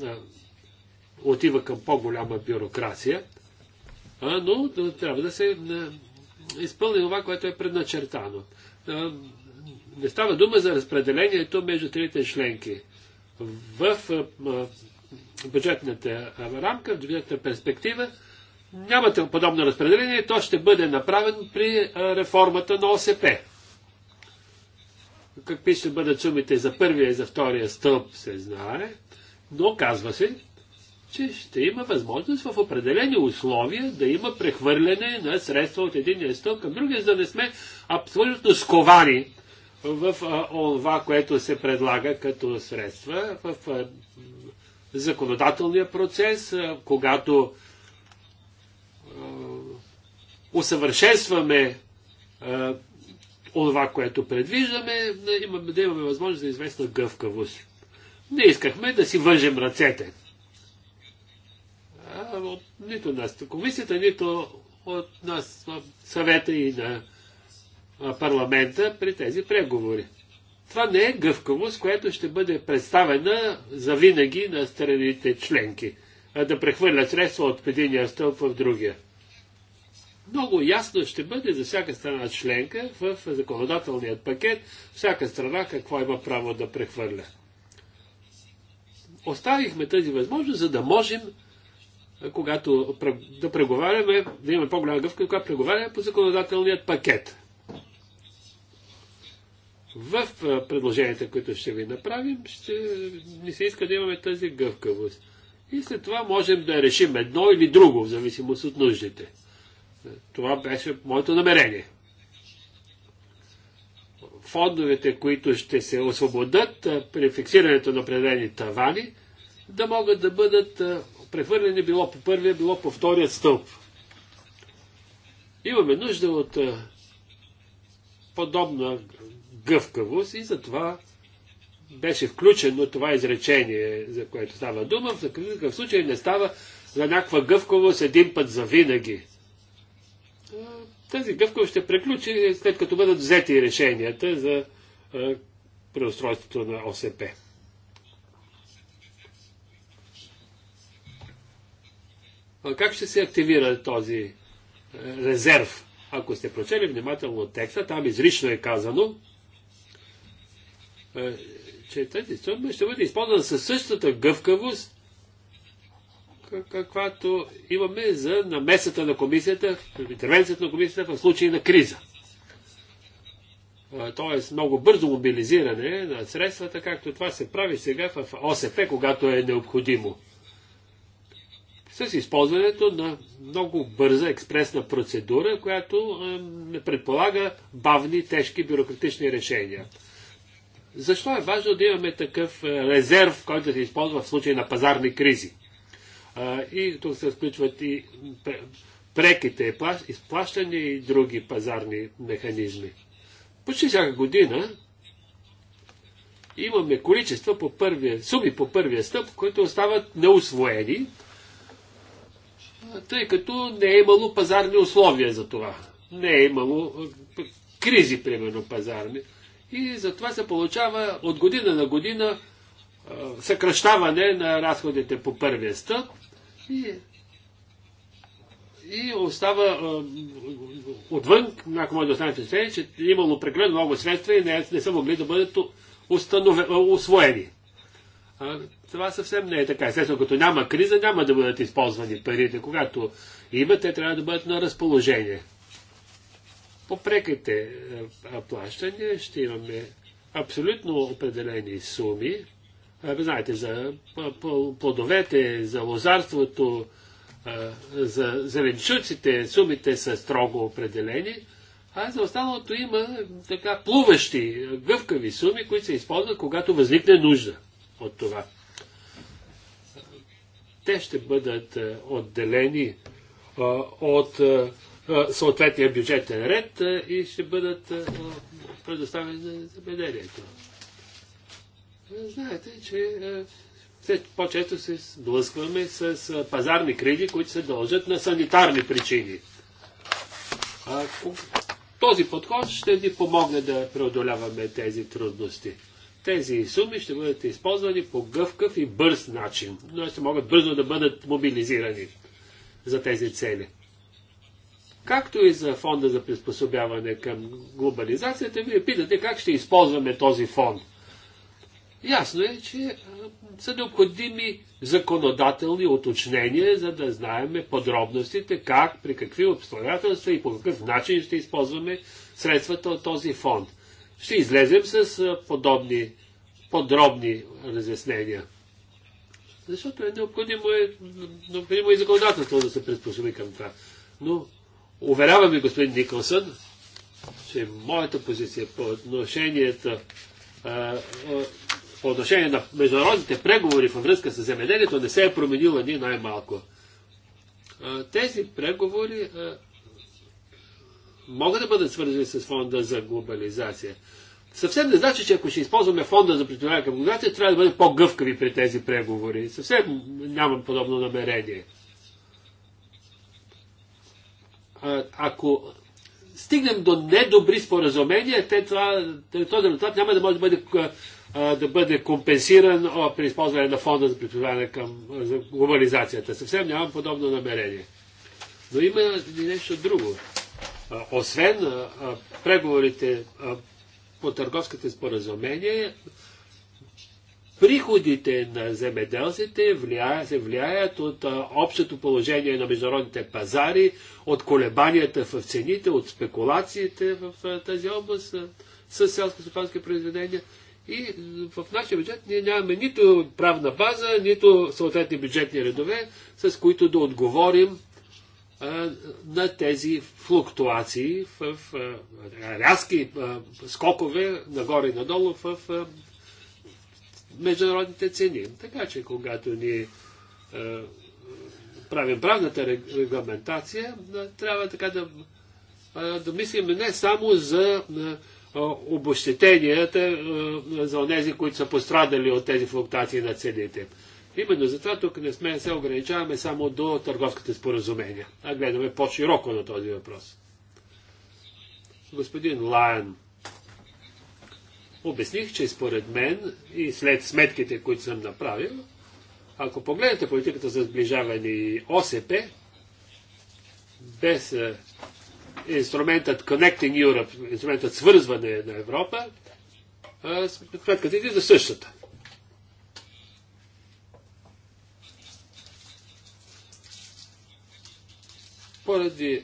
B: отива към по-голяма бюрокрация, но трябва да се изпълни това, което е предначертано. Не става дума за разпределението между трите членки. В бюджетната рамка, в бюджетната перспектива, нямате подобно разпределение, то ще бъде направено при реформата на ОСП. Какви ще бъдат сумите за първия и за втория стълб, се знае, но казва се, че ще има възможност в определени условия да има прехвърляне на средства от един стълб към другия, за да не сме абсолютно сковани в това, което се предлага като средства в законодателния процес, когато усъвършенстваме това, което предвиждаме, да имаме, възможност за да известна гъвкавост. Не искахме да си вържем ръцете от нито нас, комисията, нито от нас, в съвета и на парламента при тези преговори. Това не е гъвкавост, която ще бъде представена за винаги на страните членки, а да прехвърлят средства от единия стълб в другия. Много ясно ще бъде за всяка страна членка в законодателният пакет, всяка страна какво има право да прехвърля. Оставихме тази възможност, за да можем когато да преговаряме, да имаме по-голяма гъвка, когато преговаряме по законодателният пакет. В предложенията, които ще ви направим, ще ни се иска да имаме тази гъвкавост. И след това можем да решим едно или друго, в зависимост от нуждите. Това беше моето намерение. Фондовете, които ще се освободят при фиксирането на определени тавани, да могат да бъдат прехвърляне било по първия, било по вторият стълб. Имаме нужда от подобна гъвкавост и затова беше включено това изречение, за което става дума. В такъв случай не става за някаква гъвкавост един път за винаги. Тази гъвкавост ще приключи след като бъдат взети решенията за преустройството на ОСП. Как ще се активира този е, резерв? Ако сте прочели внимателно текста, там изрично е казано, е, че тази сума ще бъде използвана със същата гъвкавост, каквато имаме за намесата на комисията, интервенцията на комисията в случай на криза. Е, тоест много бързо мобилизиране на средствата, както това се прави сега в ОСП, когато е необходимо с използването на много бърза експресна процедура, която е, не предполага бавни, тежки бюрократични решения. Защо е важно да имаме такъв е, резерв, който да се използва в случай на пазарни кризи? И тук се включват и преките изплащане и други пазарни механизми. Почти всяка година имаме количества по първия, суми по първия стъп, които остават неусвоени, тъй като не е имало пазарни условия за това. Не е имало е, кризи, примерно, пазарни. И затова се получава от година на година е, съкръщаване на разходите по първия стъп и, и остава е, отвън, ако може да останем впечатление, че имало прекалено много средства и не, не са могли да бъдат установе, освоени това съвсем не е така. Естествено, като няма криза, няма да бъдат използвани парите. Когато има, те трябва да бъдат на разположение. По преките плащания ще имаме абсолютно определени суми. Знаете, за плодовете, за лозарството, за зеленчуците сумите са строго определени, а за останалото има така плуващи, гъвкави суми, които се използват, когато възникне нужда от това. Те ще бъдат е, отделени е, от е, съответния бюджетен ред и ще бъдат предоставени за забеделието. Знаете, че все по-често се сблъскваме с пазарни кризи, които се дължат на санитарни причини. Ако този подход ще ни помогне да преодоляваме тези трудности тези суми ще бъдат използвани по гъвкав и бърз начин. Но ще могат бързо да бъдат мобилизирани за тези цели. Както и за фонда за приспособяване към глобализацията, вие питате как ще използваме този фонд. Ясно е, че са необходими законодателни уточнения, за да знаеме подробностите, как, при какви обстоятелства и по какъв начин ще използваме средствата от този фонд ще излезем с подобни, подробни разяснения. Защото е необходимо, е, необходимо е и законодателство да се приспособи към това. Но уверявам ви, господин Николсън, че моята позиция по отношението по отношение на международните преговори във връзка с земеделието не се е променила ни най-малко. Тези преговори могат да бъдат свързани с фонда за глобализация. Съвсем не значи, че ако ще използваме фонда за приспособяване към глобализация, трябва да бъдем по-гъвкави при тези преговори. Съвсем нямам подобно намерение. А, ако стигнем до недобри споразумения, те това, този резултат няма да може да бъде, да бъде компенсиран при използване на фонда за приспособяване към за глобализацията. Съвсем нямам подобно намерение. Но има нещо друго освен преговорите по търговските споразумения, приходите на земеделците се влияят от общото положение на международните пазари, от колебанията в цените, от спекулациите в тази област с селско-стопански произведения. И в нашия бюджет ние нямаме нито правна база, нито съответни бюджетни редове, с които да отговорим на тези флуктуации в рязки скокове нагоре и надолу в международните цени. Така че, когато ни правим правната регламентация, трябва така да, да мислим не само за обощетенията за тези, които са пострадали от тези флуктуации на цените. Именно затова тук не сме, се ограничаваме само до търговските споразумения, а гледаме по-широко на този въпрос. Господин Лайн, обясних, че според мен и след сметките, които съм направил, ако погледнете политиката за сближаване и ОСП, без е, инструментът Connecting Europe, инструментът свързване на Европа, е, сметката е за същата. поради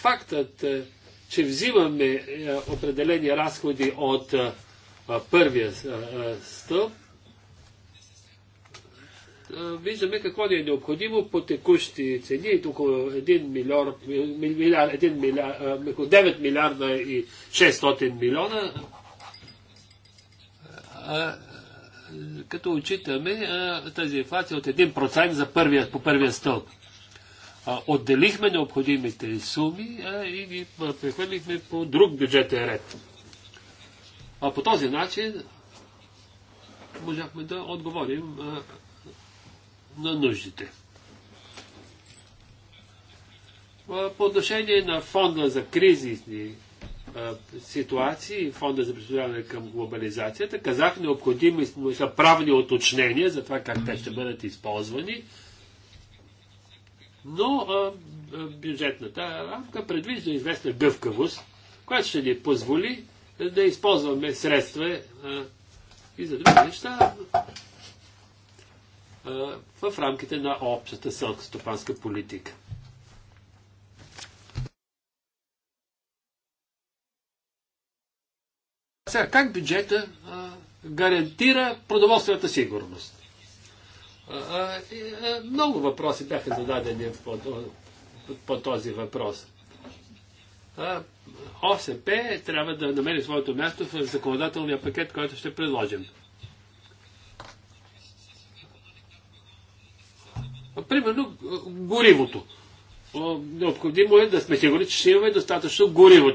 B: фактът, е, че взимаме е, определени разходи от е, първия стълб, виждаме какво ни е необходимо по текущи цени. тук 1 милиард, милиард, 1 милиард, 9 милиарда и 600 милиона. като отчитаме тази инфлация от 1% за първия, по първия стълб отделихме необходимите суми и ги прехвърлихме по друг бюджетен ред. А по този начин можахме да отговорим на нуждите. По отношение на фонда за кризисни ситуации, фонда за приспособяване към глобализацията, казах необходими са правни уточнения за това как те ще бъдат използвани но а, бюджетната рамка предвижда известна гъвкавост, която ще ни позволи да използваме средства а, и за други неща в рамките на общата селско-стопанска политика. Сега, как бюджета а, гарантира продоволствената сигурност? Много въпроси бяха зададени по, по този въпрос. ОСП трябва да намери своето място в законодателния пакет, който ще предложим. Примерно горивото. Необходимо е да сме сигурни, че ще имаме достатъчно гориво,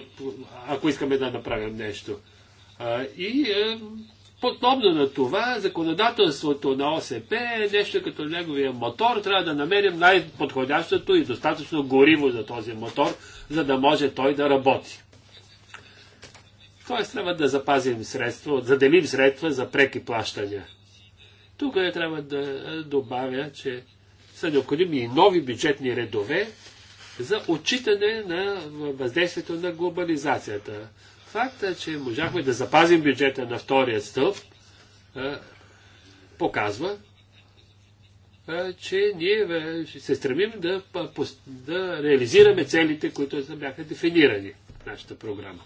B: ако искаме да направим нещо. И Подобно на това, законодателството на ОСП е нещо като неговия мотор. Трябва да намерим най-подходящото и достатъчно гориво за този мотор, за да може той да работи. Тоест трябва да запазим средства, заделим средства за преки плащания. Тук е, трябва да добавя, че са необходими и нови бюджетни редове за отчитане на въздействието на глобализацията. Факта, че можахме да запазим бюджета на втория стълб, показва, че ние се стремим да, да реализираме целите, които бяха дефинирани в нашата програма.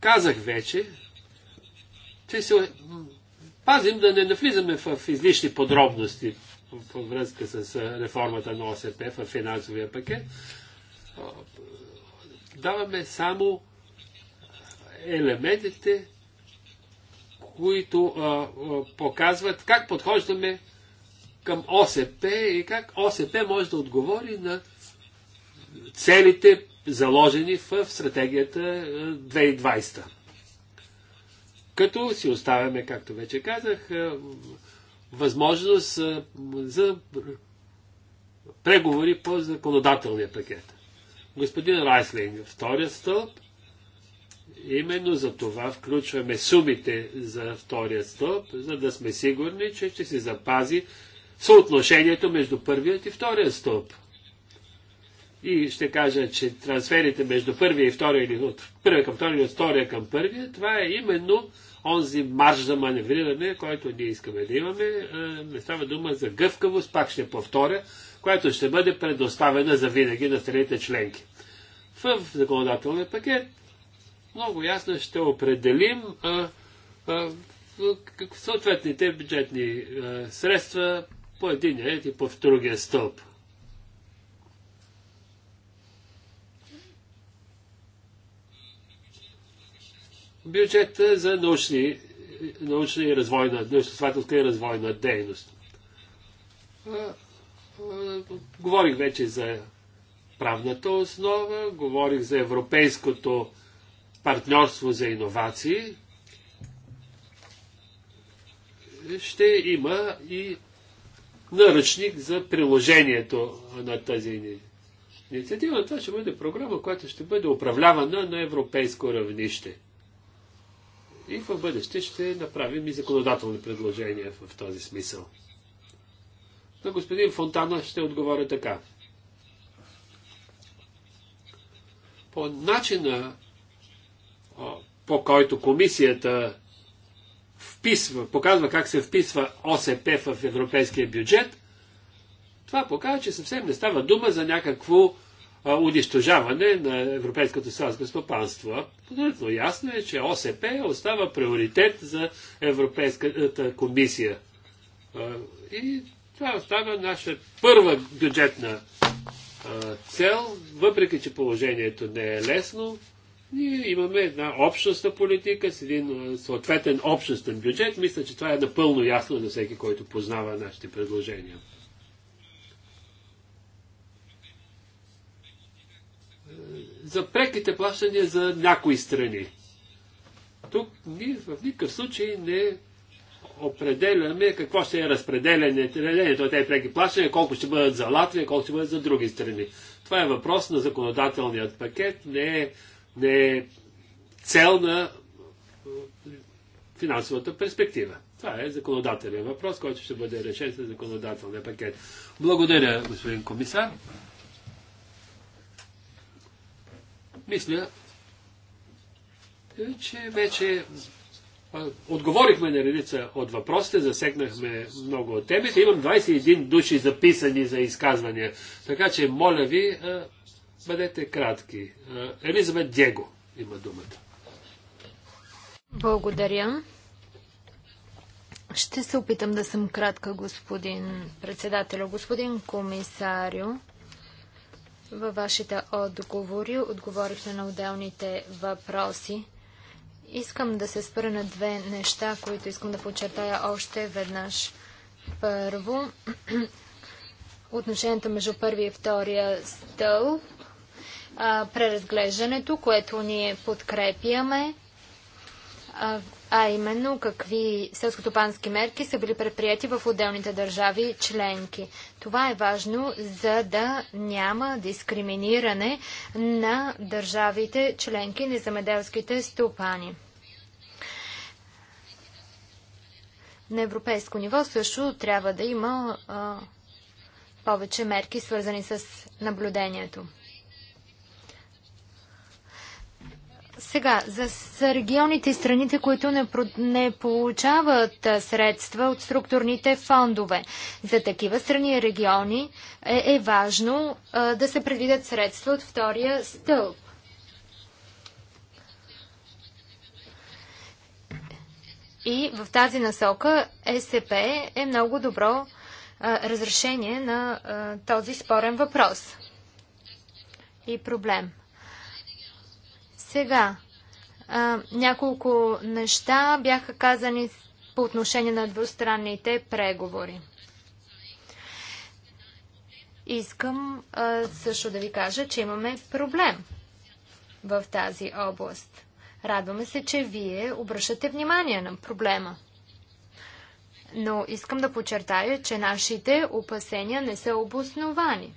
B: Казах вече, че се пазим да не навлизаме в излишни подробности във връзка с реформата на ОСП в финансовия пакет даваме само елементите, които а, а, показват как подхождаме към ОСП и как ОСП може да отговори на целите, заложени в стратегията 2020. Като си оставяме, както вече казах, възможност за преговори по законодателния пакет господин Райслинг, втория стълб. Именно за това включваме сумите за втория стълб, за да сме сигурни, че ще се запази съотношението между първият и втория стълб. И ще кажа, че трансферите между първия и втория, или от първия към втория, или от втория към първия, това е именно онзи марш за маневриране, който ние искаме да имаме. Е, не става дума за гъвкавост, пак ще повторя, която ще бъде предоставена за винаги на страните членки. В законодателния пакет много ясно ще определим а, а, съответните бюджетни а, средства по един ред и по другия стълб. бюджета за научни, научна и развойна, научно и развойна дейност. Говорих вече за правната основа, говорих за европейското партньорство за иновации. Ще има и наръчник за приложението на тази инициатива. Това ще бъде програма, която ще бъде управлявана на европейско равнище. И в бъдеще ще направим и законодателни предложения в този смисъл. На господин Фонтана ще отговоря така. По начина, по който комисията вписва, показва как се вписва ОСП в европейския бюджет, това показва, че съвсем не става дума за някакво унищожаване на европейското селско стопанство. Абсолютно ясно е, че ОСП остава приоритет за Европейската комисия. и това остава наша първа бюджетна а, цел, въпреки че положението не е лесно. Ние имаме една общностна политика с един съответен общностен бюджет. Мисля, че това е напълно ясно на всеки, който познава нашите предложения. За преките плащания за някои страни. Тук ние в никакъв случай не определяме какво ще е разпределението на тези преки плащания, колко ще бъдат за Латвия, колко ще бъдат за други страни. Това е въпрос на законодателният пакет, не е, не е цел на финансовата перспектива. Това е законодателен въпрос, който ще бъде решен с законодателния пакет. Благодаря, господин комисар. Мисля, е, че вече Отговорихме на редица от въпросите, засегнахме много от темите. Имам 21 души записани за изказвания, така че моля ви, бъдете кратки. Елизабет Диего има думата.
F: Благодаря. Ще се опитам да съм кратка, господин председател, господин комисарио. Във вашите отговори отговорихте на отделните въпроси. Искам да се спра на две неща, които искам да подчертая още веднъж. Първо, отношението между първи и втория стълб, преразглеждането, което ние подкрепяме а именно какви селскотопански мерки са били предприяти в отделните държави членки. Това е важно, за да няма дискриминиране на държавите членки на земеделските стопани. На европейско ниво също трябва да има а, повече мерки, свързани с наблюдението. Сега, за регионите и страните, които не, не получават средства от структурните фондове, за такива страни и региони е, е важно е, да се предвидят средства от втория стълб. И в тази насока СП е много добро а, разрешение на а, този спорен въпрос и проблем. Сега, а, няколко неща бяха казани по отношение на двустранните преговори. Искам а, също да ви кажа, че имаме проблем в тази област. Радваме се, че вие обръщате внимание на проблема. Но искам да подчертая, че нашите опасения не са обосновани.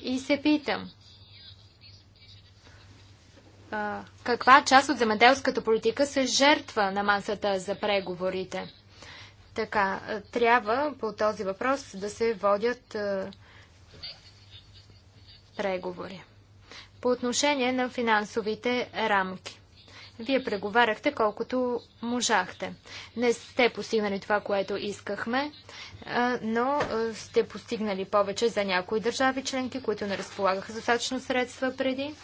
F: И се питам, каква част от земеделската политика се жертва на масата за преговорите. Така, трябва по този въпрос да се водят преговори. По отношение на финансовите рамки. Вие преговаряхте колкото можахте. Не сте постигнали това, което искахме, но сте постигнали повече за някои държави членки, които не разполагаха достатъчно средства преди.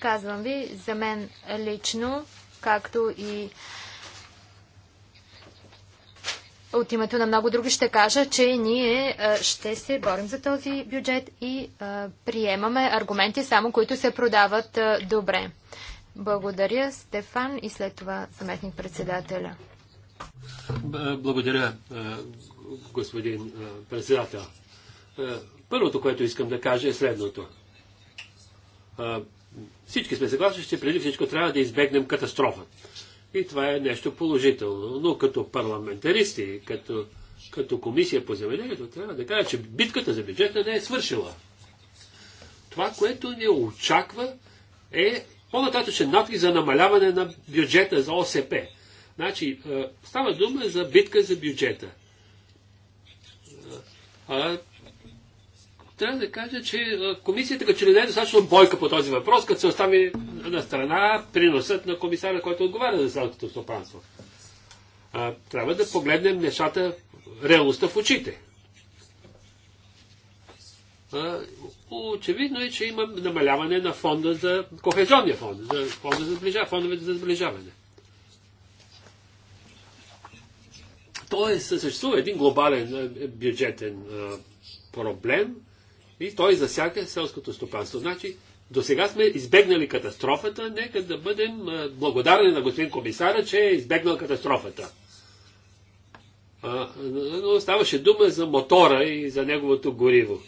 F: Казвам ви, за мен лично, както и от името на много други ще кажа, че ние ще се борим за този бюджет и приемаме аргументи само, които се продават добре. Благодаря, Стефан, и след това съметник председателя.
B: Благодаря, господин председател. Първото, което искам да кажа е следното. Всички сме съгласни, че преди всичко трябва да избегнем катастрофа. И това е нещо положително. Но като парламентаристи, като, като комисия по земеделието, трябва да кажа, че битката за бюджета не е свършила. Това, което ни очаква, е по-нататъчен натиск за намаляване на бюджета за ОСП. Значи, е, става дума за битка за бюджета. А, трябва да кажа, че комисията като че ли не е достатъчно бойка по този въпрос, като се остави на страна приносът на комисаря, който отговаря за селското стопанство. А, трябва да погледнем нещата, реалността в очите. А, очевидно е, че има намаляване на фонда за кохезионния фонд, за фонда за сближаване, фондовете за сближаване. Тоест, съществува един глобален бюджетен проблем, и той засяга селското стопанство. Значи, до сега сме избегнали катастрофата, нека да бъдем благодарни на господин комисара, че е избегнал катастрофата. А, но ставаше дума за мотора и за неговото гориво.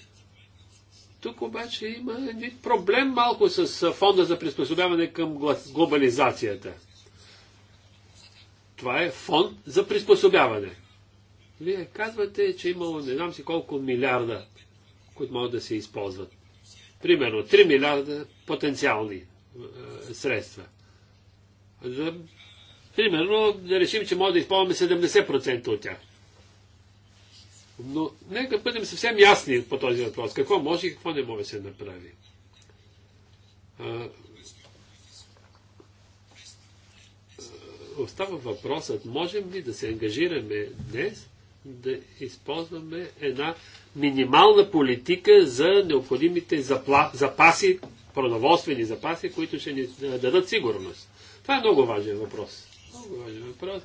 B: Тук обаче има един проблем малко с фонда за приспособяване към глобализацията. Това е фонд за приспособяване. Вие казвате, че имало не знам си колко милиарда които могат да се използват. Примерно 3 милиарда потенциални е, средства. За, примерно да решим, че може да използваме 70% от тях. Но нека бъдем съвсем ясни по този въпрос. Какво може и какво не може да се направи. остава въпросът, можем ли да се ангажираме днес да използваме една минимална политика за необходимите запла... запаси, продоволствени запаси, които ще ни дадат сигурност. Това е много важен въпрос. Много важен въпрос.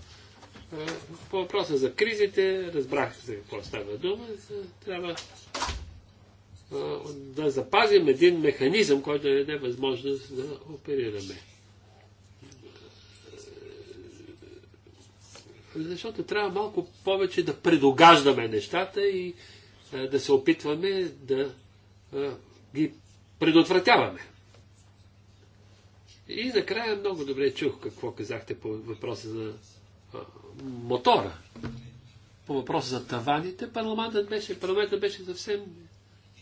B: По въпроса за кризите, разбрах за какво става дума. Трябва да запазим един механизъм, който да даде възможност да оперираме. Защото трябва малко повече да предогаждаме нещата и а, е, да се опитваме да а, е, ги предотвратяваме. И накрая много добре чух какво казахте по въпроса за а, е, мотора. По въпроса за таваните, парламентът беше, парламентът беше съвсем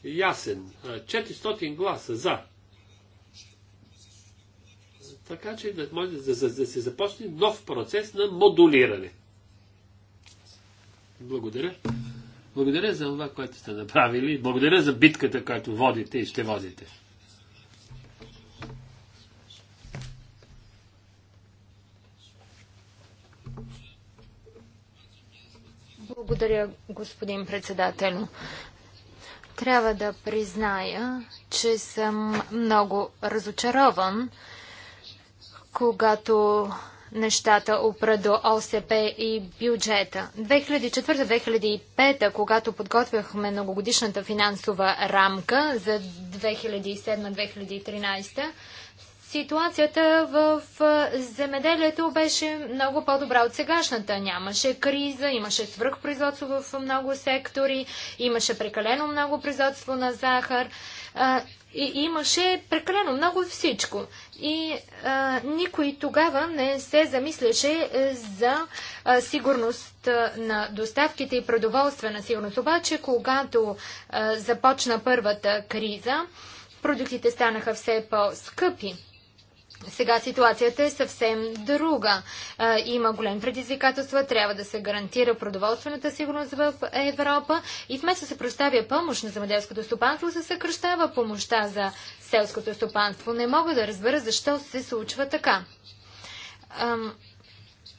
B: ясен. 400 гласа за. Така че да може да, да, да се започне нов процес на модулиране. Благодаря. Благодаря за това, което сте направили. Благодаря за битката, която водите и ще водите.
F: Благодаря, господин председател. Трябва да призная, че съм много разочарован, когато нещата опредо ОСП и бюджета. 2004-2005, когато подготвяхме многогодишната финансова рамка за 2007-2013, ситуацията в земеделието беше много по-добра от сегашната. Нямаше криза, имаше свръхпроизводство в много сектори, имаше прекалено много производство на захар. И имаше прекалено много всичко. И а, никой тогава не се замисляше е, за а, сигурност на доставките и продоволства на сигурност. Обаче, когато а, започна първата криза, продуктите станаха все по-скъпи. Сега ситуацията е съвсем друга. Има големи предизвикателства, трябва да се гарантира продоволствената сигурност в Европа и вместо се представя помощ на земеделското стопанство, се съкръщава помощта за селското стопанство. Не мога да разбера защо се случва така.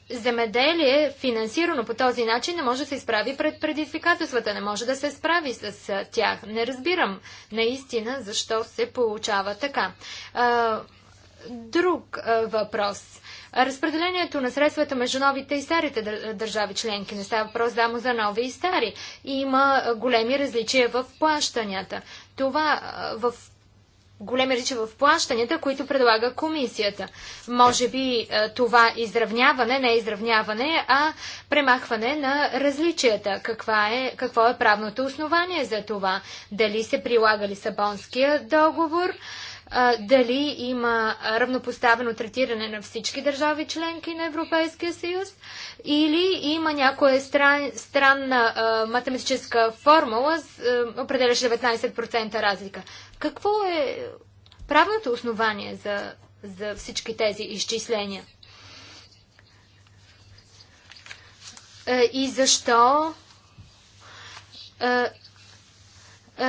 F: Земеделие, финансирано по този начин, не може да се изправи пред предизвикателствата, не може да се справи с тях. Не разбирам наистина защо се получава така друг е, въпрос. Разпределението на средствата между новите и старите държави членки не става въпрос само за нови и стари. И има е, големи различия в плащанията. Това е, в големи различия в плащанията, които предлага комисията. Може би това изравняване, не изравняване, а премахване на различията. Каква е, какво е правното основание за това? Дали се прилага Лисабонския договор? дали има равнопоставено третиране на всички държави членки на Европейския съюз или има някоя стран, странна а, математическа формула, определяща 19% разлика. Какво е правното основание за, за всички тези изчисления? Е, и защо е,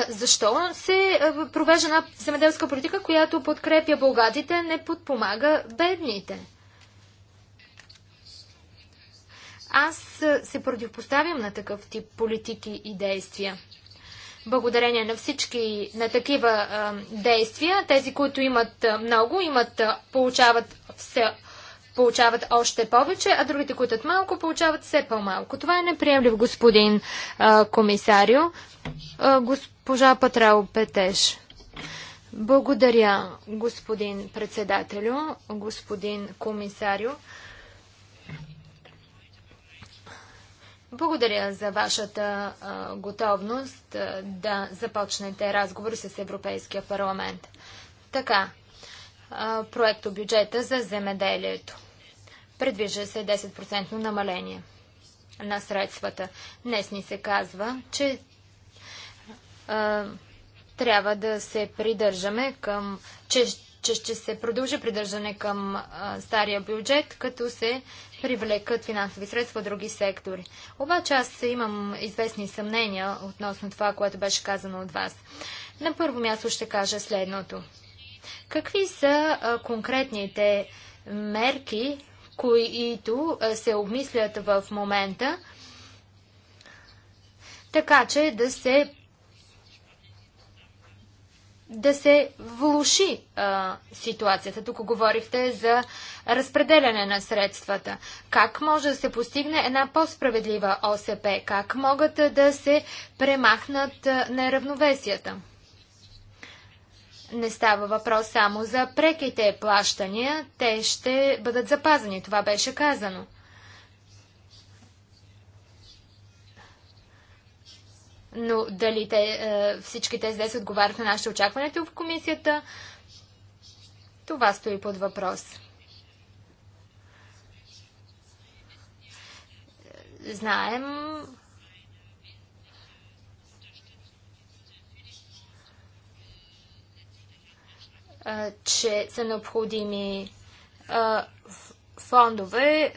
F: защо се провежда една земеделска политика, която подкрепя богатите, не подпомага бедните? Аз се противопоставям на такъв тип политики и действия. Благодарение на всички, на такива действия, тези, които имат много, имат, получават все получават още повече, а другите, които малко, получават все по-малко. Това е неприемлив, господин а, комисарио. А, госпожа Патрао Петеш. Благодаря, господин председателю, господин комисарио. Благодаря за вашата а, готовност а, да започнете разговори с Европейския парламент. Така, проекто бюджета за земеделието. Предвижда се 10% намаление на средствата. Днес ни се казва, че а, трябва да се придържаме към, че, че ще се продължи придържане към а, стария бюджет, като се привлекат финансови средства от други сектори. Обаче аз имам известни съмнения относно това, което беше казано от вас. На първо място ще кажа следното. Какви са а, конкретните мерки, които се обмислят в момента, така че да се да се влуши а, ситуацията. Тук говорихте за разпределяне на средствата. Как може да се постигне една по-справедлива ОСП? Как могат да се премахнат неравновесията? не става въпрос само за преките плащания, те ще бъдат запазени. Това беше казано. Но дали те, е, всички тези 10 отговарят на нашите очаквания в комисията, това стои под въпрос. Знаем, че са необходими фондове,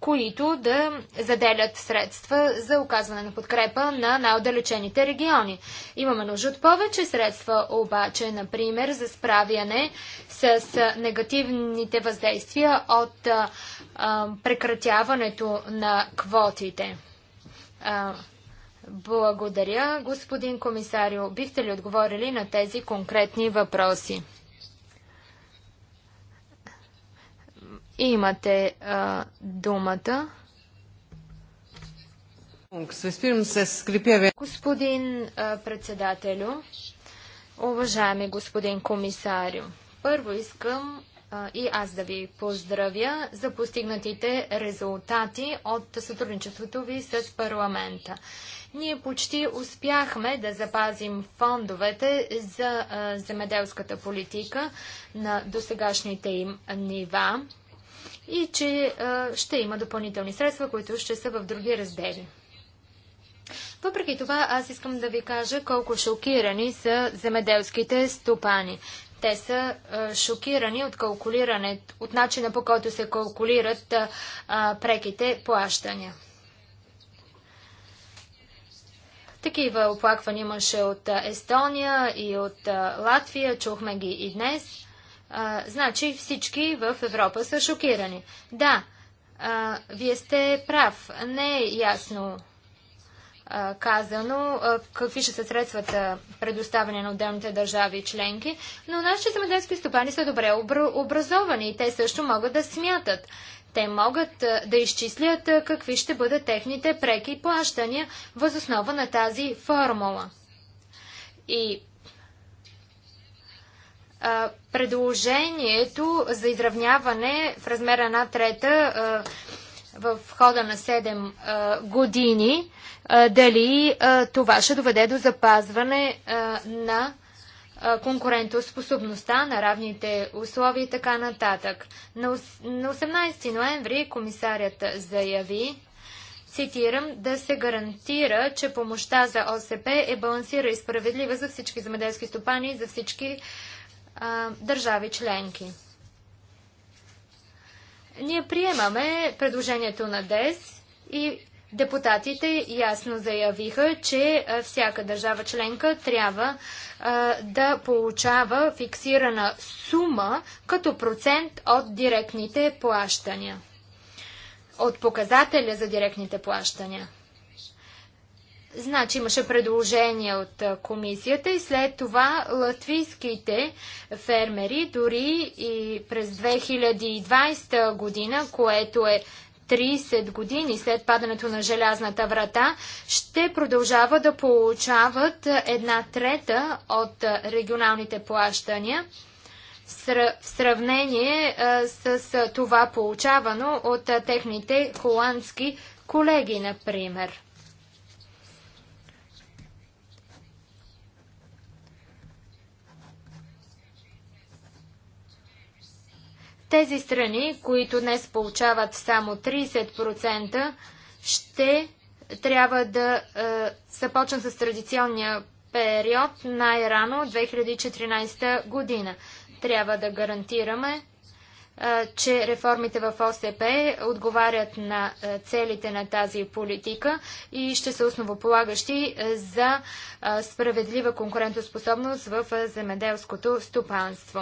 F: които да заделят средства за оказване на подкрепа на най-отдалечените региони. Имаме нужда от повече средства, обаче, например, за справяне с негативните въздействия от прекратяването на квотите. Благодаря, господин комисарио. Бихте ли отговорили на тези конкретни въпроси? Имате а, думата. Господин а, председателю, уважаеми господин комисарю, първо искам а, и аз да ви поздравя за постигнатите резултати от сътрудничеството ви с парламента. Ние почти успяхме да запазим фондовете за а, земеделската политика на досегашните им нива и че ще има допълнителни средства, които ще са в други раздели. Въпреки това, аз искам да ви кажа колко шокирани са земеделските стопани. Те са шокирани от калкулиране, от начина по който се калкулират преките плащания. Такива оплаквания имаше от Естония и от Латвия, чухме ги и днес. А, значи всички в Европа са шокирани. Да, а, вие сте прав. Не е ясно а, казано а, какви ще са средствата предоставяне на отделните държави и членки, но нашите земеделски стопани са добре образовани и те също могат да смятат. Те могат да изчислят какви ще бъдат техните преки плащания възоснова на тази формула. И предложението за изравняване в размера на трета в хода на 7 години, дали това ще доведе до запазване на конкурентоспособността на равните условия и така нататък. На 18 ноември комисарят заяви, цитирам, да се гарантира, че помощта за ОСП е балансира и справедлива за всички земеделски стопани и за всички държави членки. Ние приемаме предложението на ДЕС и депутатите ясно заявиха, че всяка държава членка трябва да получава фиксирана сума като процент от директните плащания. От показателя за директните плащания. Значи имаше предложение от комисията и след това латвийските фермери дори и през 2020 година, което е 30 години след падането на желязната врата, ще продължава да получават една трета от регионалните плащания в сравнение с това получавано от техните холандски колеги, например. Тези страни, които днес получават само 30%, ще трябва да е, започнат с традиционния период най-рано 2014 година. Трябва да гарантираме, е, че реформите в ОСП отговарят на е, целите на тази политика и ще са основополагащи е, за е, справедлива конкурентоспособност в е, земеделското стопанство.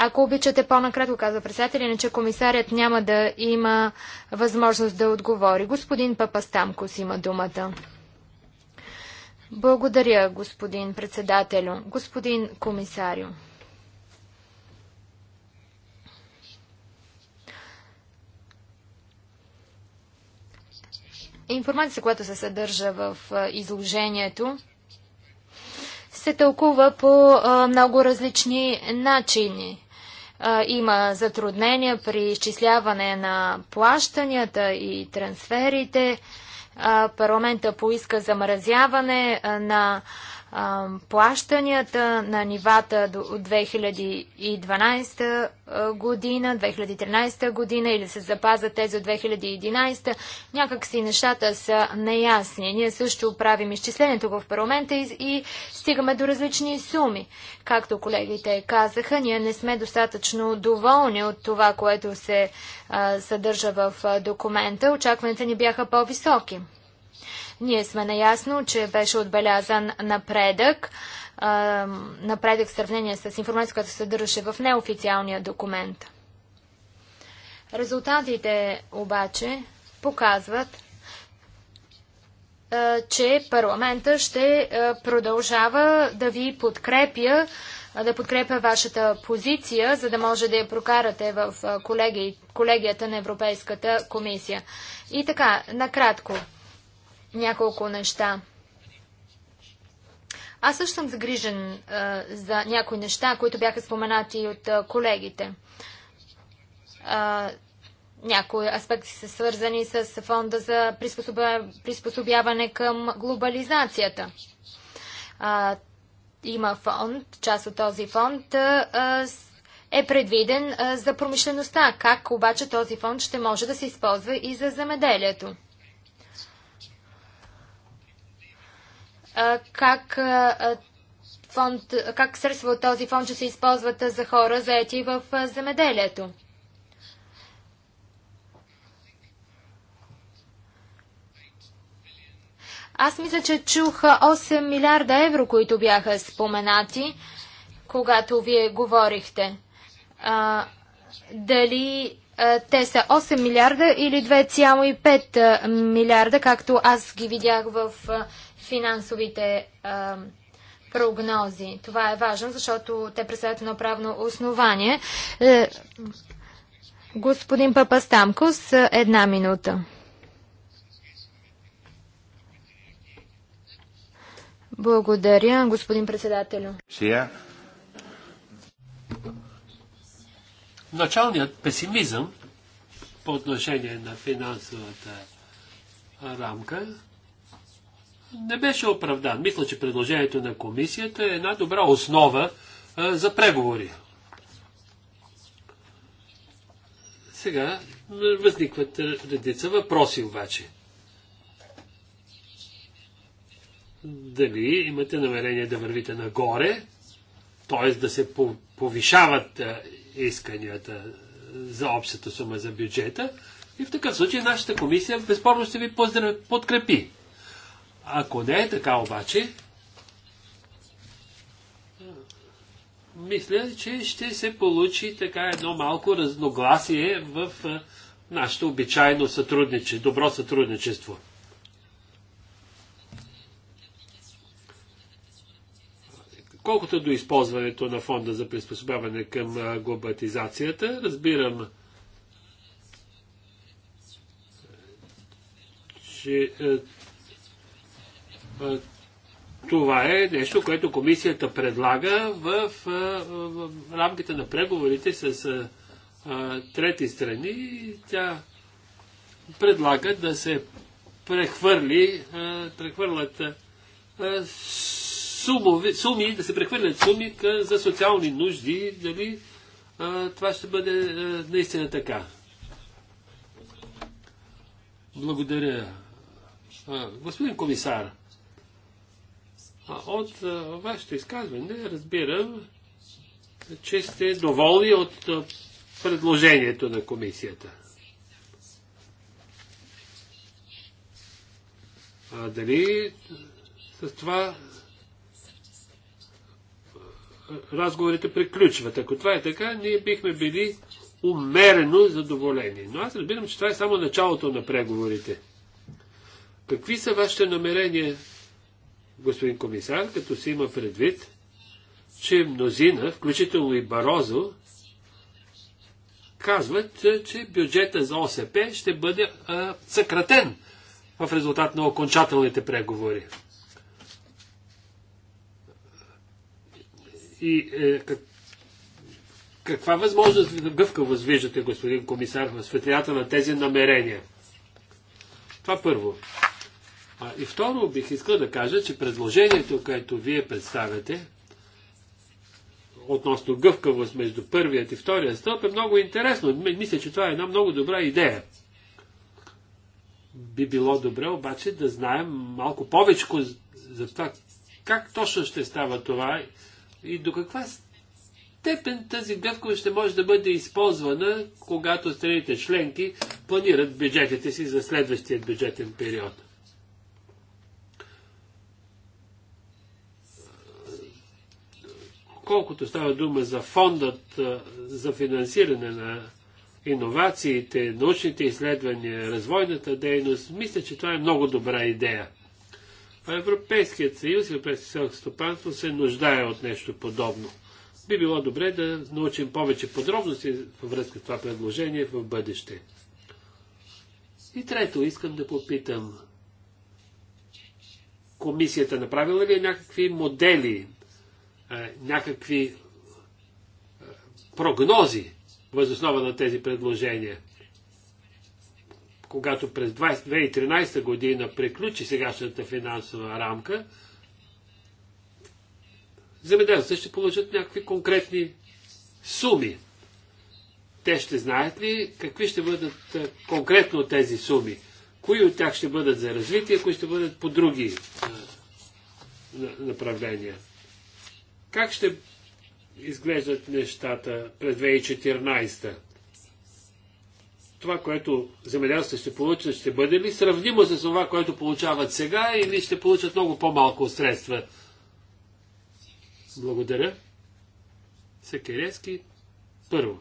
F: Ако обичате по-накратко, казва председател, иначе комисарят няма да има възможност да отговори. Господин Папастамкос има думата. Благодаря, господин председателю. Господин комисарю. Информацията, която се съдържа в изложението, се тълкува по много различни начини има затруднения при изчисляване на плащанията и трансферите. парламента поиска замразяване на плащанията на нивата от 2012 година, 2013 година или се запазят тези от 2011, някакси нещата са неясни. Ние също правим изчислението в парламента и, и стигаме до различни суми. Както колегите казаха, ние не сме достатъчно доволни от това, което се а, съдържа в документа. Очакванията ни бяха по-високи. Ние сме наясно, че беше отбелязан напредък, напредък в сравнение с информация, която се съдържаше в неофициалния документ. Резултатите обаче показват, че парламента ще продължава да ви подкрепя да подкрепя вашата позиция, за да може да я прокарате в колеги, колегията на Европейската комисия. И така, накратко, няколко неща. Аз също съм загрижен а, за някои неща, които бяха споменати от а, колегите. А, някои аспекти са свързани с фонда за приспособя... приспособяване към глобализацията. Има фонд, част от този фонд е предвиден за промишлеността. Как обаче този фонд ще може да се използва и за земеделието? как фонд, как средства от този фонд ще се използват за хора, заети в земеделието. Аз мисля, че чух 8 милиарда евро, които бяха споменати, когато вие говорихте. А, дали а, те са 8 милиарда или 2,5 милиарда, както аз ги видях в а, финансовите а, прогнози. Това е важно, защото те представят едно правно основание. Е, господин Папастамкос, една минута. Благодаря, господин председателю.
B: Началният песимизъм по отношение на финансовата рамка не беше оправдан. Мисля, че предложението на комисията е една добра основа за преговори. Сега възникват редица въпроси обаче. Дали имате намерение да вървите нагоре, т.е. да се повишават исканията за общата сума за бюджета, и в такъв случай нашата комисия безспорно ще ви подкрепи. Ако не е така обаче, мисля, че ще се получи така едно малко разногласие в нашето обичайно сътрудниче, добро сътрудничество. Колкото до използването на фонда за приспособяване към глобатизацията, разбирам, че е, това е нещо, което комисията предлага в, е, в, в рамките на преговорите с а, е, трети страни. Тя предлага да се прехвърли, а, прехвърлят а, сумови, суми, да се прехвърлят суми къ, за социални нужди. Дали това ще бъде наистина така? Благодаря. Господин комисар, от вашето изказване разбирам, че сте доволни от предложението на комисията. А дали с това разговорите приключват? Ако това е така, ние бихме били умерено задоволени. Но аз разбирам, че това е само началото на преговорите. Какви са вашите намерения господин комисар, като се има предвид, че мнозина, включително и Барозо, казват, е, че бюджета за ОСП ще бъде а, съкратен в резултат на окончателните преговори. И е, как, каква възможност за гъвкавост господин комисар, в светлината на тези намерения? Това първо. А, и второ, бих искал да кажа, че предложението, което вие представяте, относно гъвкавост между първият и втория стълб е много интересно. Мисля, че това е една много добра идея. Би било добре обаче да знаем малко повече за това как точно ще става това и до каква степен тази гъвкавост ще може да бъде използвана, когато страните членки планират бюджетите си за следващия бюджетен период. Колкото става дума за фондът за финансиране на иновациите, научните изследвания, развойната дейност, мисля, че това е много добра идея. А Европейският съюз, Европейското селско стопанство се нуждае от нещо подобно. Би било добре да научим повече подробности във връзка с това предложение в бъдеще. И трето, искам да попитам. Комисията направила ли е някакви модели е, някакви е, прогнози възоснова на тези предложения. Когато през 2013 година приключи сегашната финансова рамка, земеделците ще получат някакви конкретни суми. Те ще знаят ли какви ще бъдат е, конкретно тези суми? Кои от тях ще бъдат за развитие, кои ще бъдат по други направления? Как ще изглеждат нещата през 2014? Това, което земеделството ще получат, ще бъде ли сравнимо с това, което получават сега или ще получат много по-малко средства? Благодаря. Секерески, първо.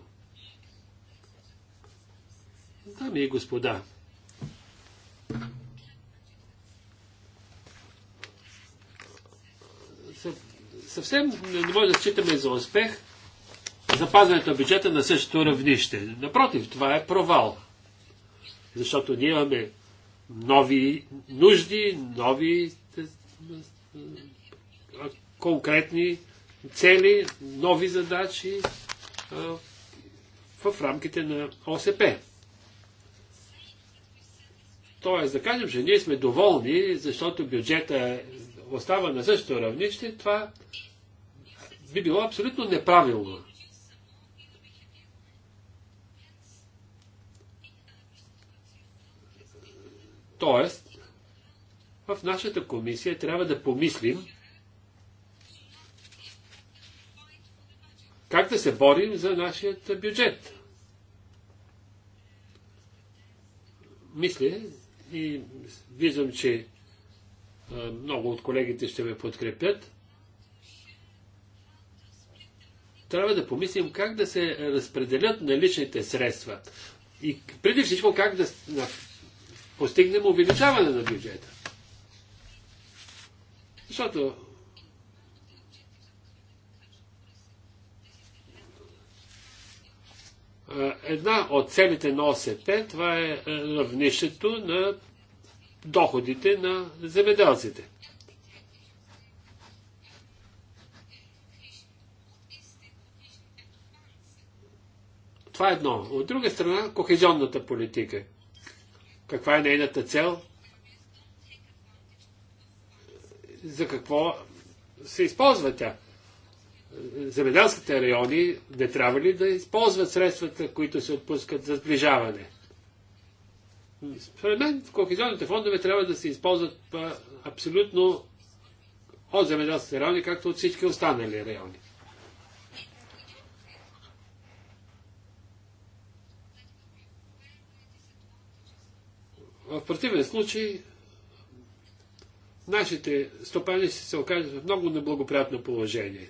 B: Дами и господа, съвсем не може да считаме за успех запазването на бюджета на същото равнище. Напротив, това е провал. Защото ние имаме нови нужди, нови е, е, конкретни цели, нови задачи е, в рамките на ОСП. Тоест, да кажем, че ние сме доволни, защото бюджета остава на същото равнище, това би било абсолютно неправилно. Тоест, в нашата комисия трябва да помислим как да се борим за нашия бюджет. Мисля и виждам, че много от колегите ще ме подкрепят. трябва да помислим как да се разпределят наличните средства. И преди всичко как да постигнем увеличаване на бюджета. Защото една от целите на ОСП, това е равнището на доходите на земеделците. Това е едно. От друга страна, кохезионната политика. Каква е нейната цел? За какво се използва тя? Земеделските райони не трябва ли да използват средствата, които се отпускат за сближаване? Според мен, кохезионните фондове трябва да се използват абсолютно от земеделските райони, както от всички останали райони. В противен случай, нашите стопани ще се окажат в много неблагоприятно положение.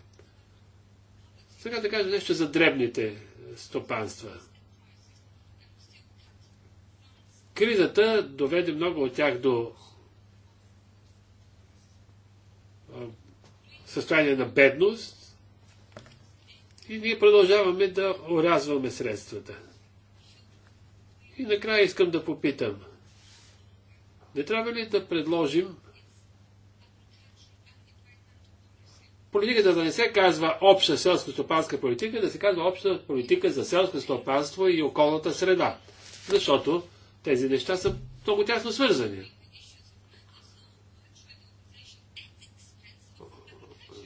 B: Сега да кажа нещо за дребните стопанства. Кризата доведе много от тях до състояние на бедност и ние продължаваме да орязваме средствата. И накрая искам да попитам – не трябва ли да предложим политиката да не се казва обща селско-стопанска политика, да се казва обща политика за селско стопанство и околната среда. Защото тези неща са много тясно свързани.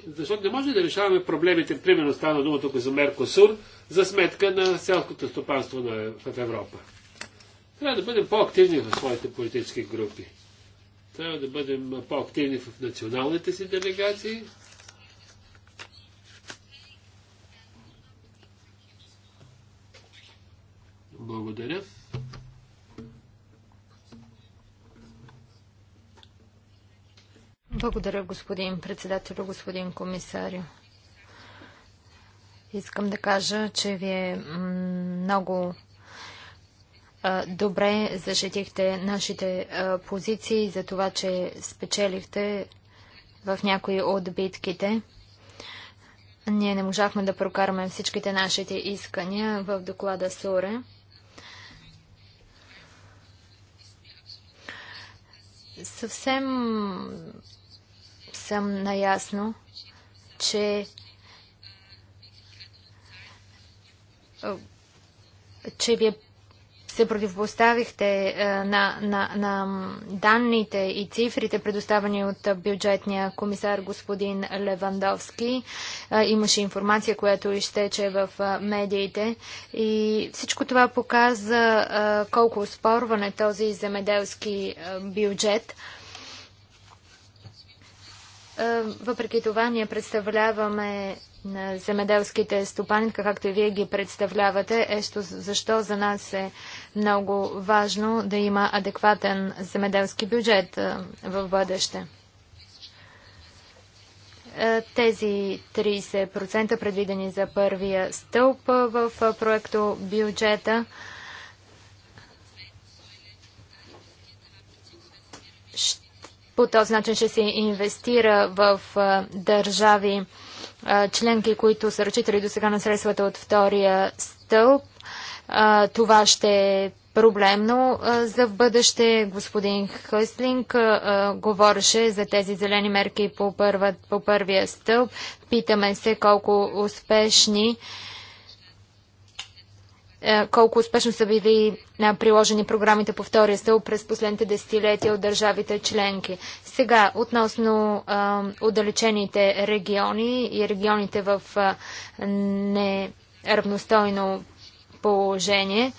B: Защото не може да решаваме проблемите, примерно стана дума тук за Меркосур, за сметка на селското стопанство в Европа. Трябва да бъдем по-активни в своите политически групи. Трябва да бъдем по-активни в националните си делегации. Благодаря.
F: Благодаря, господин председател, господин комисар. Искам да кажа, че вие много добре защитихте нашите позиции за това, че спечелихте в някои от битките. Ние не можахме да прокараме всичките нашите искания в доклада СУРЕ. Съвсем съм наясно, че че ви е се противопоставихте е, на, на, на данните и цифрите, предоставени от бюджетния комисар господин Левандовски. Е, имаше информация, която изтече в е, медиите. И всичко това показа колко спорване е този земеделски бюджет. Въпреки това ние представляваме на земеделските стопани, както и вие ги представлявате, ето защо за нас е много важно да има адекватен земеделски бюджет е, в бъдеще. Е, тези 30% предвидени за първия стълб е, в проекто бюджета по този начин ще се инвестира в държави членки, които са ръчители до сега на средствата от втория стълб това ще е проблемно за в бъдеще. Господин Хъслинг говореше за тези зелени мерки по, първа, по първия стълб. Питаме се колко успешни колко успешно са били приложени програмите по втория стълб през последните десетилетия от държавите членки. Сега, относно а, отдалечените региони и регионите в а, неравностойно положение.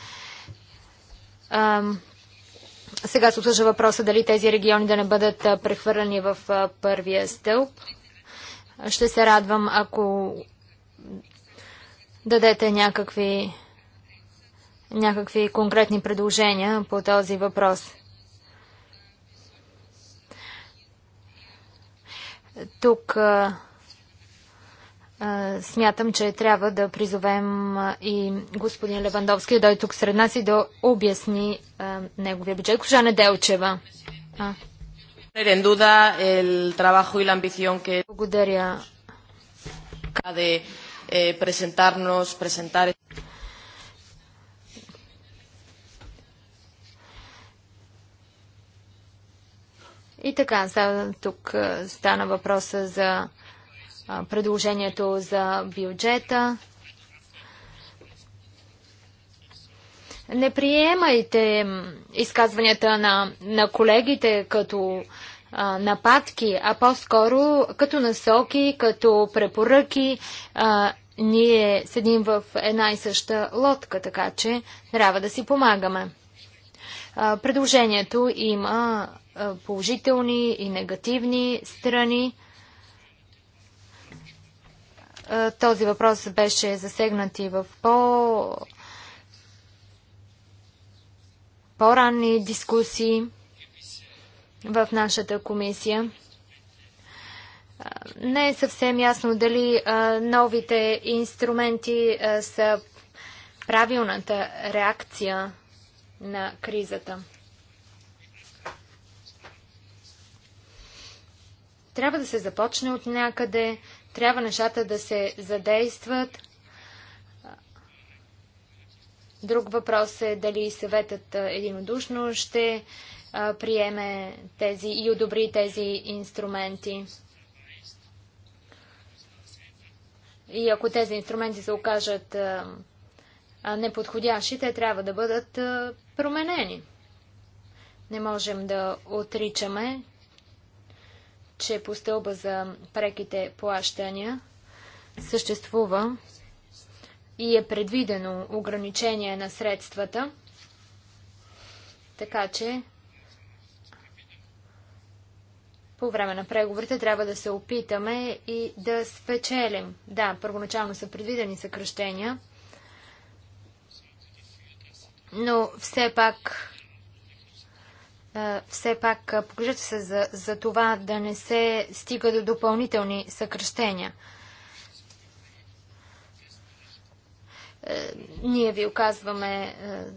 F: Сега се обсъжда въпроса дали тези региони да не бъдат прехвърлени в първия стълб. Ще се радвам, ако дадете някакви, някакви конкретни предложения по този въпрос. Тук смятам, че трябва да призовем и господин Левандовски да дойде тук сред нас и да обясни неговия бюджет. Кожа Неделчева. А.
E: Благодаря. Eh,
F: и така, тук стана въпроса за предложението за бюджета. Не приемайте изказванията на, на колегите като а, нападки, а по-скоро като насоки, като препоръки. А, ние седим в една и съща лодка, така че трябва да си помагаме. А, предложението има положителни и негативни страни. Е, този въпрос беше засегнат и в по... по-ранни дискусии в нашата комисия. Е, не е съвсем ясно дали е, новите инструменти са правилната реакция на кризата. Трябва да се започне от някъде, трябва нещата да се задействат. Друг въпрос е дали съветът единодушно ще приеме тези и одобри тези инструменти. И ако тези инструменти се окажат неподходящи, те трябва да бъдат променени. Не можем да отричаме, че по стълба за преките плащания съществува и е предвидено ограничение на средствата, така че по време на преговорите трябва да се опитаме и да спечелим. Да, първоначално са предвидени съкръщения, но все пак все пак погрижат се за, за това да не се стига до допълнителни съкръщения. Е, ние ви оказваме е,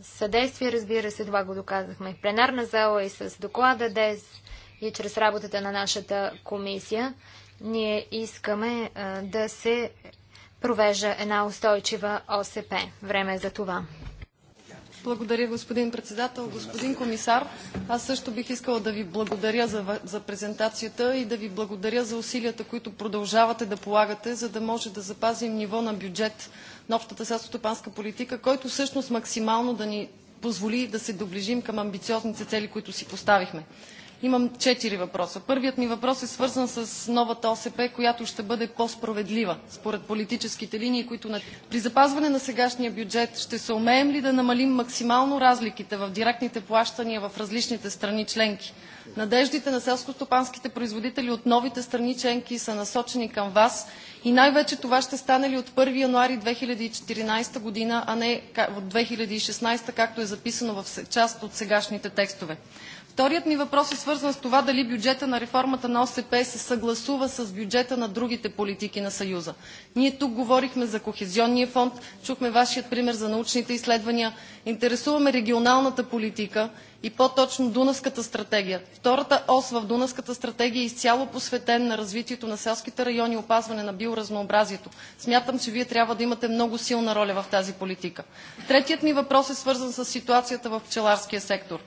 F: съдействие, разбира се, това го доказахме в пленарна зала и с доклада ДЕС и чрез работата на нашата комисия. Ние искаме е, да се провежда една устойчива ОСП. Време е за това.
E: Благодаря, господин председател. Господин комисар, аз също бих искала да Ви благодаря за, за презентацията и да Ви благодаря за усилията, които продължавате да полагате, за да може да запазим ниво на бюджет на общата селскостопанска политика, който всъщност максимално да ни позволи да се доближим към амбициозните цели, които си поставихме. Имам четири въпроса. Първият ми въпрос е свързан с новата ОСП, която ще бъде по-справедлива според политическите линии, които... При запазване на сегашния бюджет ще се умеем ли да намалим максимално разликите в директните плащания в различните страни членки? Надеждите на селскостопанските производители от новите страни членки са насочени към вас и най-вече това ще стане ли от 1 януари 2014 година, а не от 2016, както е записано в част от сегашните текстове. Вторият ми въпрос е свързан с това дали бюджетът на реформата на ОСП се съгласува с бюджета на другите политики на Съюза. Ние тук говорихме за Кохезионния фонд, чухме Вашия пример за научните изследвания. Интересуваме регионалната политика и по-точно Дунавската стратегия. Втората ос в Дунавската стратегия е изцяло посветен на развитието на селските райони и опазване на биоразнообразието. Смятам, че Вие трябва да имате много силна роля в тази политика. Третият ми въпрос е свързан с ситуацията в пчеларския сектор.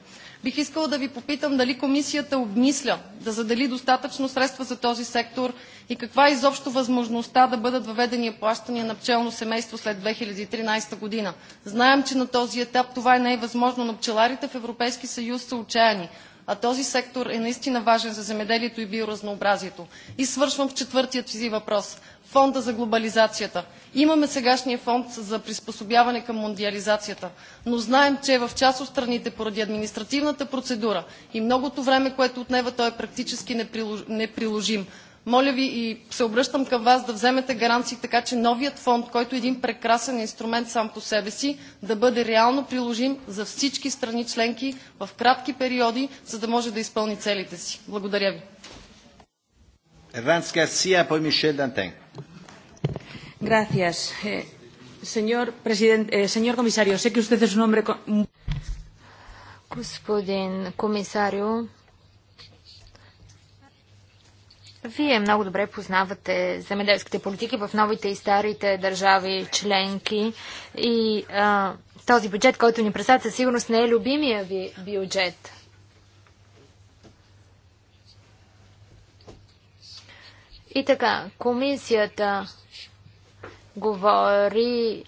E: Бих искала да Ви попитам дали Комисията обмисля да задели достатъчно средства за този сектор и каква е изобщо възможността да бъдат въведени плащания на пчелно семейство след 2013 година. Знаем, че на този етап това не е възможно, но пчеларите в Европейския съюз са отчаяни а този сектор е наистина важен за земеделието и биоразнообразието. И свършвам в четвъртият си въпрос. Фонда за глобализацията. Имаме сегашния фонд за приспособяване към мондиализацията, но знаем, че е в част от страните поради административната процедура и многото време, което отнема, той е практически неприложим. Моля ви и се обръщам към Вас да вземете гаранции, така че новият фонд, който е един прекрасен инструмент сам по себе си, да бъде реално приложим за всички страни членки в кратки периоди, за да може да изпълни целите си. Благодаря ви.
A: Eh,
E: eh,
F: Господин комисарио, вие много добре познавате земеделските политики в новите и старите държави членки и а, този бюджет, който ни представят, със сигурност не е любимия ви бюджет. И така, комисията говори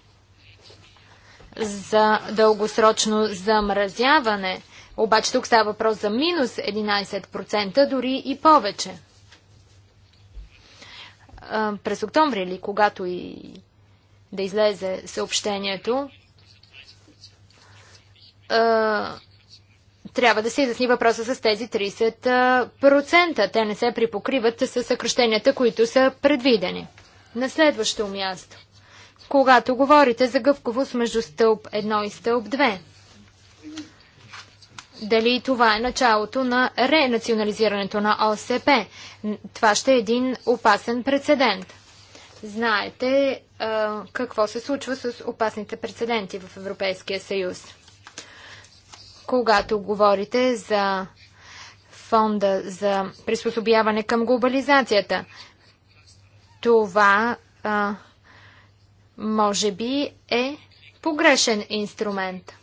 F: за дългосрочно замразяване, обаче тук става въпрос за минус 11%, дори и повече през октомври или когато и да излезе съобщението, трябва да се изясни въпроса с тези 30%. Те не се припокриват с съкръщенията, които са предвидени. На следващо място. Когато говорите за гъвковост между стълб 1 и стълб 2, дали това е началото на ренационализирането на ОСП. Това ще е един опасен прецедент. Знаете а, какво се случва с опасните прецеденти в Европейския съюз. Когато говорите за фонда за приспособяване към глобализацията, това а, може би е погрешен инструмент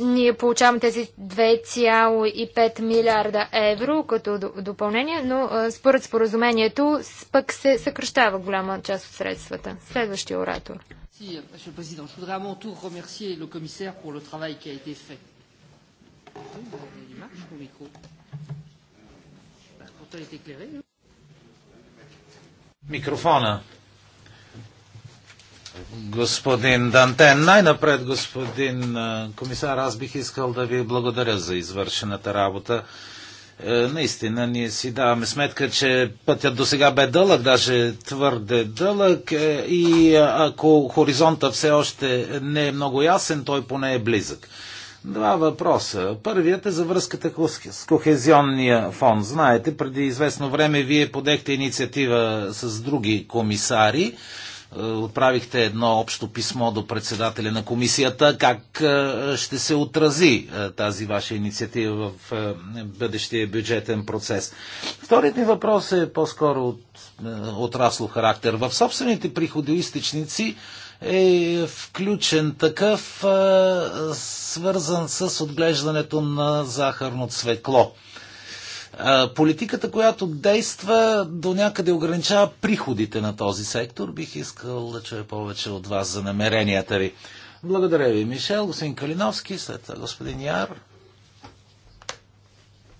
F: ние получаваме тези 2,5 милиарда евро като допълнение, но според споразумението пък се съкръщава голяма част от средствата. Следващия оратор.
E: Euh,
C: Микрофона господин Дантен. Най-напред, господин комисар, аз бих искал да ви благодаря за извършената работа. Е, наистина, ние си даваме сметка, че пътят до сега бе дълъг, даже твърде дълъг е, и ако хоризонта все още не е много ясен, той поне е близък. Два въпроса. Първият е за връзката с Кохезионния фонд. Знаете, преди известно време вие подехте инициатива с други комисари е, отправихте едно общо писмо до председателя на комисията. Как е, ще се отрази е, тази ваша инициатива в бъдещия бюджетен процес? Вторият ми въпрос е по-скоро от отраслов характер. В собствените приходоистичници е включен такъв, свързан с отглеждането на захарно цвекло. Политиката, която действа, до някъде ограничава приходите на този сектор. Бих искал да чуя повече от вас за намеренията ви. Благодаря ви, Мишел, господин Калиновски, след това господин Яр.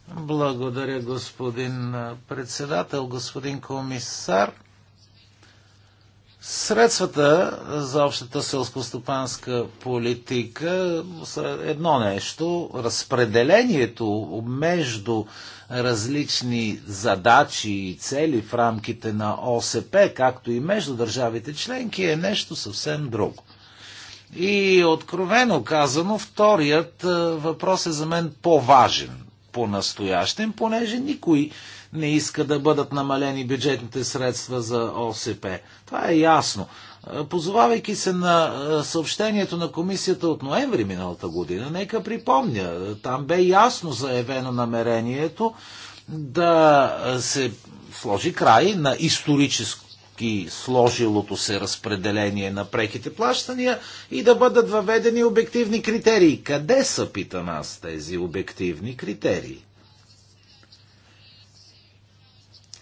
C: Благодаря, господин председател, господин комисар. Средствата за общата селско-стопанска политика са едно нещо. Разпределението между различни задачи и цели в рамките на ОСП, както и между държавите членки, е нещо съвсем друго. И откровено казано, вторият въпрос е за мен по-важен по-настоящен, понеже никой не иска да бъдат намалени бюджетните средства за ОСП. Това е ясно. Е, позовавайки се на е, съобщението на комисията от ноември миналата година, нека припомня, е, там бе ясно заявено намерението да се сложи край на историческо сложилото се разпределение на преките плащания и да бъдат въведени обективни критерии. Къде са, питам аз, тези обективни критерии?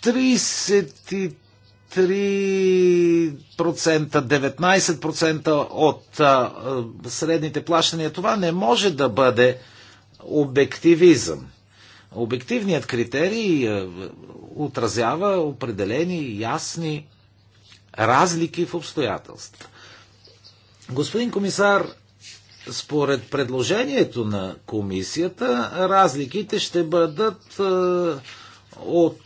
C: 33%, 19% от а, средните плащания. Това не може да бъде обективизъм. Обективният критерий а, отразява определени ясни разлики в обстоятелствата. Господин комисар, според предложението на комисията, разликите ще бъдат от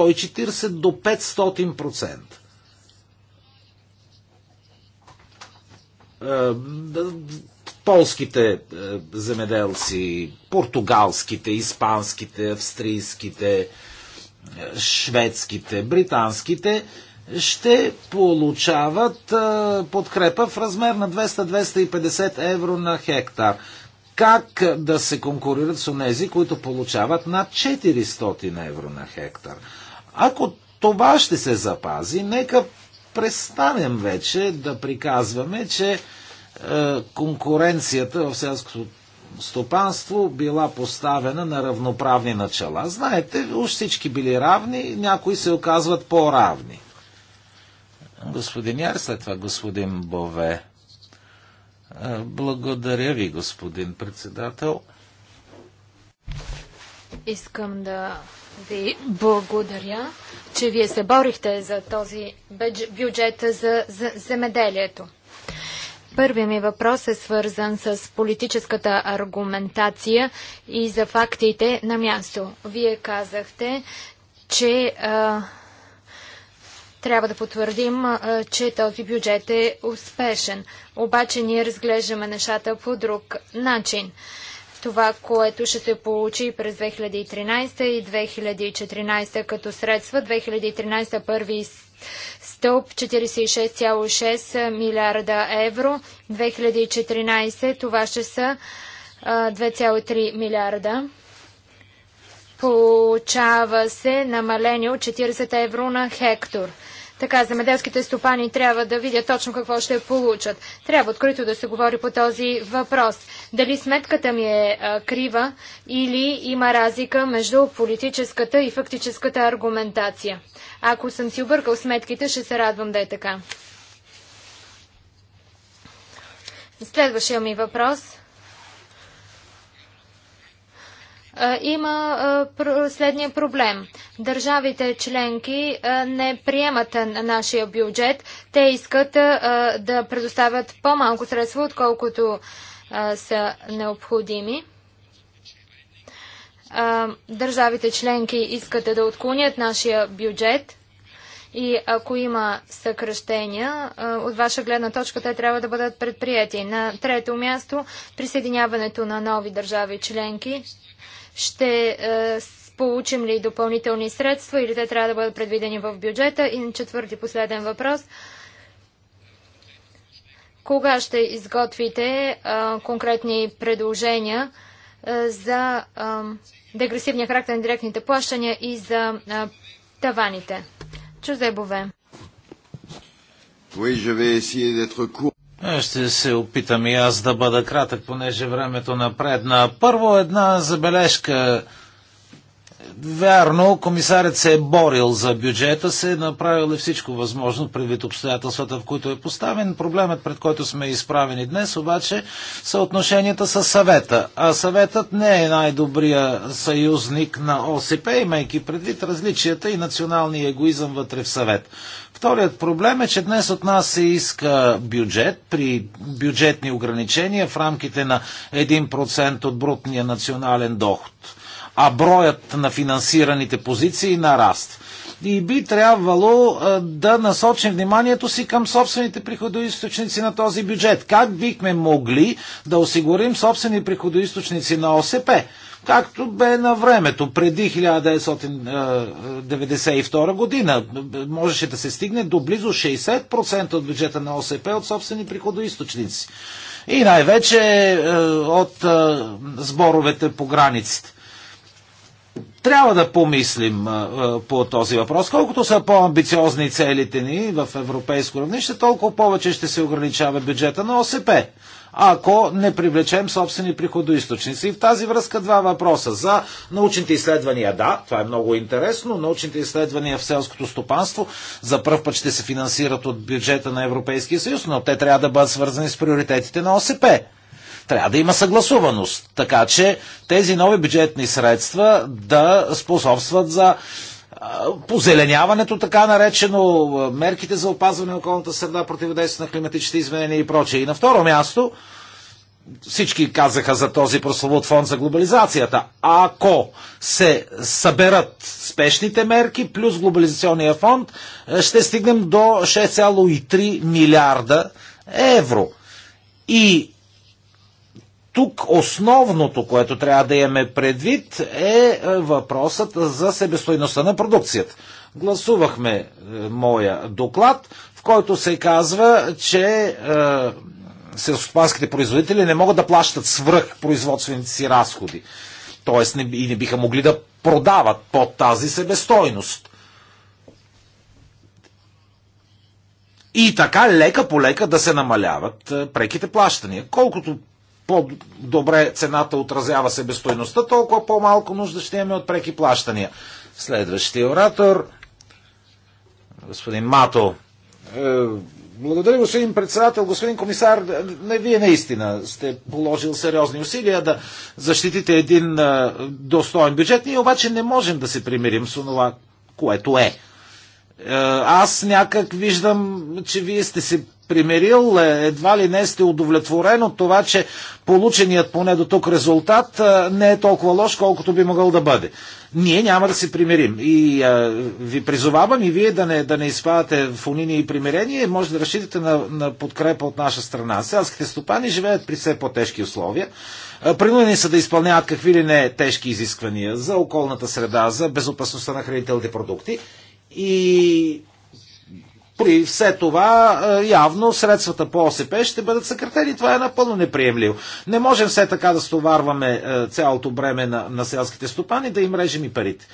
C: 140 до 500%. Е, полските е, земеделци, португалските, испанските, австрийските, е, шведските, британските ще получават подкрепа в размер на 200-250 евро на хектар как да се конкурират с онези, които получават над 400 евро на хектар. Ако това ще се запази, нека престанем вече да приказваме, че е, конкуренцията в селското стопанство била поставена на равноправни начала. Знаете, уж всички били равни, някои се оказват по-равни. Господин Яр, след това господин Бове. Е, благодаря ви, господин председател.
F: Искам да ви благодаря, че вие се борихте за този бюджет за, за земеделието. Първият ми въпрос е свързан с политическата аргументация и за фактите на място. Вие казахте, че а, трябва да потвърдим, а, че този бюджет е успешен. Обаче ние разглеждаме нещата по друг начин. А, това, което ще се получи през 2013 и 2014 като средства. 2013 първи стълб 46,6 милиарда евро. 2014 това ще са 2,3 милиарда. Получава се намаление от 40 евро на хектор. Така, земеделските стопани трябва да видят точно какво ще получат. Трябва открито да се говори по този въпрос. Дали сметката ми е а, крива или има разлика между политическата и фактическата аргументация. Ако съм си объркал сметките, ще се радвам да е така. Следващия ми въпрос има следния проблем. Държавите членки не приемат нашия бюджет. Те искат да предоставят по-малко средства, отколкото са необходими. Държавите членки искат да отклонят нашия бюджет. И ако има съкръщения, от ваша гледна точка те трябва да бъдат предприяти. На трето място, присъединяването на нови държави членки ще е, получим ли допълнителни средства или те трябва да бъдат предвидени в бюджета. И четвърти последен въпрос. Кога ще изготвите е, конкретни предложения е, за дегресивния характер на директните плащания и за таваните? Чузебове.
C: Oui, je vais essayer d'être court. Ще се опитам и аз да бъда кратък, понеже времето напредна. Първо една забележка. Вярно, комисарят се е борил за бюджета, се е направил и всичко възможно предвид обстоятелствата, в които е поставен. Проблемът, пред който сме изправени днес, обаче, са отношенията с съвета. А съветът не е най-добрия съюзник на ОСП, имайки предвид различията и националния егоизъм вътре в съвет. Вторият проблем е, че днес от нас се иска бюджет при бюджетни ограничения в рамките на 1% от брутния национален доход. А броят на финансираните позиции нараства. И би трябвало да насочим вниманието си към собствените приходоисточници на този бюджет. Как бихме могли да осигурим собствени приходоисточници на ОСП? както бе на времето, преди 1992 година. Можеше да се стигне до близо 60% от бюджета на ОСП от собствени приходоисточници. И най-вече е, от е, сборовете по границите. Трябва да помислим е, по този въпрос. Колкото са по-амбициозни целите ни в европейско равнище, толкова повече ще се ограничава бюджета на ОСП ако не привлечем собствени приходоисточници. И в тази връзка два въпроса. За научните изследвания, да, това е много интересно. Научните изследвания в селското стопанство за първ път ще се финансират от бюджета на Европейския съюз, но те трябва да бъдат свързани с приоритетите на ОСП трябва да има съгласуваност, така че тези нови бюджетни средства да способстват за позеленяването, така наречено, мерките за опазване на околната среда, противодействие на климатичните изменения и прочее. И на второ място, всички казаха за този прословут фонд за глобализацията. Ако се съберат спешните мерки плюс глобализационния фонд, ще стигнем до 6,3 милиарда евро. И тук основното, което трябва да имаме предвид, е, е въпросът за себестойността на продукцията. Гласувахме е, моя доклад, в който се казва, че е, селскостопанските производители не могат да плащат свръх производствените си разходи. Тоест не, и не биха могли да продават под тази себестойност. И така лека по лека да се намаляват преките плащания. Колкото по-добре цената отразява себестойността, толкова по-малко нужда ще имаме от преки плащания. Следващия оратор, господин Мато. Е, благодаря, господин председател. Господин комисар, не, вие наистина сте положил сериозни усилия да защитите един е, достоен бюджет. Ние обаче не можем да се примирим с това, което е. Е, аз някак виждам, че вие сте се примирил, е, едва ли не сте удовлетворен от това, че полученият поне до тук резултат е, не е толкова лош, колкото би могъл да бъде. Ние няма да се примирим. И а, ви призовавам и вие да не, да не изпадате в униния и примирение, може да разчитате на, на подкрепа от наша страна. Селските стопани живеят при все по-тежки условия. Принудени са да изпълняват какви ли не тежки изисквания за околната среда, за безопасността на хранителните продукти и при все това, явно средствата по ОСП ще бъдат съкратени. Това е напълно неприемливо. Не можем все така да стоварваме цялото бреме на, на селските стопани, да им режем и парите.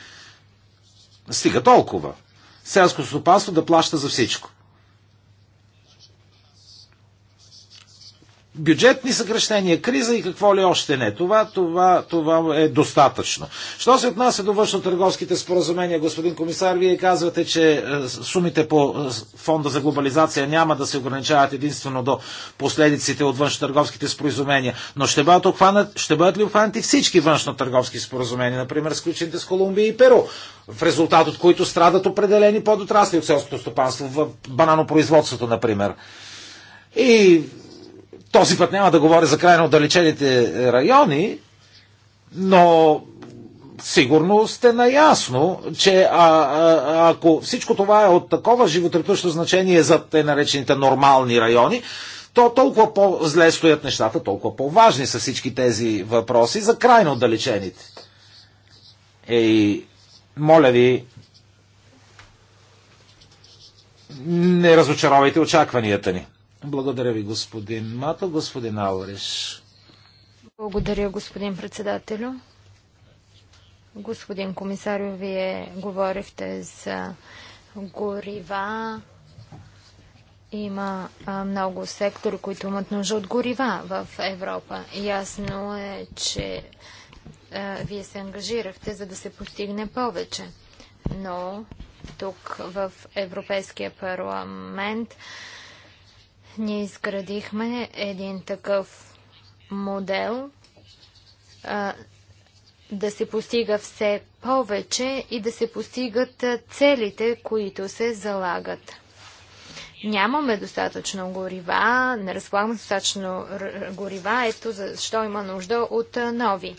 C: Стига толкова. Селско стопанство да плаща за всичко. бюджетни съкрещения, криза и какво ли още не. Това, това, това е достатъчно. Що се отнася до външно-търговските споразумения, господин комисар, вие казвате, че е, сумите по е, фонда за глобализация няма да се ограничават единствено до последиците от външно-търговските споразумения, но ще бъдат, обхванат, ще бъдат ли обхванати всички външно-търговски споразумения, например сключените с Колумбия и Перу, в резултат от които страдат определени подотрасли от селското стопанство, в бананопроизводството, например. И този път няма да говоря за крайно отдалечените е, райони, но сигурно сте наясно, че а, а, ако всичко това е от такова животрептущо значение за те наречените нормални райони, то толкова по-зле стоят нещата, толкова по-важни са всички тези въпроси за крайно отдалечените. Ей, моля ви, не разочаровайте очакванията ни. Благодаря ви, господин Мато. Господин Ауриш.
F: Благодаря, господин председателю. Господин комисарио, вие говорихте за горива. Има много сектори, които имат нужда от горива в Европа. Ясно е, че вие се ангажирахте, за да се постигне повече. Но тук в Европейския парламент ние изградихме един такъв модел а, да се постига все повече и да се постигат целите, които се залагат. Нямаме достатъчно горива, не разполагаме достатъчно горива, ето защо има нужда от нови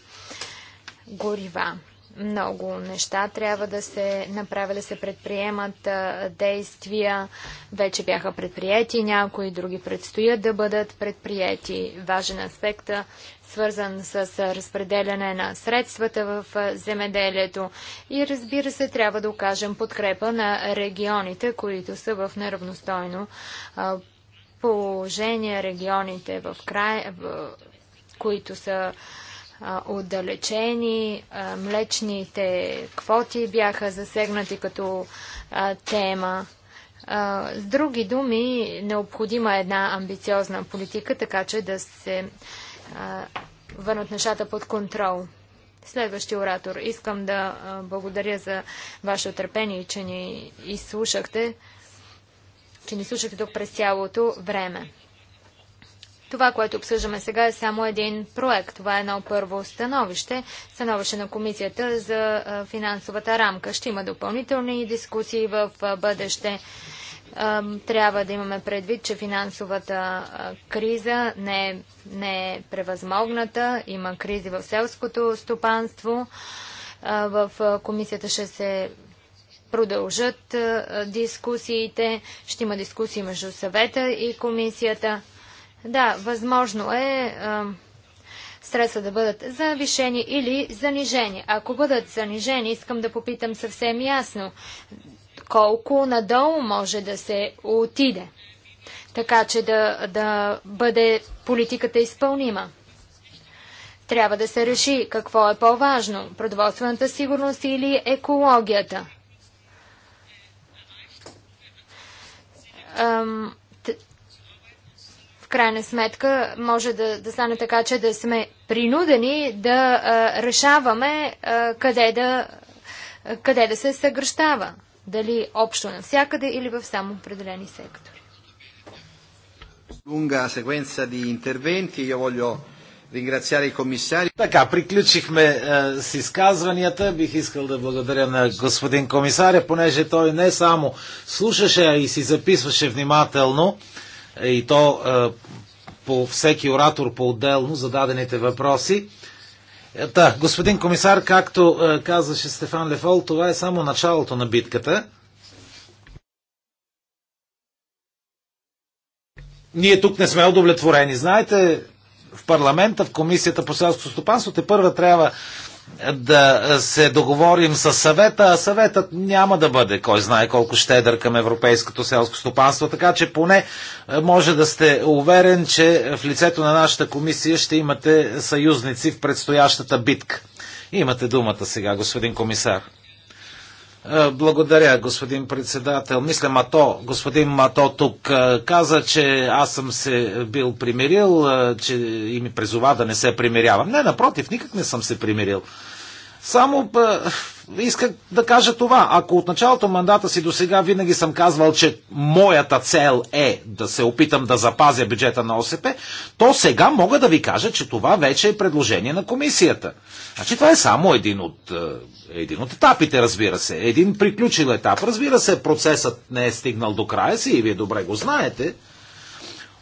F: горива. Много неща трябва да се направят, да се предприемат действия. Вече бяха предприяти, някои други предстоят да бъдат предприяти. Важен аспект свързан с разпределяне на средствата в земеделието. И разбира се, трябва да окажем подкрепа на регионите, които са в неравностойно положение, регионите в край, в, които са отдалечени. млечните квоти бяха засегнати като тема. С други думи, необходима е една амбициозна политика, така че да се върнат нещата под контрол. Следващия оратор. Искам да благодаря за ваше търпение, че ни изслушахте, че ни слушахте тук през цялото време. Това, което обсъждаме сега е само един проект. Това е едно първо становище, становище на комисията за финансовата рамка. Ще има допълнителни дискусии в бъдеще. Трябва да имаме предвид, че финансовата криза не е, не е превъзмогната. Има кризи в селското стопанство. В комисията ще се продължат дискусиите. Ще има дискусии между съвета и комисията. Да, възможно е средства да бъдат завишени или занижени. Ако бъдат занижени, искам да попитам съвсем ясно колко надолу може да се отиде, така че да, да бъде политиката изпълнима. Трябва да се реши какво е по-важно – продоволствената сигурност или екологията. Ам, крайна сметка може да, да стане така, че да сме принудени да а, решаваме а, къде, да, а, къде да се съгръщава. Дали общо навсякъде или в само определени
D: сектори.
A: Лунга секвенца ди интервенти, я волю
C: ringraziare i commissari. Така, приключихме е, с изказванията. Бих искал да благодаря на господин комисаря, понеже той не само слушаше, а и си записваше внимателно и то е, по всеки оратор по-отделно зададените въпроси. Е, та, господин комисар, както е, казаше Стефан Лефол, това е само началото на битката. Ние тук не сме удовлетворени. Знаете, в парламента, в комисията по селско стопанство, те първа трябва да се договорим с съвета, а съветът няма да бъде кой знае колко щедър към европейското селско стопанство, така че поне е, може да сте уверен, че в лицето на нашата комисия ще имате съюзници в предстоящата битка. Имате думата сега, господин комисар. Е, благодаря, господин председател. Мисля, Мато, господин Мато тук е, каза, че аз съм се бил примирил, е, че и ми призова да не се примирявам. Не, напротив, никак не съм се примирил. Само исках да кажа това. Ако от началото мандата си до сега винаги съм казвал, че моята цел е да се опитам да запазя бюджета на ОСП, то сега мога да ви кажа, че това вече е предложение на комисията. Значи това е само един от, е, един от етапите, разбира се. Един приключил етап. Разбира се, процесът не е стигнал до края си и вие добре го знаете.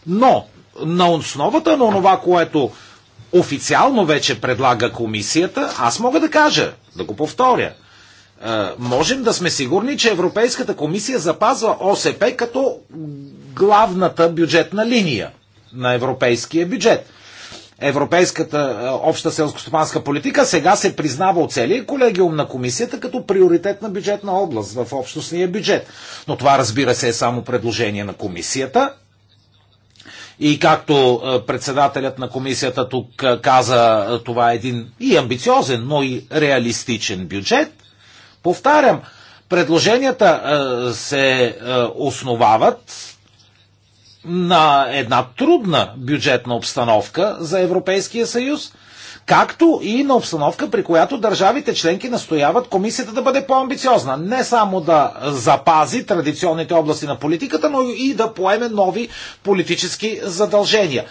C: Но на основата на това, което официално вече предлага комисията, аз мога да кажа, да го повторя, е, можем да сме сигурни, че Европейската комисия запазва ОСП като главната бюджетна линия на европейския бюджет. Европейската е, обща селскостопанска политика сега се признава от целия колегиум на комисията като приоритетна бюджетна област в общностния бюджет. Но това разбира се е само предложение на комисията и както е, председателят на комисията тук е, каза, е, това е един и амбициозен, но и реалистичен бюджет. Повтарям, предложенията се основават на една трудна бюджетна обстановка за Европейския съюз – както и на обстановка, при която държавите членки настояват комисията да бъде по-амбициозна. Не само да запази традиционните области на политиката, но и да поеме нови политически задължения.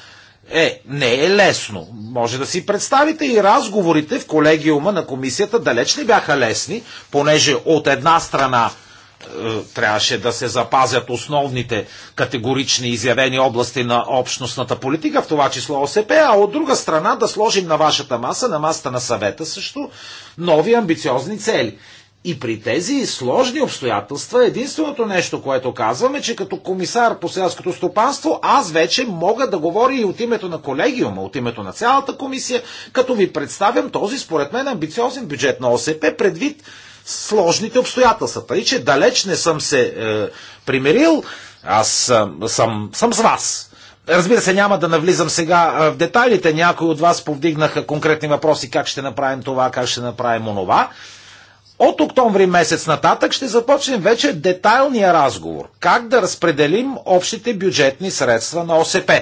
C: Е, не е лесно. Може да си представите и разговорите в колегиума на комисията далеч не бяха лесни, понеже от една страна е, трябваше да се запазят основните категорични изявени области на общностната политика, в това число ОСП, а от друга страна да сложим на вашата маса, на масата на съвета също, нови амбициозни цели. И при тези сложни обстоятелства единственото нещо, което казваме, че като комисар по селското стопанство, аз вече мога да говоря и от името на колегиума, от името на цялата комисия, като ви представям този, според мен, амбициозен бюджет на ОСП, предвид сложните обстоятелства. И че далеч не съм се е, примирил, аз съм, е, съм, съм с вас. Разбира се, няма да навлизам сега е, в детайлите. Някои от вас повдигнаха конкретни въпроси как ще направим това, как ще направим онова. От октомври месец нататък ще започнем вече детайлния разговор. Как да разпределим общите бюджетни средства на ОСП.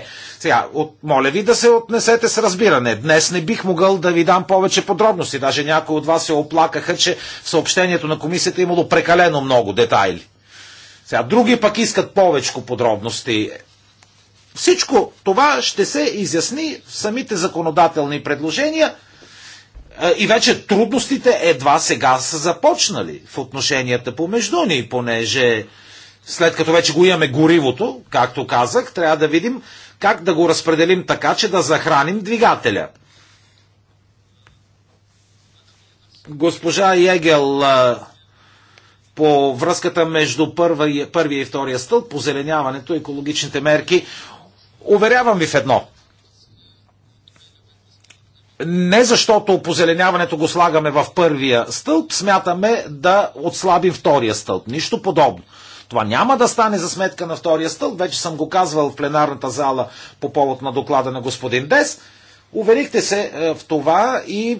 C: Сега, от, моля ви да се отнесете с разбиране. Днес не бих могъл да ви дам повече подробности. Даже някои от вас се оплакаха, че в съобщението на комисията е имало прекалено много детайли. Сега, други пък искат повече подробности. Всичко това ще се изясни в самите законодателни предложения – и вече трудностите едва сега са започнали в отношенията помежду ни, понеже след като вече го имаме горивото, както казах, трябва да видим как да го разпределим така, че да захраним двигателя. Госпожа Егел по връзката между първа и, първия и втория стълб, позеленяването, екологичните мерки. Уверявам ви в едно не защото позеленяването го слагаме в първия стълб, смятаме да отслабим втория стълб. Нищо подобно. Това няма да стане за сметка на втория стълб. Вече съм го казвал в пленарната зала по повод на доклада на господин Дес. Уверихте се е, в това и е,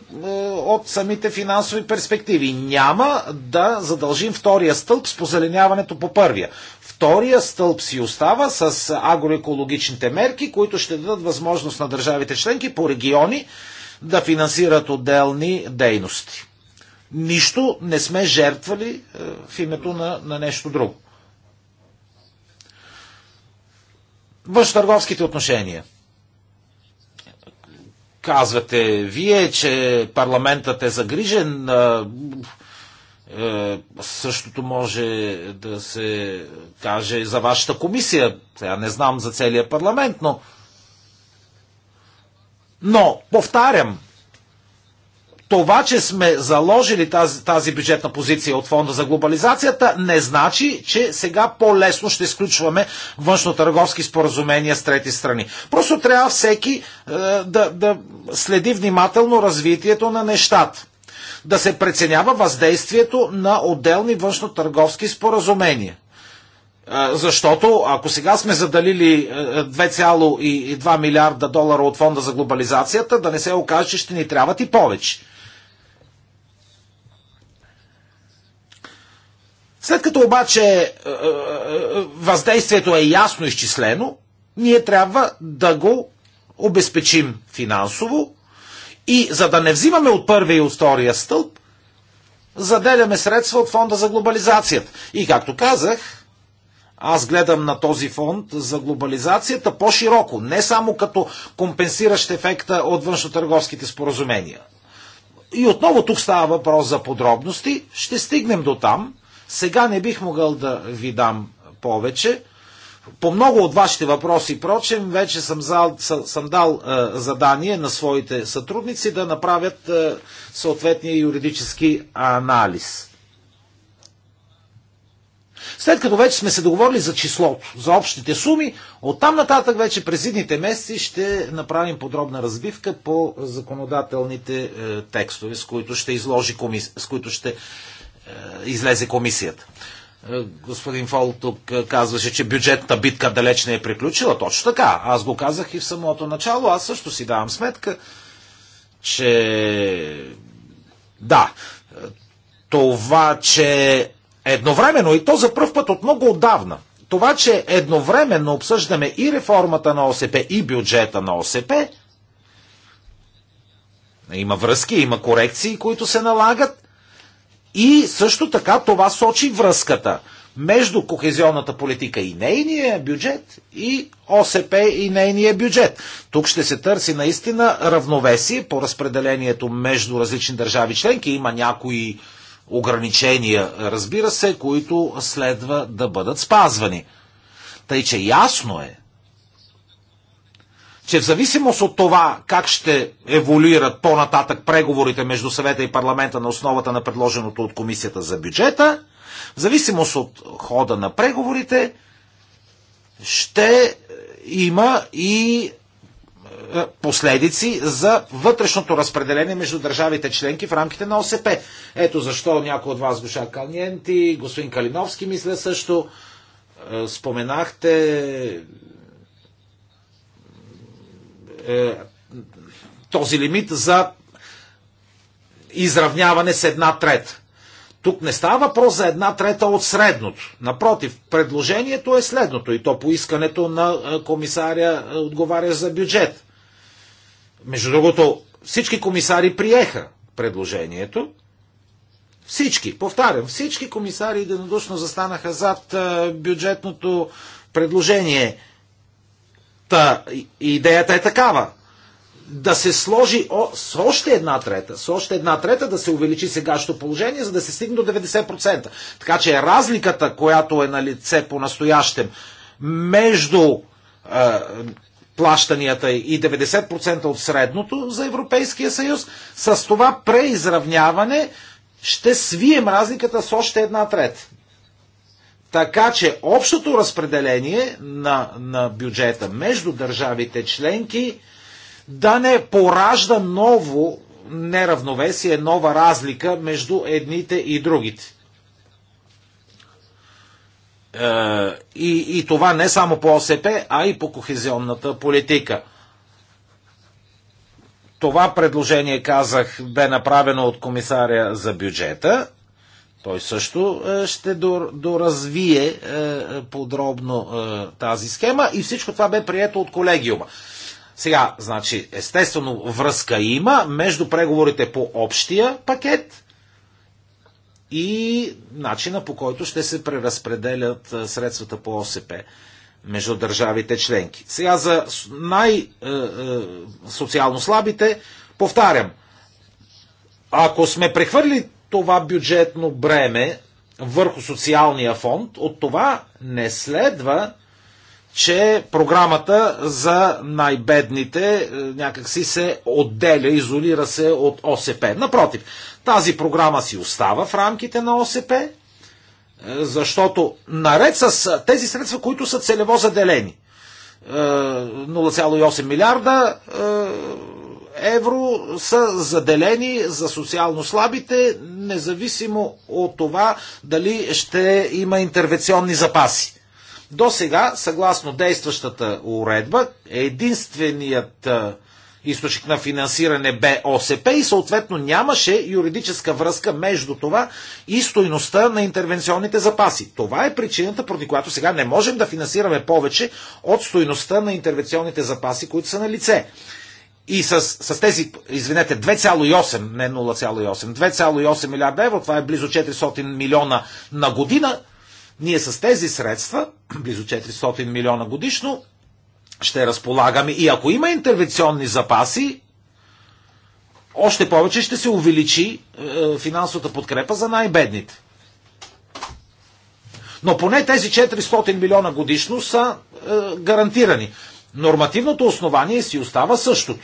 C: от самите финансови перспективи. Няма да задължим втория стълб с позеленяването по първия. Втория стълб си остава с агроекологичните мерки, които ще дадат възможност на държавите членки по региони да финансират отделни дейности. Нищо не сме жертвали е, в името на, на нещо друго. Външно-търговските отношения. Казвате вие, че парламентът е загрижен. Е, същото може да се каже за вашата комисия. Сега не знам за целия парламент, но но, повтарям, това, че сме заложили тази, тази бюджетна позиция от фонда за глобализацията, не значи, че сега по-лесно ще изключваме външно-търговски споразумения с трети страни. Просто трябва всеки е, да, да следи внимателно развитието на нещата. Да се преценява въздействието на отделни външно-търговски споразумения. Защото ако сега сме задалили 2,2 е, е, милиарда долара от фонда за глобализацията, да не се окаже, че ще ни трябват и повече. След като обаче е, въздействието е ясно изчислено, ние трябва да го обезпечим финансово и за да не взимаме от първия и от втория стълб, заделяме средства от фонда за глобализацията. И както казах, аз гледам на този фонд за глобализацията по-широко, не само като компенсиращ ефекта от външно-търговските споразумения. И отново тук става въпрос за подробности. Ще стигнем до там. Сега не бих могъл да ви дам повече. По много от вашите въпроси, прочем, вече съм, зал, съм дал е, задание на своите сътрудници да направят е, съответния юридически анализ. След като вече сме се договорили за числото, за общите суми, оттам нататък вече през едните месеци ще направим подробна разбивка по законодателните е, текстове, с които ще, изложи комис... с които ще е, излезе комисията. Е, господин Фол тук е, казваше, че бюджетната битка далеч не е приключила. Точно така. Аз го казах и в самото начало. Аз също си давам сметка, че да, е, това, че Едновременно, и то за първ път от много отдавна, това, че едновременно обсъждаме и реформата на ОСП, и бюджета на ОСП, има връзки, има корекции, които се налагат. И също така това сочи връзката между кохезионната политика и нейния бюджет и ОСП и нейния бюджет. Тук ще се търси наистина равновесие по разпределението между различни държави членки. Има някои ограничения, разбира се, които следва да бъдат спазвани. Тъй, че ясно е, че в зависимост от това как ще еволюират по-нататък преговорите между съвета и парламента на основата на предложеното от комисията за бюджета, в зависимост от хода на преговорите, ще има и е, последици за вътрешното разпределение между държавите членки в рамките на ОСП. Ето защо някой от вас, Гоша Калниенти, господин Калиновски, мисля също, е, споменахте е, този лимит за изравняване с една трета. Тук не става въпрос за една трета от средното. Напротив, предложението е следното и то по искането на комисаря отговаря за бюджет. Между другото, всички комисари приеха предложението. Всички, повтарям, всички комисари единодушно застанаха зад бюджетното предложение. Та, идеята е такава. Да се сложи о, с още една трета, с още една трета да се увеличи сегашното положение, за да се стигне до 90%. Така че разликата, която е на лице по настоящем между плащанията и 90% от средното за Европейския съюз, с това преизравняване ще свием разликата с още една трета. Така че общото разпределение на, на бюджета между държавите членки да не поражда ново неравновесие, нова разлика между едните и другите. Е, и, и това не само по ОСП, а и по кохезионната политика. Това предложение, казах, бе направено от комисаря за бюджета. Той също е, ще доразвие е, подробно тази схема и всичко това бе прието от колегиума. Сега, значи, естествено, връзка има между преговорите по общия пакет и начина по който ще се преразпределят средствата по ОСП между държавите членки. Сега за най-социално е, е, слабите, повтарям, ако сме прехвърли това бюджетно бреме върху социалния фонд, от това не следва, че програмата за най-бедните е, някакси се отделя, изолира се от ОСП. Напротив, тази програма си остава в рамките на ОСП, е, защото наред с е, тези средства, които са целево заделени, 0,8 милиарда евро са заделени за социално слабите, независимо от това дали ще има интервенционни запаси. До сега, съгласно действащата уредба, единственият източник на финансиране бе ОСП и съответно нямаше юридическа връзка между това и стойността на интервенционните запаси. Това е причината, поради която сега не можем да финансираме повече от стойността на интервенционните запаси, които са на лице. И с, с тези, извинете, 2,8, не 0,8, 2,8 милиарда евро, това е близо 400 милиона на година, ние с тези средства, близо 400 милиона годишно, ще разполагаме и ако има интервенционни запаси, още повече ще се увеличи е, финансовата подкрепа за най-бедните. Но поне тези 400 милиона годишно са е, гарантирани нормативното основание си остава същото.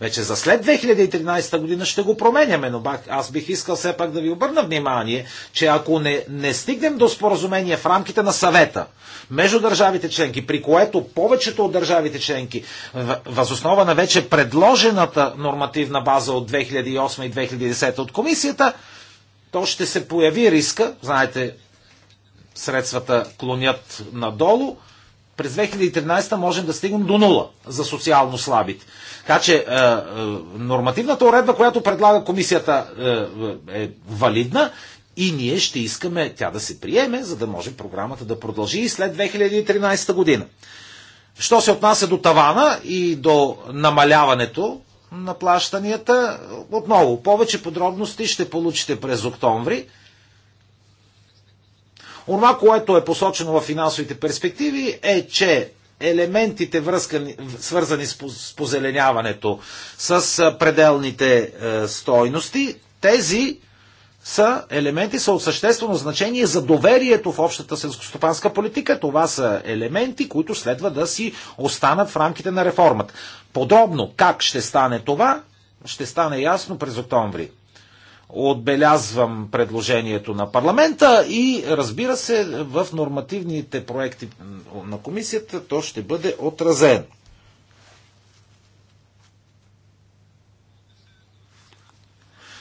C: Вече за след 2013 година ще го променяме, но бак, аз бих искал все пак да ви обърна внимание, че ако не, не стигнем до споразумение в рамките на съвета между държавите членки, при което повечето от държавите членки възоснова на вече предложената нормативна база от 2008 и 2010 от комисията, то ще се появи риска, знаете, средствата клонят надолу, през 2013 можем да стигнем до нула за социално слабите. Така че е, е, нормативната уредба, която предлага комисията е, е, е валидна и ние ще искаме тя да се приеме, за да може програмата да продължи и след 2013 година. Що се отнася до тавана и до намаляването на плащанията, отново повече подробности ще получите през октомври. Онова, което е посочено в финансовите перспективи е, че елементите, връзкани, свързани с позеленяването, с пределните е, стойности, тези са елементи, са от съществено значение за доверието в общата селскостопанска политика. Това са елементи, които следва да си останат в рамките на реформата. Подробно как ще стане това, ще стане ясно през октомври отбелязвам предложението на парламента и разбира се в нормативните проекти на комисията то ще бъде отразено.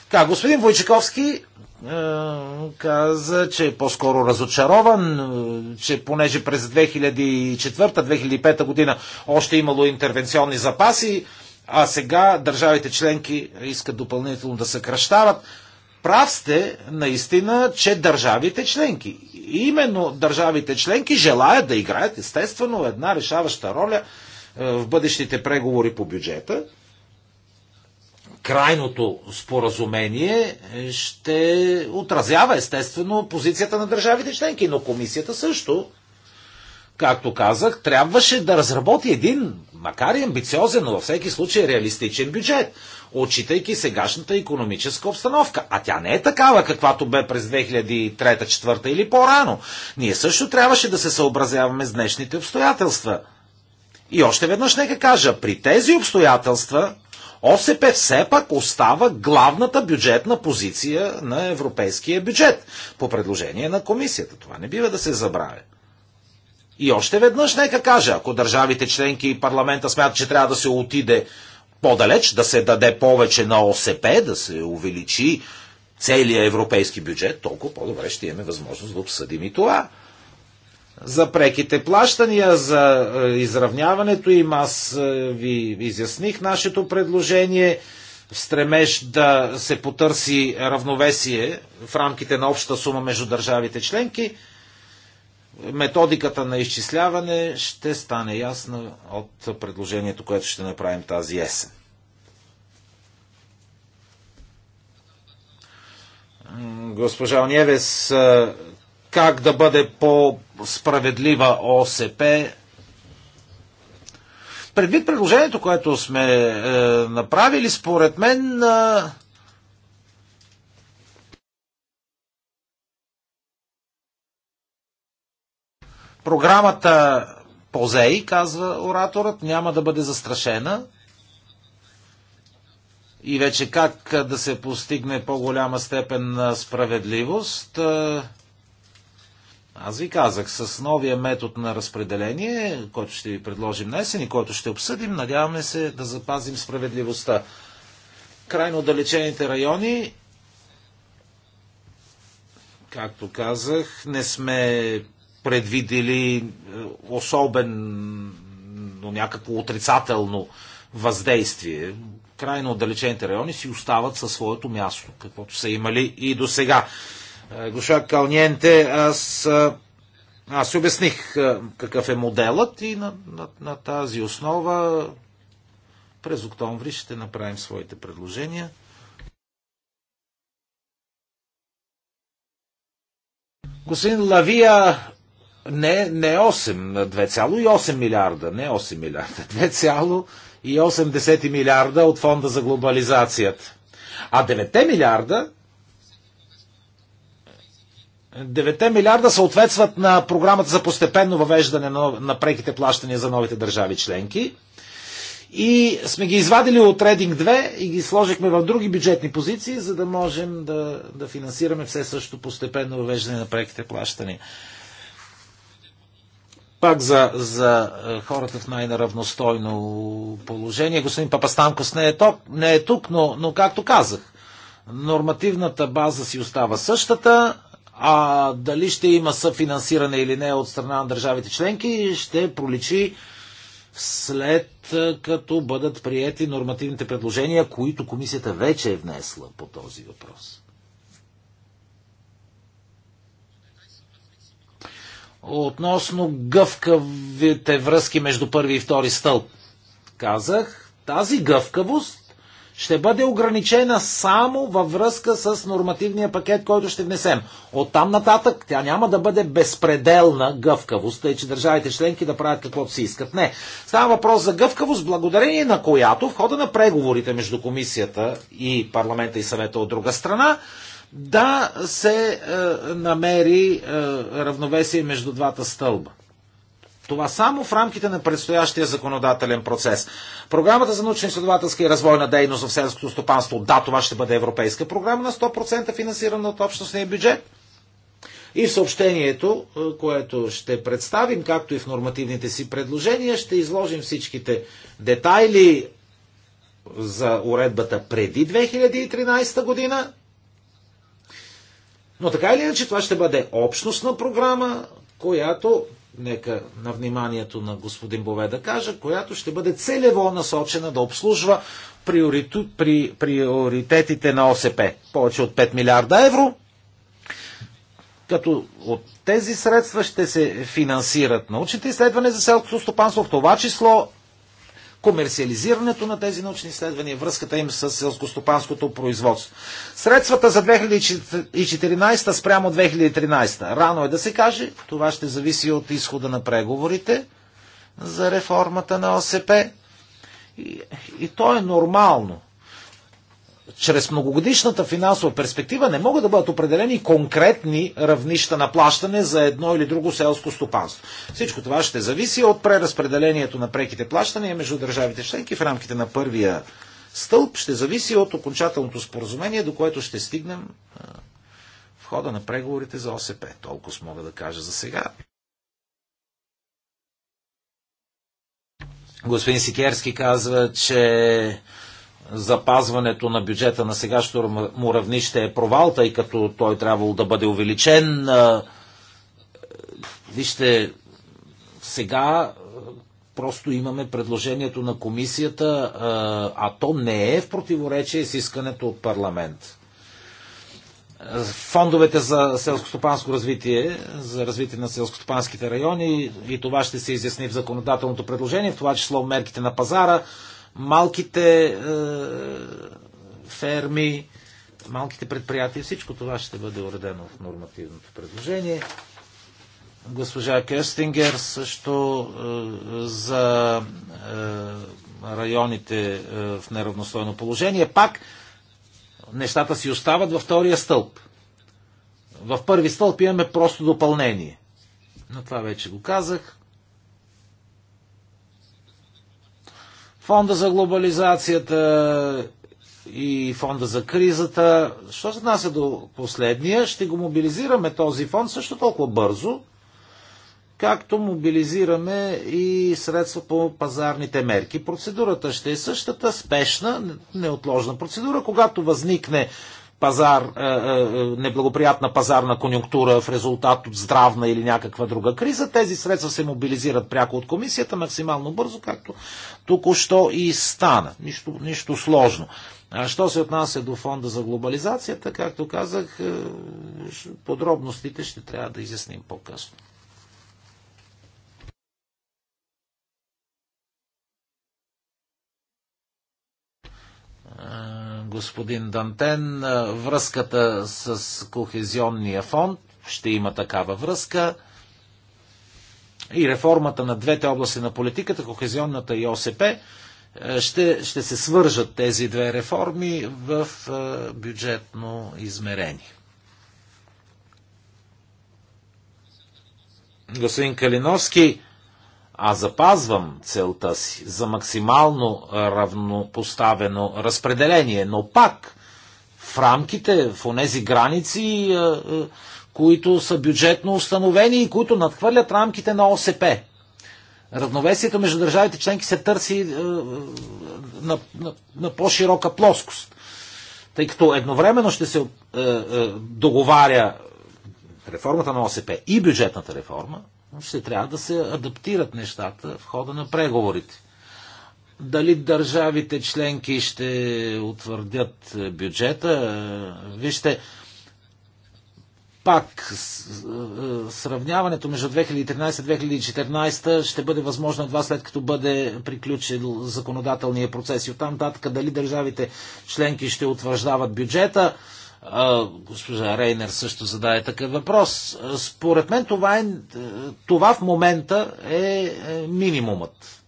C: Така, господин Войчаковски е, каза, че е по-скоро разочарован, е, че понеже през 2004-2005 година още имало интервенционни запаси, а сега държавите членки искат допълнително да съкръщават. Прав сте наистина, че държавите членки, именно държавите членки желаят да играят естествено една решаваща роля е, в бъдещите преговори по бюджета. Крайното споразумение ще отразява естествено позицията на държавите членки, но комисията също както казах, трябваше да разработи един, макар и амбициозен, но във всеки случай реалистичен бюджет, отчитайки сегашната економическа обстановка. А тя не е такава, каквато бе през 2003, 2004 или по-рано. Ние също трябваше да се съобразяваме с днешните обстоятелства. И още веднъж нека кажа, при тези обстоятелства ОСП все пак остава главната бюджетна позиция на европейския бюджет по предложение на комисията. Това не бива да се забравя. И още веднъж нека кажа, ако държавите членки и парламента смятат, че трябва да се отиде по-далеч, да се даде повече на ОСП, да се увеличи целият европейски бюджет, толкова по-добре ще имаме възможност да обсъдим и това. За преките плащания, за е, изравняването им, аз е, ви изясних нашето предложение в стремеж да се потърси равновесие в рамките на обща сума между държавите членки – методиката на изчисляване ще стане ясна от предложението, което ще направим тази есен. Госпожа Оневес, как да бъде по-справедлива ОСП? Предвид предложението, което сме е, направили, според мен е, Програмата Позей, казва ораторът, няма да бъде застрашена. И вече как да се постигне по-голяма степен на справедливост? Аз ви казах, с новия метод на разпределение, който ще ви предложим днес и който ще обсъдим, надяваме се да запазим справедливостта. Крайно отдалечените райони, както казах, не сме предвидили е, особено някакво отрицателно въздействие. Крайно отдалечените райони си остават със своето място, каквото са имали и до сега. Е, Гоша Калниенте, аз, е, аз си обясних какъв е моделът и на, на, на тази основа през октомври ще направим своите предложения. Господин Лавия не, не 8, 2,8 милиарда, не 8 милиарда, 2,8 милиарда от фонда за глобализацията. А 9 милиарда 9 милиарда съответстват на програмата за постепенно въвеждане на, на преките плащания за новите държави членки. И сме ги извадили от Рединг 2 и ги сложихме в други бюджетни позиции, за да можем да, да финансираме все също постепенно въвеждане на преките плащания пак за, за е, хората в най-неравностойно положение. Господин Папастанкос не е тук, не е тук но, но както казах, нормативната база си остава същата, а дали ще има съфинансиране или не от страна на държавите членки, ще проличи след е, като бъдат приети нормативните предложения, които комисията вече е внесла по този въпрос. относно гъвкавите връзки между първи и втори стълб. Казах, тази гъвкавост ще бъде ограничена само във връзка с нормативния пакет, който ще внесем. От там нататък тя няма да бъде безпределна гъвкавост, тъй че държавите членки да правят каквото си искат. Не. Става въпрос за гъвкавост, благодарение на която в хода на преговорите между комисията и парламента и съвета от друга страна, да се е, намери е, равновесие между двата стълба. Това само в рамките на предстоящия законодателен процес. Програмата за научно-изследователска и развойна дейност в селското стопанство, да, това ще бъде европейска програма на 100% финансирана от общностния бюджет. И в съобщението, е, което ще представим, както и в нормативните си предложения, ще изложим всичките детайли за уредбата преди 2013 година, но така или иначе това ще бъде общностна програма, която, нека на вниманието на господин Бове да кажа, която ще бъде целево насочена да обслужва приориту, при, приоритетите на ОСП. Повече от 5 милиарда евро, като от тези средства ще се финансират научните изследвания за селското стопанство, в това число комерциализирането на тези научни изследвания, връзката им с селскостопанското производство. Средствата за 2014 спрямо 2013. Рано е да се каже, това ще зависи от изхода на преговорите за реформата на ОСП. И, и то е нормално чрез многогодишната финансова перспектива не могат да бъдат определени конкретни равнища на плащане за едно или друго селско стопанство. Всичко това ще зависи от преразпределението на преките плащания между държавите членки в рамките на първия стълб, ще зависи от окончателното споразумение, до което ще стигнем в хода на преговорите за ОСП. Толкова мога да кажа за сега. Господин Сикерски казва, че запазването на бюджета на сегашното му равнище е провал, тъй като той трябвало да бъде увеличен. Вижте, сега просто имаме предложението на комисията, а то не е в противоречие с искането от парламент. Фондовете за селско-стопанско развитие, за развитие на селско-стопанските райони, и това ще се изясни в законодателното предложение, в това число мерките на пазара, малките е, ферми, малките предприятия. Всичко това ще бъде уредено в нормативното предложение. Госпожа Кестингер също е, за е, районите е, в неравностойно положение. Пак нещата си остават във втория стълб. В първи стълб имаме просто допълнение. Но това вече го казах. фонда за глобализацията и фонда за кризата. Що се отнася до последния, ще го мобилизираме този фонд също толкова бързо, както мобилизираме и средства по пазарните мерки. Процедурата ще е същата, спешна, неотложна процедура. Когато възникне пазар, е, е, е, неблагоприятна пазарна конюнктура в резултат от здравна или някаква друга криза, тези средства се мобилизират пряко от комисията максимално бързо, както току-що и стана. Нищо, нищо сложно. А що се отнася до фонда за глобализацията, както казах, подробностите ще трябва да изясним по-късно. Uh господин Дантен, връзката с Кохезионния фонд ще има такава връзка. И реформата на двете области на политиката, Кохезионната и ОСП, ще, ще се свържат тези две реформи в бюджетно измерение. Господин Калиновски, а запазвам целта си за максимално равнопоставено разпределение, но пак в рамките, в онези граници, е, е, които са бюджетно установени и които надхвърлят рамките на ОСП. Равновесието между държавите членки се търси е, на, на, на по-широка плоскост, тъй като едновременно ще се договаря реформата на ОСП и бюджетната реформа, ще трябва да се адаптират нещата в хода на преговорите. Дали държавите членки ще утвърдят е, бюджета? Е, вижте, пак е, сравняването между 2013-2014 ще бъде възможно едва след като бъде приключен законодателния процес. И оттам татък дали държавите членки ще утвърждават бюджета, Госпожа Рейнер също задае такъв въпрос. Според мен това, е, е, това в момента е, е минимумът.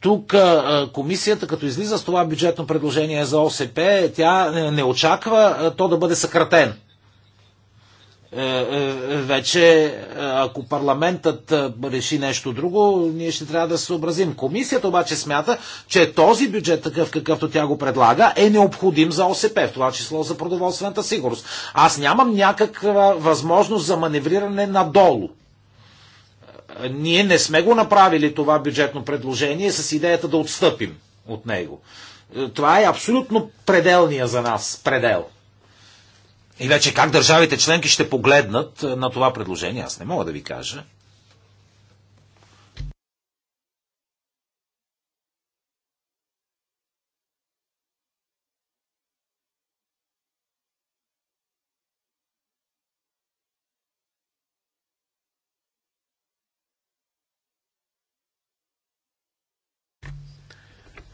C: Тук комисията, като излиза с това бюджетно предложение за ОСП, тя не очаква то да бъде съкратен. Е, е, вече е, ако парламентът реши нещо друго, ние ще трябва да се съобразим. Комисията обаче смята, че този бюджет, такъв какъвто тя го предлага, е необходим за ОСП, в това число за продоволствената сигурност. Аз нямам някаква възможност за маневриране надолу. Ние не сме го направили това бюджетно предложение с идеята да отстъпим от него. Това е абсолютно пределния за нас предел. И вече как държавите членки ще погледнат е, на това предложение, аз не мога да ви кажа.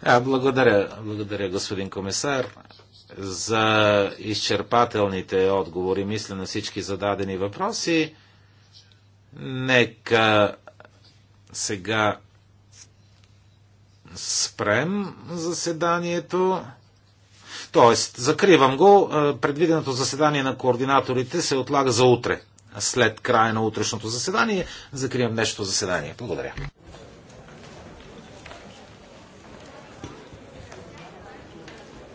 C: А, благодаря, благодаря, господин комисар за изчерпателните отговори, мисля на всички зададени въпроси. Нека сега спрем заседанието. Тоест, закривам го. Е, предвиденото заседание на координаторите се отлага за утре. След края на утрешното заседание закривам днешното заседание. Благодаря.